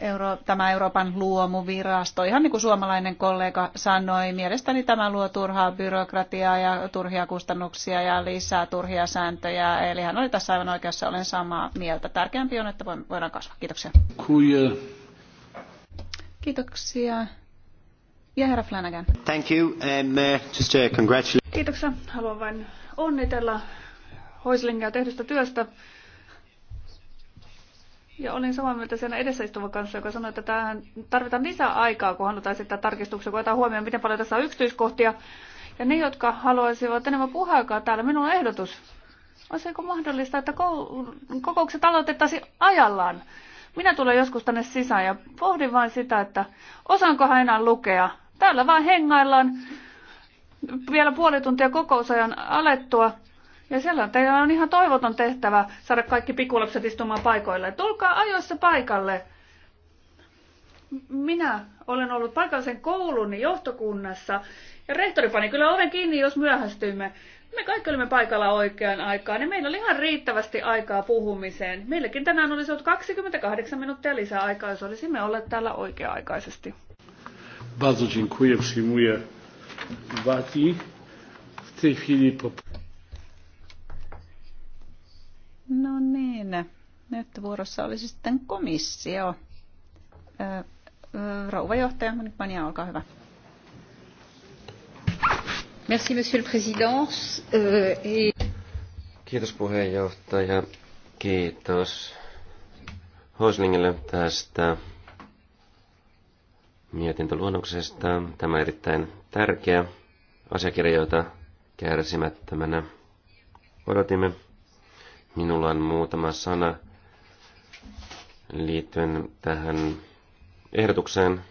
S2: Euro, tämä Euroopan luomuvirasto. Ihan niin kuin suomalainen kollega sanoi, mielestäni tämä luo turhaa byrokratiaa ja turhia kustannuksia ja lisää turhia sääntöjä. Eli hän oli tässä aivan oikeassa, olen samaa mieltä. Tärkeämpi on, että voidaan kasvaa. Kiitoksia. Kuja. Kiitoksia.
S3: Ja herra Flanagan.
S1: Thank you. Um, uh, just congratulate.
S3: Kiitoksia. Haluan vain onnitella Hoislingia tehdystä työstä ja olin samaa mieltä siinä edessä istuvan kanssa, joka sanoi, että tähän tarvitaan lisää aikaa, kun halutaan sitten tarkistuksia, kun otetaan huomioon, miten paljon tässä on yksityiskohtia. Ja ne, jotka haluaisivat enemmän puheakaan täällä, minulla on ehdotus. Olisiko mahdollista, että kokoukset aloitettaisiin ajallaan? Minä tulen joskus tänne sisään ja pohdin vain sitä, että osaankohan enää lukea. Täällä vaan hengaillaan vielä puoli tuntia kokousajan alettua ja siellä teillä on ihan toivoton tehtävä saada kaikki pikulapset istumaan paikoille. Tulkaa ajoissa paikalle. Minä olen ollut paikallisen koulun johtokunnassa ja rehtori pani kyllä oven kiinni, jos myöhästyimme. Me kaikki olimme paikalla oikeaan aikaan ja meillä oli ihan riittävästi aikaa puhumiseen. Meilläkin tänään olisi ollut 28 minuuttia lisää aikaa, jos olisimme olleet täällä oikea-aikaisesti.
S1: Bardzo dziękuję, przyjmuję uwagi. W tej chwili
S2: No niin, nyt vuorossa olisi sitten komissio. Rouva johtaja Mania, olkaa hyvä.
S3: Merci, monsieur le président.
S4: Kiitos puheenjohtaja. Kiitos Hoslingille tästä mietintöluonnoksesta. Tämä on erittäin tärkeä asiakirja, jota kärsimättömänä odotimme. Minulla on muutama sana liittyen tähän ehdotukseen,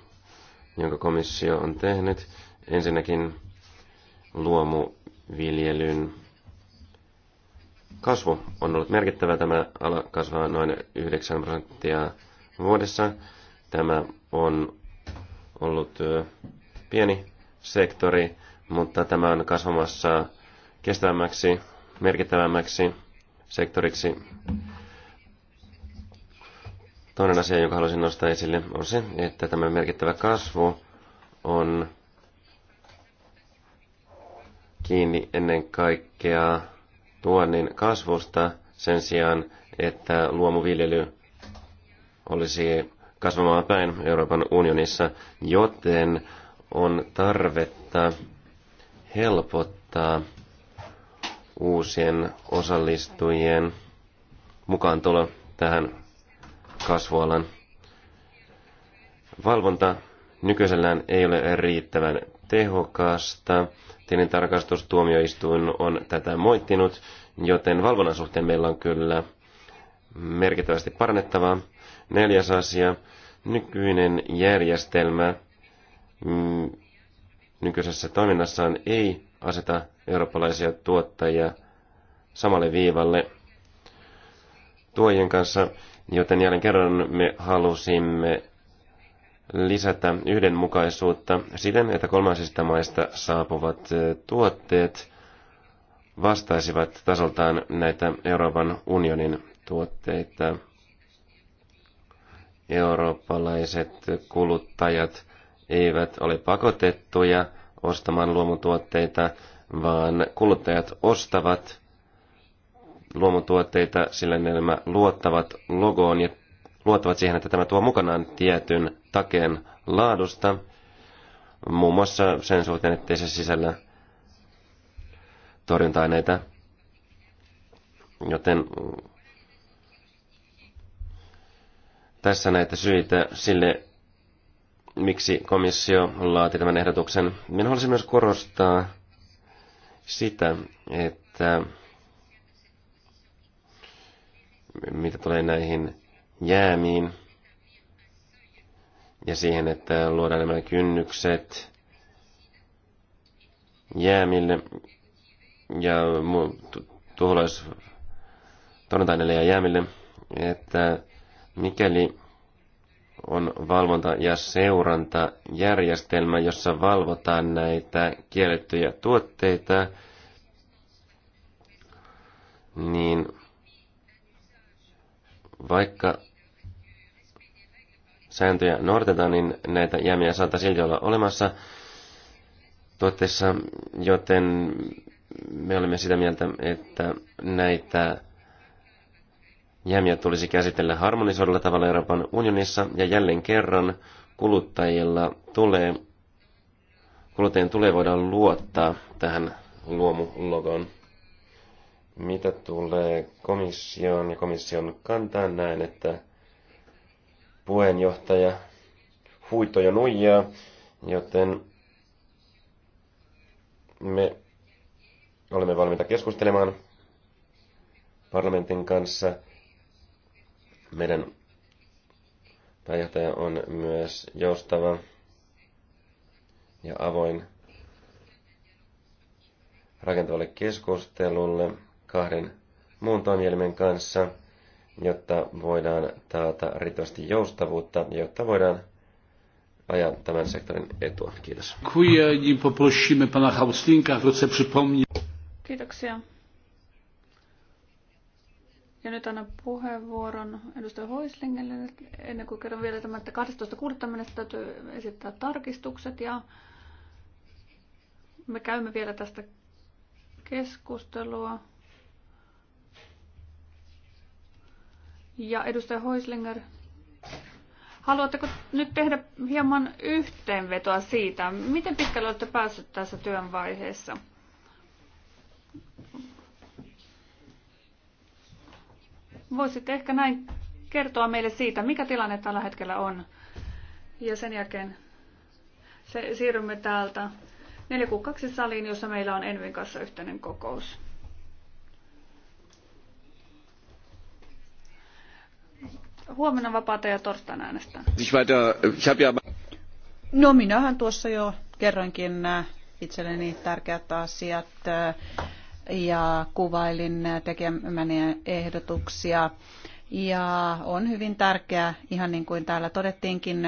S4: jonka komissio on tehnyt. Ensinnäkin luomuviljelyn kasvu on ollut merkittävä. Tämä ala kasvaa noin 9 prosenttia vuodessa. Tämä on ollut pieni sektori, mutta tämä on kasvamassa kestävämmäksi, merkittävämmäksi sektoriksi. Toinen asia, jonka haluaisin nostaa esille, on se, että tämä merkittävä kasvu on kiinni ennen kaikkea tuonnin kasvusta sen sijaan, että luomuviljely olisi kasvamaan päin Euroopan unionissa, joten on tarvetta helpottaa uusien osallistujien tulo tähän kasvualan. Valvonta nykyisellään ei ole riittävän tehokasta. Tilintarkastustuomioistuin on tätä moittinut, joten valvonnan suhteen meillä on kyllä merkittävästi parannettavaa. Neljäs asia, nykyinen järjestelmä mm, nykyisessä toiminnassaan ei aseta eurooppalaisia tuottajia samalle viivalle tuojien kanssa, joten jälleen kerran me halusimme lisätä yhdenmukaisuutta siten, että kolmansista maista saapuvat eh, tuotteet vastaisivat tasoltaan näitä Euroopan unionin tuotteita. Eurooppalaiset kuluttajat eivät ole pakotettuja – ostamaan luomutuotteita, vaan kuluttajat ostavat luomutuotteita, sillä nämä luottavat logoon ja luottavat siihen, että tämä tuo mukanaan tietyn takeen laadusta, muun muassa sen suhteen, ettei se sisällä torjunta-aineita. Joten tässä näitä syitä sille, miksi komissio laati tämän ehdotuksen. Minä haluaisin myös korostaa sitä, että mitä tulee näihin jäämiin ja siihen, että luodaan nämä kynnykset jäämille ja tuholais torjunta ja jäämille, että mikäli on valvonta- ja seurantajärjestelmä, jossa valvotaan näitä kiellettyjä tuotteita, niin vaikka sääntöjä noudatetaan, niin näitä jämiä saattaa silti olla olemassa tuotteissa, joten me olemme sitä mieltä, että näitä Jämiä tulisi käsitellä harmonisoidulla tavalla Euroopan unionissa ja jälleen kerran kuluttajilla tulee, kuluttajien tulee voida luottaa tähän luomulogoon. Mitä tulee komission ja komission kantaan, näin, että puheenjohtaja huito ja nuijaa, joten me olemme valmiita keskustelemaan parlamentin kanssa – meidän pääjohtaja on myös joustava ja avoin rakentavalle keskustelulle kahden muun toimielimen kanssa, jotta voidaan taata riittävästi joustavuutta, jotta voidaan ajaa tämän sektorin etua. Kiitos. Kiitoksia.
S3: Ja nyt annan puheenvuoron edustaja Hoislingelle ennen kuin kerron vielä tämän, että 12.6. mennessä täytyy esittää tarkistukset ja me käymme vielä tästä keskustelua. Ja edustaja Hoislinger, haluatteko nyt tehdä hieman yhteenvetoa siitä, miten pitkälle olette päässeet tässä työn vaiheessa? Voisitte ehkä näin kertoa meille siitä, mikä tilanne tällä hetkellä on. Ja sen jälkeen se, siirrymme täältä 462 saliin, jossa meillä on Envin kanssa yhteinen kokous. Huomenna vapaata ja torstaina äänestään. No minähän tuossa
S2: jo kerroinkin äh, itselleni tärkeät asiat. Äh, ja kuvailin tekemäni ehdotuksia. Ja on hyvin tärkeää, ihan niin kuin täällä todettiinkin,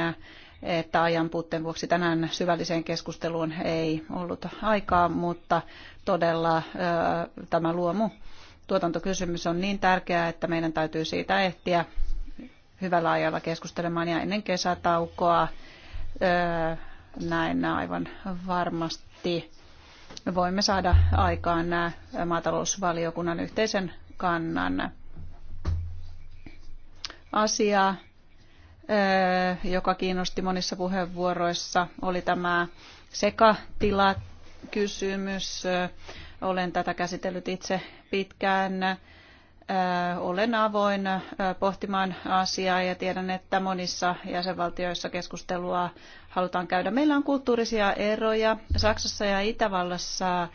S2: että ajan puutteen vuoksi tänään syvälliseen keskusteluun ei ollut aikaa, mutta todella tämä luomu tuotantokysymys on niin tärkeä, että meidän täytyy siitä ehtiä hyvällä ajalla keskustelemaan ja ennen kesätaukoa näin aivan varmasti me voimme saada aikaan maatalousvaliokunnan yhteisen kannan asia, joka kiinnosti monissa puheenvuoroissa, oli tämä sekatilakysymys. kysymys Olen tätä käsitellyt itse pitkään. Olen avoin pohtimaan asiaa ja tiedän, että monissa jäsenvaltioissa keskustelua halutaan käydä. Meillä on kulttuurisia eroja. Saksassa ja Itävallassa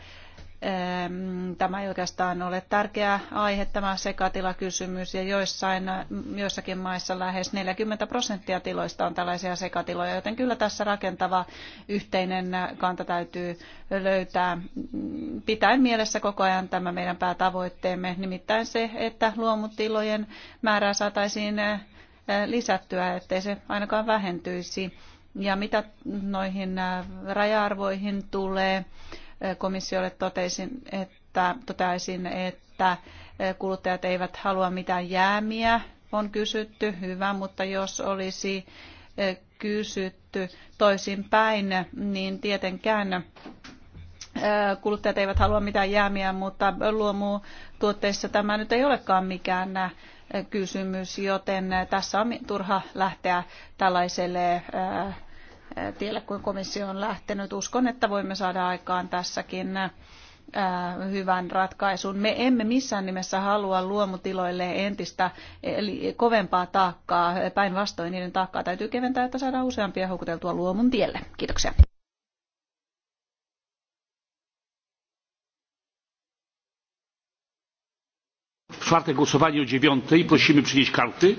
S2: ehm, Tämä ei oikeastaan ole tärkeä aihe, tämä sekatilakysymys, ja joissain, joissakin maissa lähes 40 prosenttia tiloista on tällaisia sekatiloja, joten kyllä tässä rakentava yhteinen kanta täytyy löytää pitäen mielessä koko ajan tämä meidän päätavoitteemme, nimittäin se, että luomutilojen määrää saataisiin eh, lisättyä, ettei se ainakaan vähentyisi. Ja mitä noihin äh, raja-arvoihin tulee, äh, komissiolle totesin, että, toteaisin, että äh, kuluttajat eivät halua mitään jäämiä, on kysytty, hyvä, mutta jos olisi kysytty toisinpäin, niin tietenkään kuluttajat eivät halua mitään jäämiä, mutta luomu tuotteissa tämä nyt ei olekaan mikään kysymys, joten tässä on turha lähteä tällaiselle tielle, kuin komissio on lähtenyt. Uskon, että voimme saada aikaan tässäkin hyvän ratkaisun. Me emme missään nimessä halua luomutiloille entistä eli kovempaa taakkaa. Päinvastoin niiden taakkaa täytyy keventää, että saadaan useampia houkuteltua luomun tielle. Kiitoksia.
S1: czwartek głosowanie o dziewiątej prosimy przynieść karty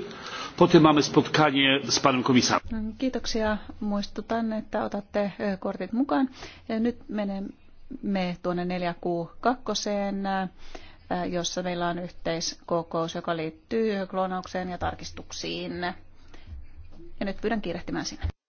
S1: potem mamy spotkanie z panem komisarzem.
S2: No niin, kiitoksia. Muistutan, että otatte e, kortit mukaan. E, nyt menemme tuonne 4Q2, e, jossa meillä on yhteiskokous, joka liittyy kloonaukseen ja tarkistuksiin. Ja nyt pyydän kiirehtimään sinne.